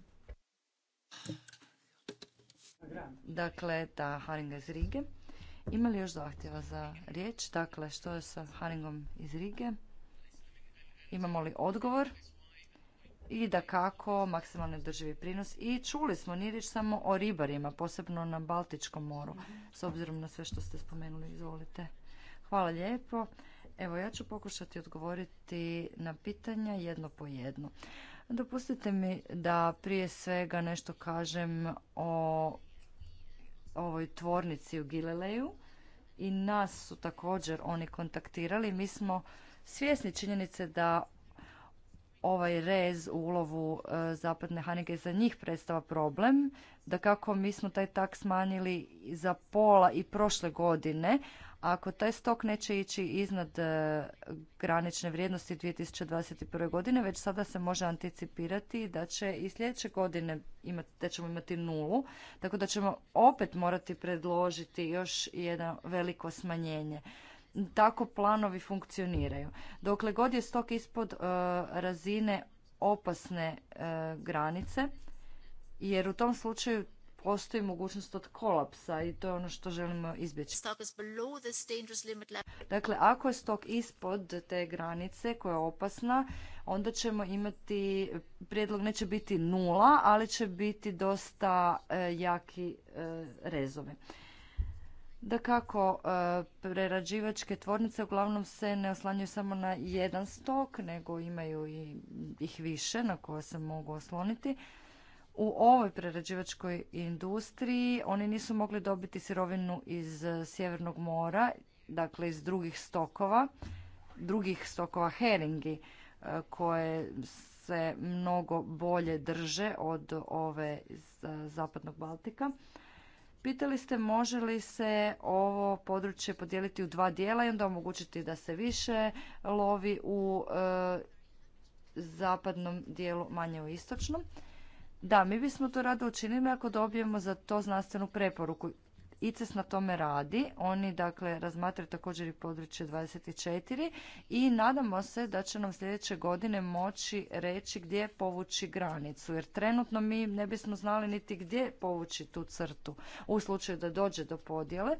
Dakle, ta Haringa iz Rige. Ima li još zahtjeva za riječ? Dakle, što je sa Haringom iz Rige? Imamo li odgovor? I da kako, maksimalni održivi prinos. I čuli smo, nije riječ samo o ribarima, posebno na Baltičkom moru, s obzirom na sve što ste spomenuli. Izvolite. Hvala lijepo. Evo, ja ću pokušati odgovoriti na pitanja jedno po jedno. Dopustite mi da prije svega nešto kažem o ovoj tvornici u Gileleju i nas su također oni kontaktirali. Mi smo svjesni činjenice da ovaj rez u ulovu e, zapadne hanige za njih predstava problem. Da kako mi smo taj tak smanjili za pola i prošle godine, ako taj stok neće ići iznad e, granične vrijednosti 2021. godine, već sada se može anticipirati da će i sljedeće godine imati, da ćemo imati nulu, tako da ćemo opet morati predložiti još jedno veliko smanjenje. Tako planovi funkcioniraju. Dokle god je stok ispod e, razine opasne e, granice, jer u tom slučaju postoji mogućnost od kolapsa i to je ono što želimo izbjeći. Dakle, ako je stok ispod te granice koja je opasna, onda ćemo imati, prijedlog neće biti nula, ali će biti dosta e, jaki e, rezovi. Da kako e, prerađivačke tvornice uglavnom se ne oslanjuju samo na jedan stok, nego imaju i, ih više na koje se mogu osloniti u ovoj prerađivačkoj industriji oni nisu mogli dobiti sirovinu iz eh, Sjevernog mora, dakle iz drugih stokova, drugih stokova heringi eh, koje se mnogo bolje drže od ove iz eh, Zapadnog Baltika. Pitali ste može li se ovo područje podijeliti u dva dijela i onda omogućiti da se više lovi u zapadnom dijelu, manje u istočnom. Da, mi bismo to rado učinili ako dobijemo za to znanstvenu preporuku. ICES na tome radi, oni dakle razmatraju također i područje 24 i nadamo se da će nam sljedeće godine moći reći gdje povući granicu, jer trenutno mi ne bismo znali niti gdje povući tu crtu u slučaju da dođe do podjele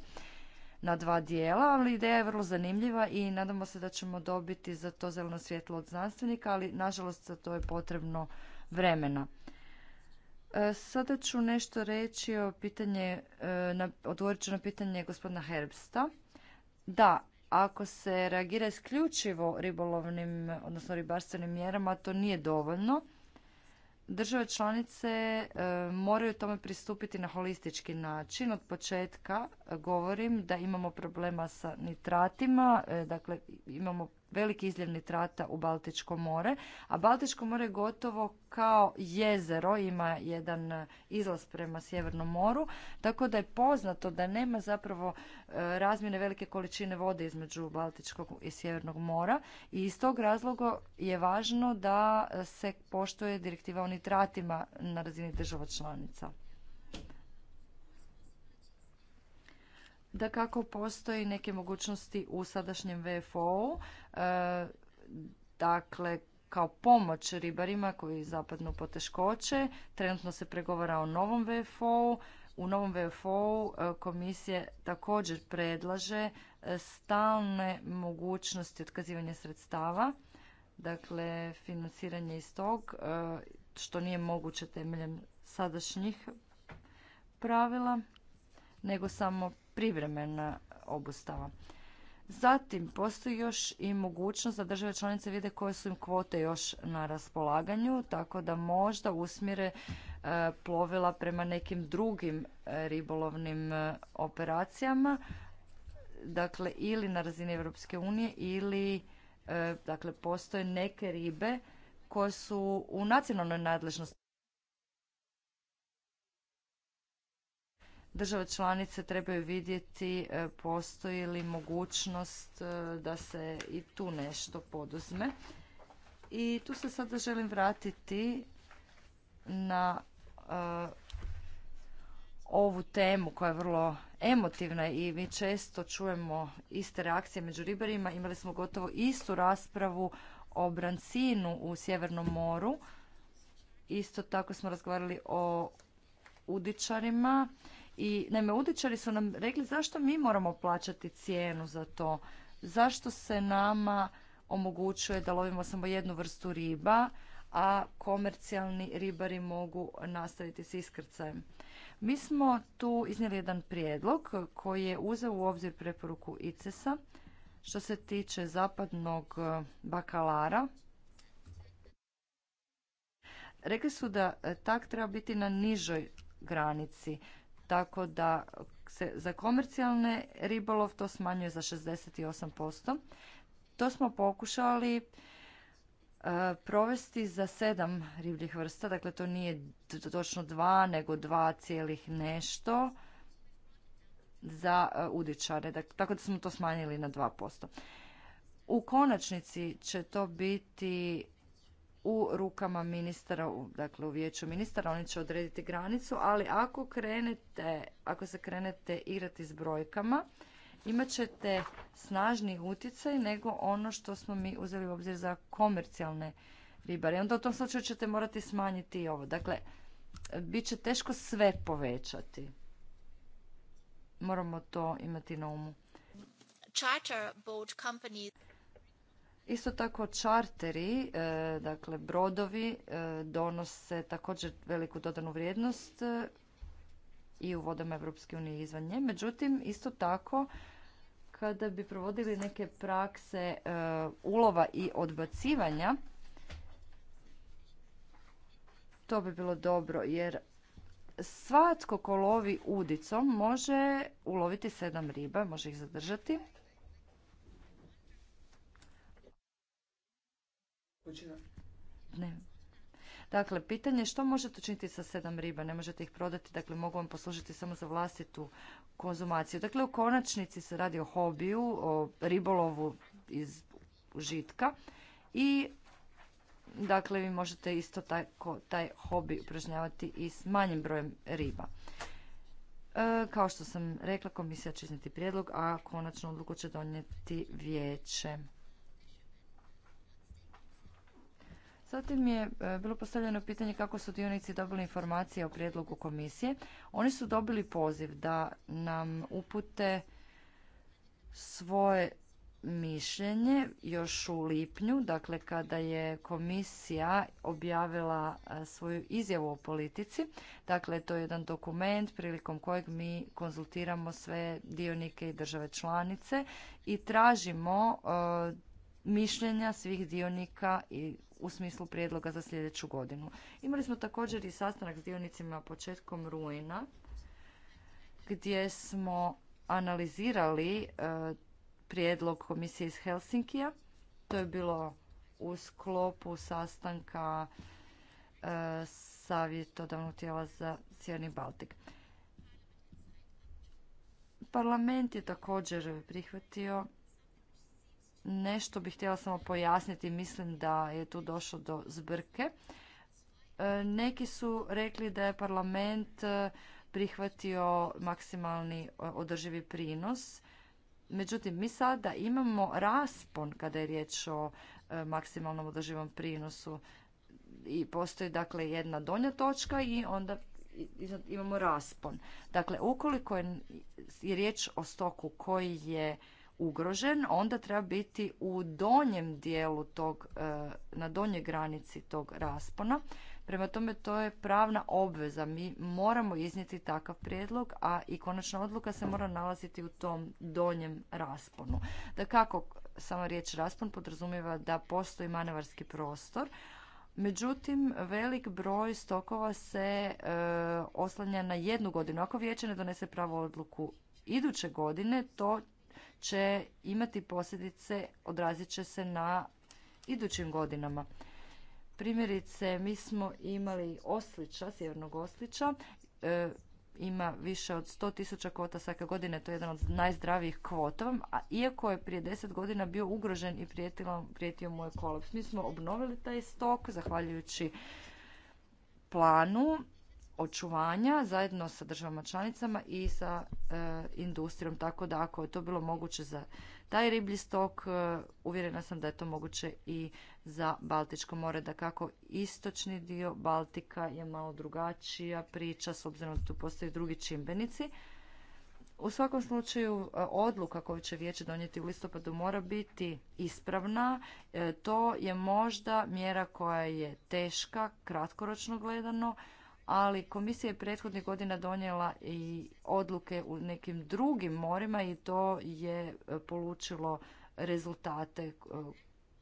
na dva dijela, ali ideja je vrlo zanimljiva i nadamo se da ćemo dobiti za to zeleno svjetlo od znanstvenika, ali nažalost za to je potrebno vremena. E, sada ću nešto reći o pitanje, e, odgovorit ću na pitanje gospodina Herbsta. Da, ako se reagira isključivo ribolovnim, odnosno ribarstvenim mjerama, to nije dovoljno. Države članice e, moraju tome pristupiti na holistički način. Od početka govorim da imamo problema sa nitratima, dakle imamo veliki izljev nitrata u Baltičko more, a Baltičko more je gotovo kao jezero, ima jedan izlaz prema Sjevernom moru, tako da je poznato da nema zapravo e, razmjene velike količine vode između Baltičkog i Sjevernog mora i iz tog razloga je važno da se poštuje direktiva o nitratima na razini država članica. da kako postoji neke mogućnosti u sadašnjem VFO-u, e, dakle kao pomoć ribarima koji zapadnu poteškoće. Trenutno se pregovara o novom VFO-u. U novom VFO-u e, komisije također predlaže e, stalne mogućnosti otkazivanja sredstava, dakle financiranje iz tog, što nije moguće temeljem sadašnjih pravila, nego samo privremena obustava. Zatim, postoji još i mogućnost da države članice vide koje su im kvote još na raspolaganju, tako da možda usmire e, plovila prema nekim drugim e, ribolovnim e, operacijama, dakle ili na razini Europske unije ili dakle postoje neke ribe koje su u nacionalnoj nadležnosti države članice trebaju vidjeti e, postoji li mogućnost e, da se i tu nešto poduzme. I tu se sada želim vratiti na e, ovu temu koja je vrlo emotivna i mi često čujemo iste reakcije među ribarima. Imali smo gotovo istu raspravu o brancinu u Sjevernom moru. Isto tako smo razgovarali o udičarima i naime, udičari su nam rekli zašto mi moramo plaćati cijenu za to, zašto se nama omogućuje da lovimo samo jednu vrstu riba, a komercijalni ribari mogu nastaviti s iskrcajem. Mi smo tu iznijeli jedan prijedlog koji je uzeo u obzir preporuku ICES-a što se tiče zapadnog e, bakalara. Rekli su da e, tak treba biti na nižoj granici tako da se za komercijalne ribolov to smanjuje za 68%. To smo pokušali e, provesti za sedam ribljih vrsta, dakle to nije točno dva, nego dva cijelih nešto za e, udičare, tako da smo to smanjili na 2%. U konačnici će to biti u rukama ministara, dakle u vijeću ministara, oni će odrediti granicu, ali ako krenete, ako se krenete igrati s brojkama, imat ćete snažni utjecaj nego ono što smo mi uzeli u obzir za komercijalne ribare. Onda u tom slučaju ćete morati smanjiti i ovo. Dakle, bit će teško sve povećati. Moramo to imati na umu. Charter boat companies Isto tako čarteri, e, dakle brodovi e, donose također veliku dodanu vrijednost e, i u vodama Europske unije i izvan nje. Međutim, isto tako kada bi provodili neke prakse ulova i odbacivanja, to bi bilo dobro jer svatko ko lovi udicom može uloviti sedam riba, može ih zadržati Ne. Dakle, pitanje je što možete učiniti sa sedam riba? Ne možete ih prodati, dakle mogu vam poslužiti samo za vlastitu konzumaciju. Dakle, u konačnici se radi o hobiju, o ribolovu iz užitka i dakle vi možete isto tako taj hobi upražnjavati i s manjim brojem riba. E, kao što sam rekla, komisija će iznijeti prijedlog, a konačnu odluku će donijeti vijeće. Zatim je e, bilo postavljeno pitanje kako su dionici dobili informacije o prijedlogu komisije. Oni su dobili poziv da nam upute svoje mišljenje još u lipnju, dakle kada je komisija objavila e, svoju izjavu o politici. Dakle, to je jedan dokument prilikom kojeg mi konzultiramo sve dionike i države članice i tražimo e, mišljenja svih dionika i u smislu prijedloga za sljedeću godinu. Imali smo također i sastanak s dionicima početkom rujna gdje smo analizirali e, prijedlog komisije iz Helsinkija. To je bilo u sklopu sastanka e, savjetodavnog tijela za Cijerni Baltik. Parlament je također prihvatio nešto bih htjela samo pojasniti, mislim da je tu došlo do zbrke. E, neki su rekli da je parlament e, prihvatio maksimalni e, održivi prinos. Međutim, mi sada imamo raspon kada je riječ o maksimalnom održivom prinosu i postoji dakle jedna donja točka i onda imamo raspon. Dakle, ukoliko je riječ o stoku koji je ugrožen, onda treba biti u donjem dijelu tog, e, na donjoj granici tog raspona. Prema tome to je pravna obveza. Mi moramo iznijeti takav prijedlog, a i konačna odluka se mora nalaziti u tom donjem rasponu. Da kako sama riječ raspon podrazumijeva da postoji manevarski prostor, Međutim, velik broj stokova se e, oslanja na jednu godinu. Ako vijeće ne donese pravu odluku iduće godine, to će imati posljedice, odrazit će se na idućim godinama. Primjerice, mi smo imali oslića, sjevernog oslića, e, ima više od 100.000 kvota svake godine, to je jedan od najzdravijih kvota. a iako je prije 10 godina bio ugrožen i prijetio mu je kolaps. Mi smo obnovili taj stok zahvaljujući planu očuvanja zajedno sa državama članicama i sa e, industrijom. Tako da ako je to bilo moguće za taj riblji stok, e, uvjerena sam da je to moguće i za Baltičko more. Da kako istočni dio Baltika je malo drugačija priča s obzirom da tu postoje drugi čimbenici. U svakom slučaju e, odluka koju će vijeće donijeti u listopadu mora biti ispravna. to je možda mjera koja je teška, kratkoročno gledano, ali komisija je prethodnih godina donijela i odluke u nekim drugim morima i to je e, polučilo rezultate e,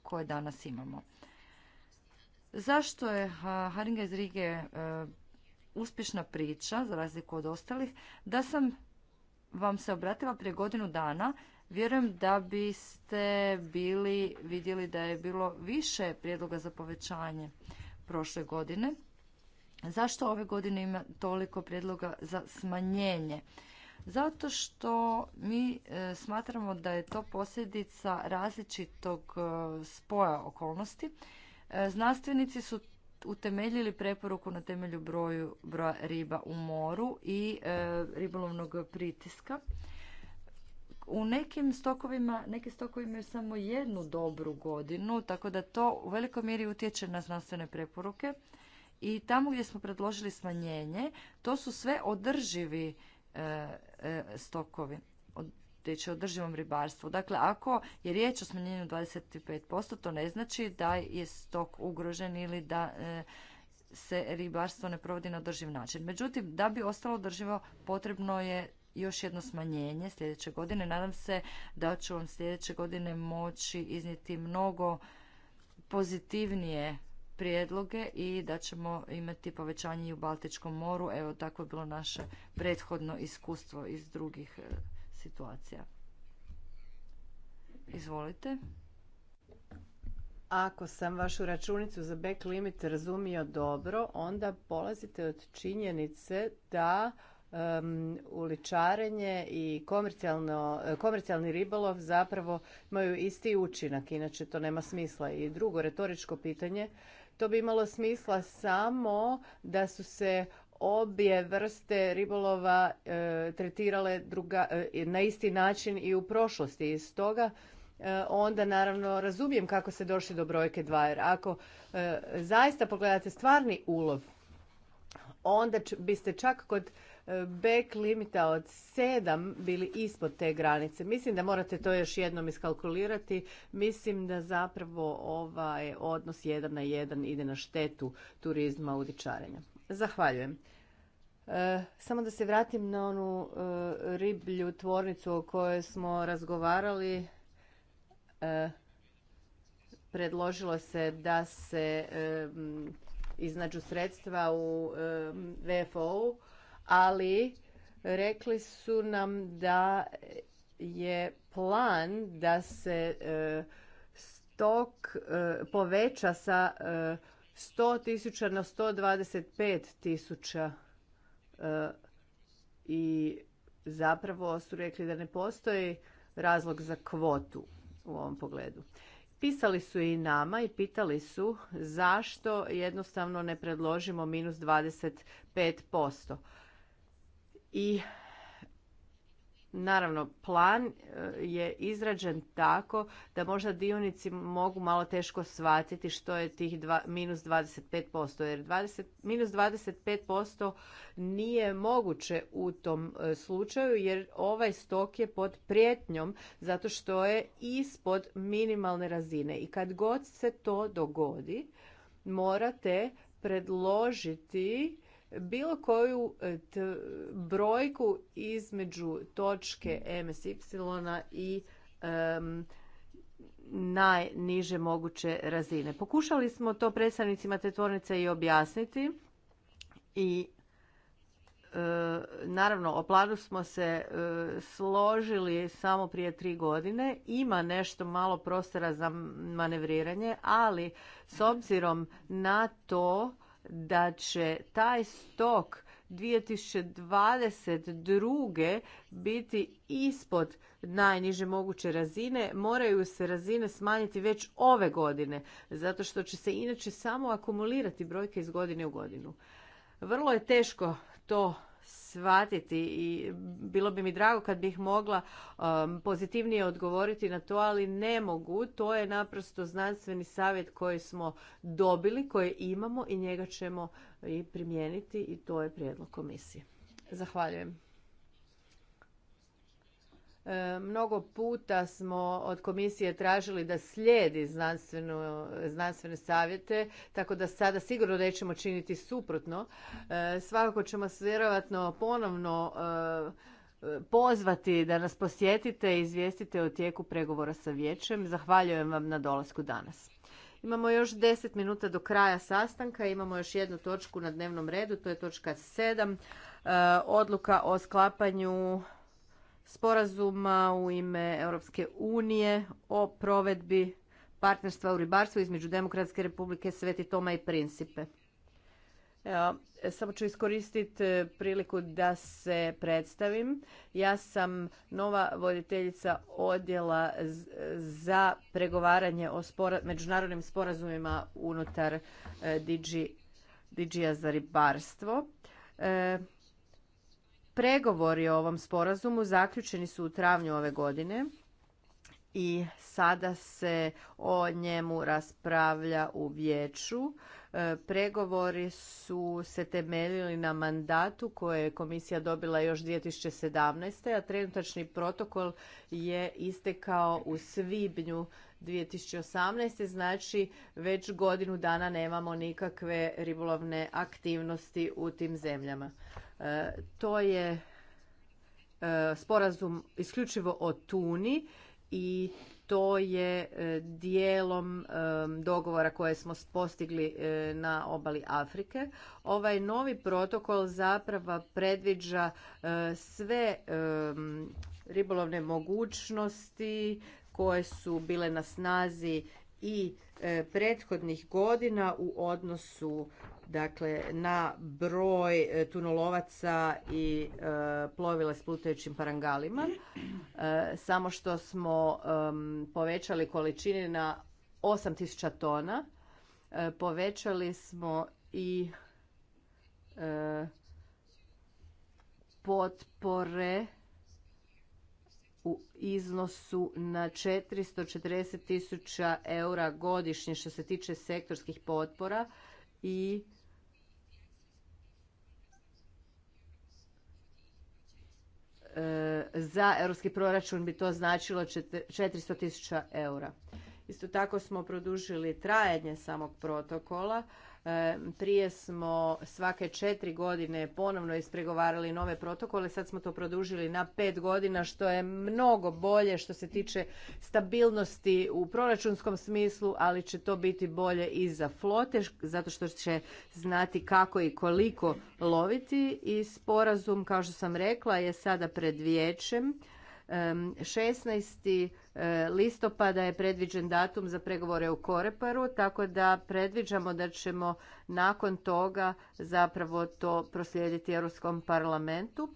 koje danas imamo. Zašto je e, Haringa iz Rige uspješna priča, za razliku od ostalih? Da sam vam se obratila prije godinu dana, vjerujem da biste bili vidjeli da je bilo više prijedloga za povećanje prošle godine. Zašto ove godine ima toliko predloga za smanjenje? Zato što mi e, smatramo da je to posljedica različitog e, spoja okolnosti. E, znanstvenici su utemeljili preporuku na temelju broju broja riba u moru i ribolovnog pritiska. U nekim stokovima, neki stokovi imaju samo jednu dobru godinu, tako da to u velikoj mjeri utječe na znanstvene preporuke i tamo gdje smo predložili smanjenje, to su sve održivi e, e, stokovi riječ je o održivom ribarstvu. Dakle, ako je riječ o smanjenju 25%, to ne znači da je stok ugrožen ili da e, se ribarstvo ne provodi na održiv način. Međutim, da bi ostalo održivo, potrebno je još jedno smanjenje sljedeće godine. Nadam se da ću vam sljedeće godine moći iznijeti mnogo pozitivnije prijedloge i da ćemo imati povećanje i u Baltičkom moru. Evo, tako je bilo naše prethodno iskustvo iz drugih e, situacija. Izvolite. Ako sam vašu računicu za back limit razumio dobro, onda polazite od činjenice da um, uličarenje i e, komercijalni ribolov zapravo imaju isti učinak, inače to nema smisla. I drugo retoričko pitanje, to bi imalo smisla samo da su se obje vrste ribolova e, tretirale druga, e, na isti način i u prošlosti. I stoga e, onda naravno razumijem kako se došli do brojke 2. Jer ako zaista pogledate stvarni ulov, onda biste čak kod back limita od sedam bili ispod te granice. Mislim da morate to još jednom iskalkulirati. Mislim da zapravo ovaj odnos jedan na jedan ide na štetu turizma dičarenju Zahvaljujem. E, samo da se vratim na onu e, riblju tvornicu o kojoj smo razgovarali. E, predložilo se da se iznađu sredstva u VFO-u ali rekli su nam da je plan da se e, stok e, poveća sa 100.000 e, tisuća na 125.000 tisuća i zapravo su rekli da ne postoji razlog za kvotu u ovom pogledu. Pisali su i nama i pitali su zašto jednostavno ne predložimo minus 25% i Naravno, plan e, je izrađen tako da možda dionici mogu malo teško shvatiti što je tih dva, minus 25%, jer 20, minus 25% nije moguće u tom e, slučaju, jer ovaj stok je pod prijetnjom zato što je ispod minimalne razine. I kad god se to dogodi, morate predložiti bilo koju e, brojku između točke MSY i najniže moguće razine. Pokušali smo to predstavnicima te tvornice i objasniti i e, naravno o planu smo se e, složili samo prije tri godine. Ima nešto malo prostora za manevriranje, ali s obzirom na to da će taj stok 2022. biti ispod najniže moguće razine, moraju se razine smanjiti već ove godine, zato što će se inače samo akumulirati brojke iz godine u godinu. Vrlo je teško to shvatiti i bilo bi mi drago kad bih mogla um, pozitivnije odgovoriti na to, ali ne mogu. To je naprosto znanstveni savjet koji smo dobili, koji imamo i njega ćemo i primijeniti i to je prijedlog komisije. Zahvaljujem. E, mnogo puta smo od komisije tražili da slijedi znanstvene savjete, tako da sada sigurno nećemo činiti suprotno. E, svakako ćemo se vjerojatno ponovno e, pozvati da nas posjetite i izvijestite o tijeku pregovora sa vijećem. Zahvaljujem vam na dolasku danas. Imamo još 10 minuta do kraja sastanka, imamo još jednu točku na dnevnom redu, to je točka 7, odluka o sklapanju sporazuma u ime Europske unije o provedbi partnerstva u ribarstvu između Demokratske republike Sveti Toma i Principe. samo ću iskoristiti e, priliku da se predstavim. Ja sam nova voditeljica odjela za pregovaranje o međunarodnim sporazumima unutar DG, e, DG-a za ribarstvo. E, Pregovori o ovom sporazumu zaključeni su u travnju ove godine i sada se o njemu raspravlja u vijeću. E, pregovori su se temeljili na mandatu koje je komisija dobila još 2017. a trenutačni protokol je istekao u svibnju 2018. Znači već godinu dana nemamo nikakve ribolovne aktivnosti u tim zemljama. E, to je e, sporazum isključivo o Tuni i to je e, dijelom dogovora koje smo postigli na obali Afrike. Ovaj novi protokol zapravo predviđa sve ribolovne mogućnosti koje su bile na snazi i e, prethodnih godina u odnosu dakle na broj e, tunolovaca i e, plovila s plutajućim parangalima samo što smo povećali količine na 8000 tona povećali smo i potpore u iznosu na 440 tisuća eura godišnje što se tiče sektorskih potpora i e, za europski proračun bi to značilo 400 tisuća eura. Isto tako smo produžili trajanje samog protokola E, prije smo svake četiri godine ponovno ispregovarali nove protokole, sad smo to produžili na pet godina, što je mnogo bolje što se tiče stabilnosti u proračunskom smislu, ali će to biti bolje i za flote, zato što će znati kako i koliko loviti. I sporazum, kao što sam rekla, je sada pred vijećem. 16. E, listopada je predviđen datum za pregovore u Koreparu, tako da predviđamo da ćemo nakon toga zapravo to proslijediti Europskom parlamentu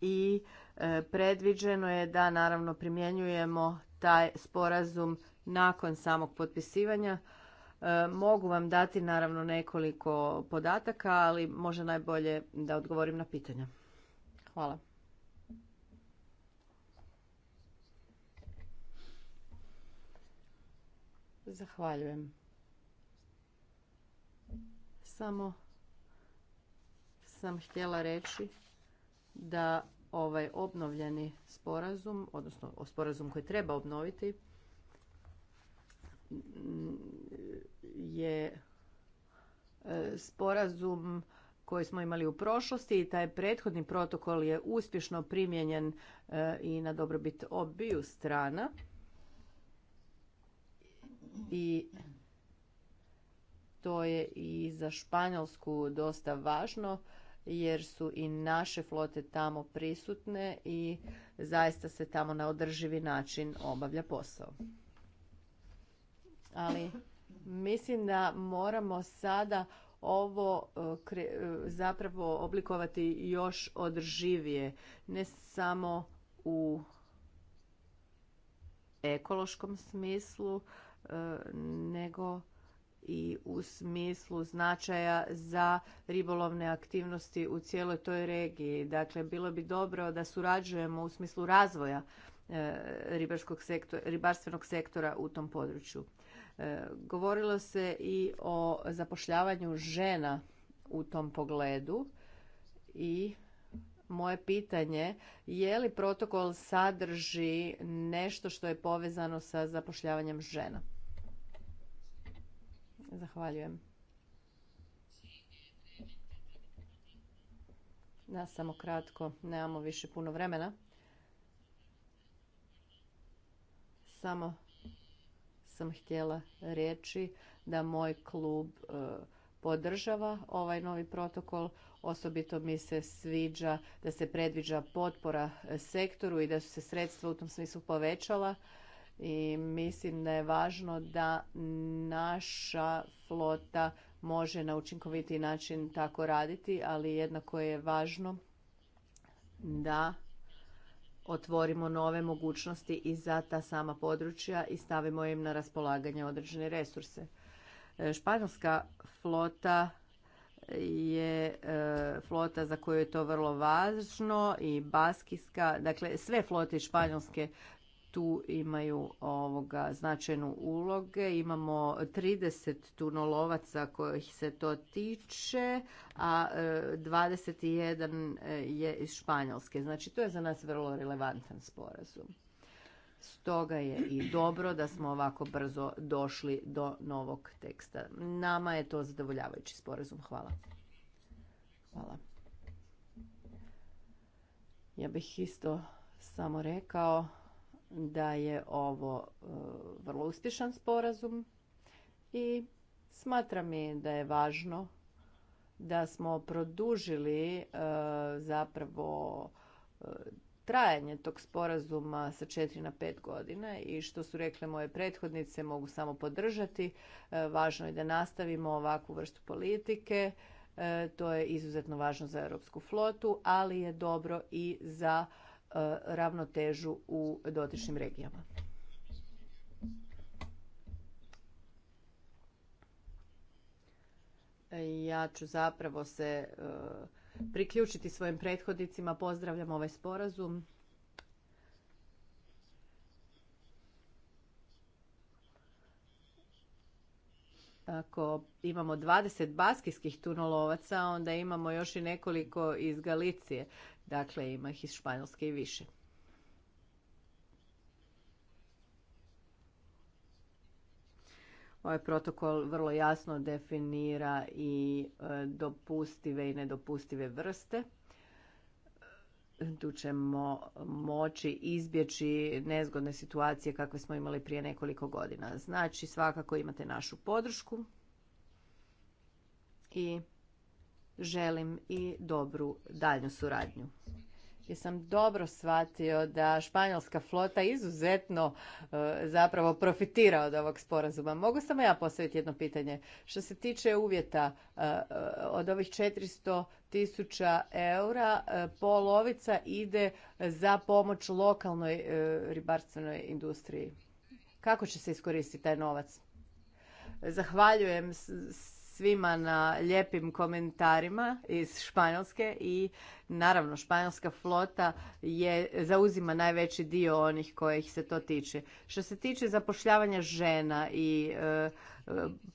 i e, predviđeno je da naravno primjenjujemo taj sporazum nakon samog potpisivanja. E, mogu vam dati naravno nekoliko podataka, ali možda najbolje da odgovorim na pitanja. Hvala. Zahvaljujem. Samo sam htjela reći da ovaj obnovljeni sporazum, odnosno sporazum koji treba obnoviti, je e, sporazum koji smo imali u prošlosti i taj prethodni protokol je uspješno primijenjen e, i na dobrobit obiju strana i to je i za Španjolsku dosta važno jer su i naše flote tamo prisutne i zaista se tamo na održivi način obavlja posao. Ali mislim da moramo sada ovo e, e, zapravo oblikovati još održivije, ne samo u ekološkom smislu, E, nego i u smislu značaja za ribolovne aktivnosti u cijeloj toj regiji. Dakle, bilo bi dobro da surađujemo u smislu razvoja e, sektora, ribarstvenog sektora u tom području. E, govorilo se i o zapošljavanju žena u tom pogledu i moje pitanje je li protokol sadrži nešto što je povezano sa zapošljavanjem žena? Zahvaljujem. Na samo kratko, nemamo više puno vremena. Samo sam htjela reći da moj klub eh, podržava ovaj novi protokol Osobito mi se sviđa da se predviđa potpora e, sektoru i da su se sredstva u tom smislu povećala i mislim da je važno da naša flota može na učinkoviti način tako raditi, ali jednako je važno da otvorimo nove mogućnosti i za ta sama područja i stavimo im na raspolaganje određene resurse. E, španjolska flota je e, flota za koju je to vrlo važno i baskijska, dakle sve flote španjolske tu imaju ovoga značajnu uloge. Imamo 30 tunolovaca kojih se to tiče, a 21 e, e, je iz Španjolske. Znači to je za nas vrlo relevantan sporazum. Stoga je i dobro da smo ovako brzo došli do novog teksta. Nama je to zadovoljavajući sporazum. Hvala. Hvala. Ja bih isto samo rekao da je ovo e, vrlo uspješan sporazum i smatra mi da je važno da smo produžili e, zapravo e, trajanje tog sporazuma sa 4 na 5 godina i što su rekle moje prethodnice mogu samo podržati. Važno je da nastavimo ovakvu vrstu politike E, to je izuzetno važno za europsku flotu, ali je dobro i za e, ravnotežu u dotičnim regijama. Ja ću zapravo se e, priključiti svojim prethodnicima. Pozdravljam ovaj sporazum. Ako imamo 20 baskijskih tunolovaca, onda imamo još i nekoliko iz Galicije. Dakle, ima ih iz Španjolske i više. Ovaj protokol vrlo jasno definira i e, dopustive i nedopustive vrste tu ćemo moći izbjeći nezgodne situacije kakve smo imali prije nekoliko godina. Znači, svakako imate našu podršku i želim i dobru daljnju suradnju sam dobro shvatio da španjolska flota izuzetno e, zapravo profitira od ovog sporazuma. Mogu samo ja postaviti jedno pitanje. Što se tiče uvjeta e, e, od ovih 400 tisuća eura, polovica ide za pomoć lokalnoj ribarstvenoj industriji. Kako će se iskoristiti taj novac? Zahvaljujem svima na lijepim komentarima iz Španjolske i naravno španjolska flota je zauzima najveći dio onih kojih se to tiče. Što se tiče zapošljavanja žena i e,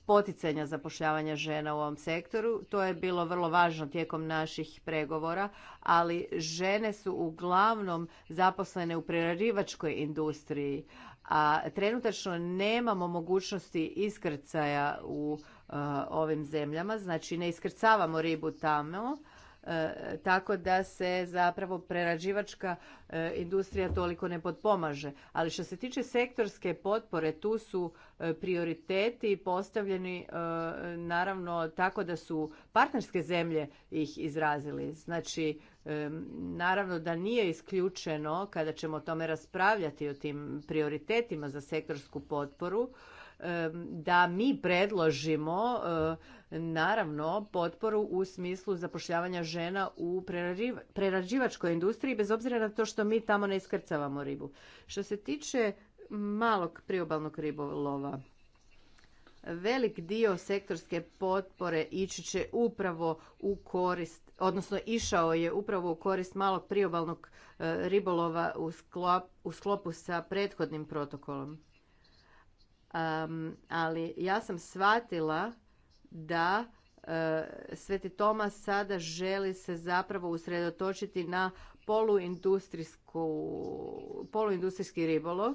poticanja zapošljavanja žena u ovom sektoru, to je bilo vrlo važno tijekom naših pregovora, ali žene su uglavnom zaposlene u prerađivačkoj industriji, a trenutačno nemamo mogućnosti iskrcaja u ovim zemljama, znači ne iskrcavamo ribu tamo, tako da se zapravo prerađivačka industrija toliko ne podpomaže. Ali što se tiče sektorske potpore, tu su prioriteti postavljeni naravno tako da su partnerske zemlje ih izrazili. Znači, naravno da nije isključeno kada ćemo o tome raspravljati o tim prioritetima za sektorsku potporu, da mi predložimo eh, naravno potporu u smislu zapošljavanja žena u prerađivačkoj industriji bez obzira na to što mi tamo ne iskrcavamo ribu. Što se tiče malog priobalnog ribolova, velik dio sektorske potpore ići će upravo u korist, odnosno išao je upravo u korist malog priobalnog eh, ribolova u, sklopu sa prethodnim protokolom. Um, ali ja sam shvatila da e, Sveti Tomas sada želi se zapravo usredotočiti na poluindustrijski ribolov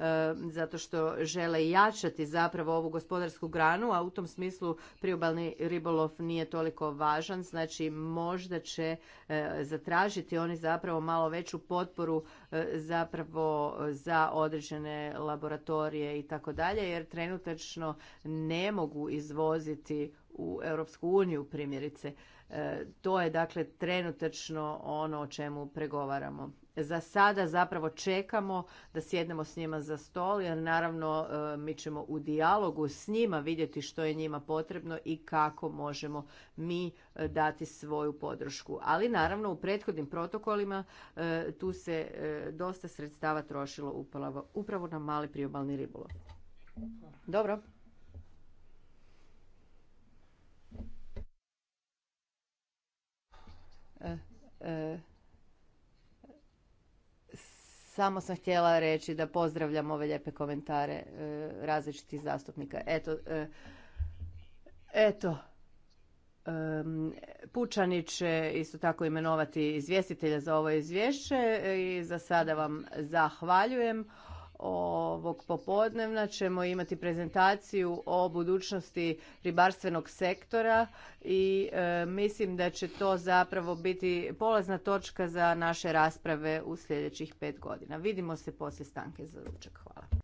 E, zato što žele jačati zapravo ovu gospodarsku granu, a u tom smislu priobalni ribolov nije toliko važan, znači možda će e, zatražiti oni zapravo malo veću potporu e, zapravo za određene laboratorije i tako dalje, jer trenutačno ne mogu izvoziti u Europsku uniju primjerice. E, to je dakle trenutačno ono o čemu pregovaramo. Za sada zapravo čekamo da sjednemo s njima za stol jer naravno e, mi ćemo u dijalogu s njima vidjeti što je njima potrebno i kako možemo mi e, dati svoju podršku. Ali naravno u prethodnim protokolima tu se dosta sredstava trošilo upravo na mali priobalni ribolov. Dobro. Samo sam htjela reći da pozdravljam ove lijepe komentare e, različitih zastupnika. Eto, e, eto, e, Pučani će isto tako imenovati izvjestitelja za ovo izvješće i za sada vam zahvaljujem ovog popodnevna ćemo imati prezentaciju o budućnosti ribarstvenog sektora i e, mislim da će to zapravo biti polazna točka za naše rasprave u sljedećih pet godina. Vidimo se poslije stanke za ručak. Hvala.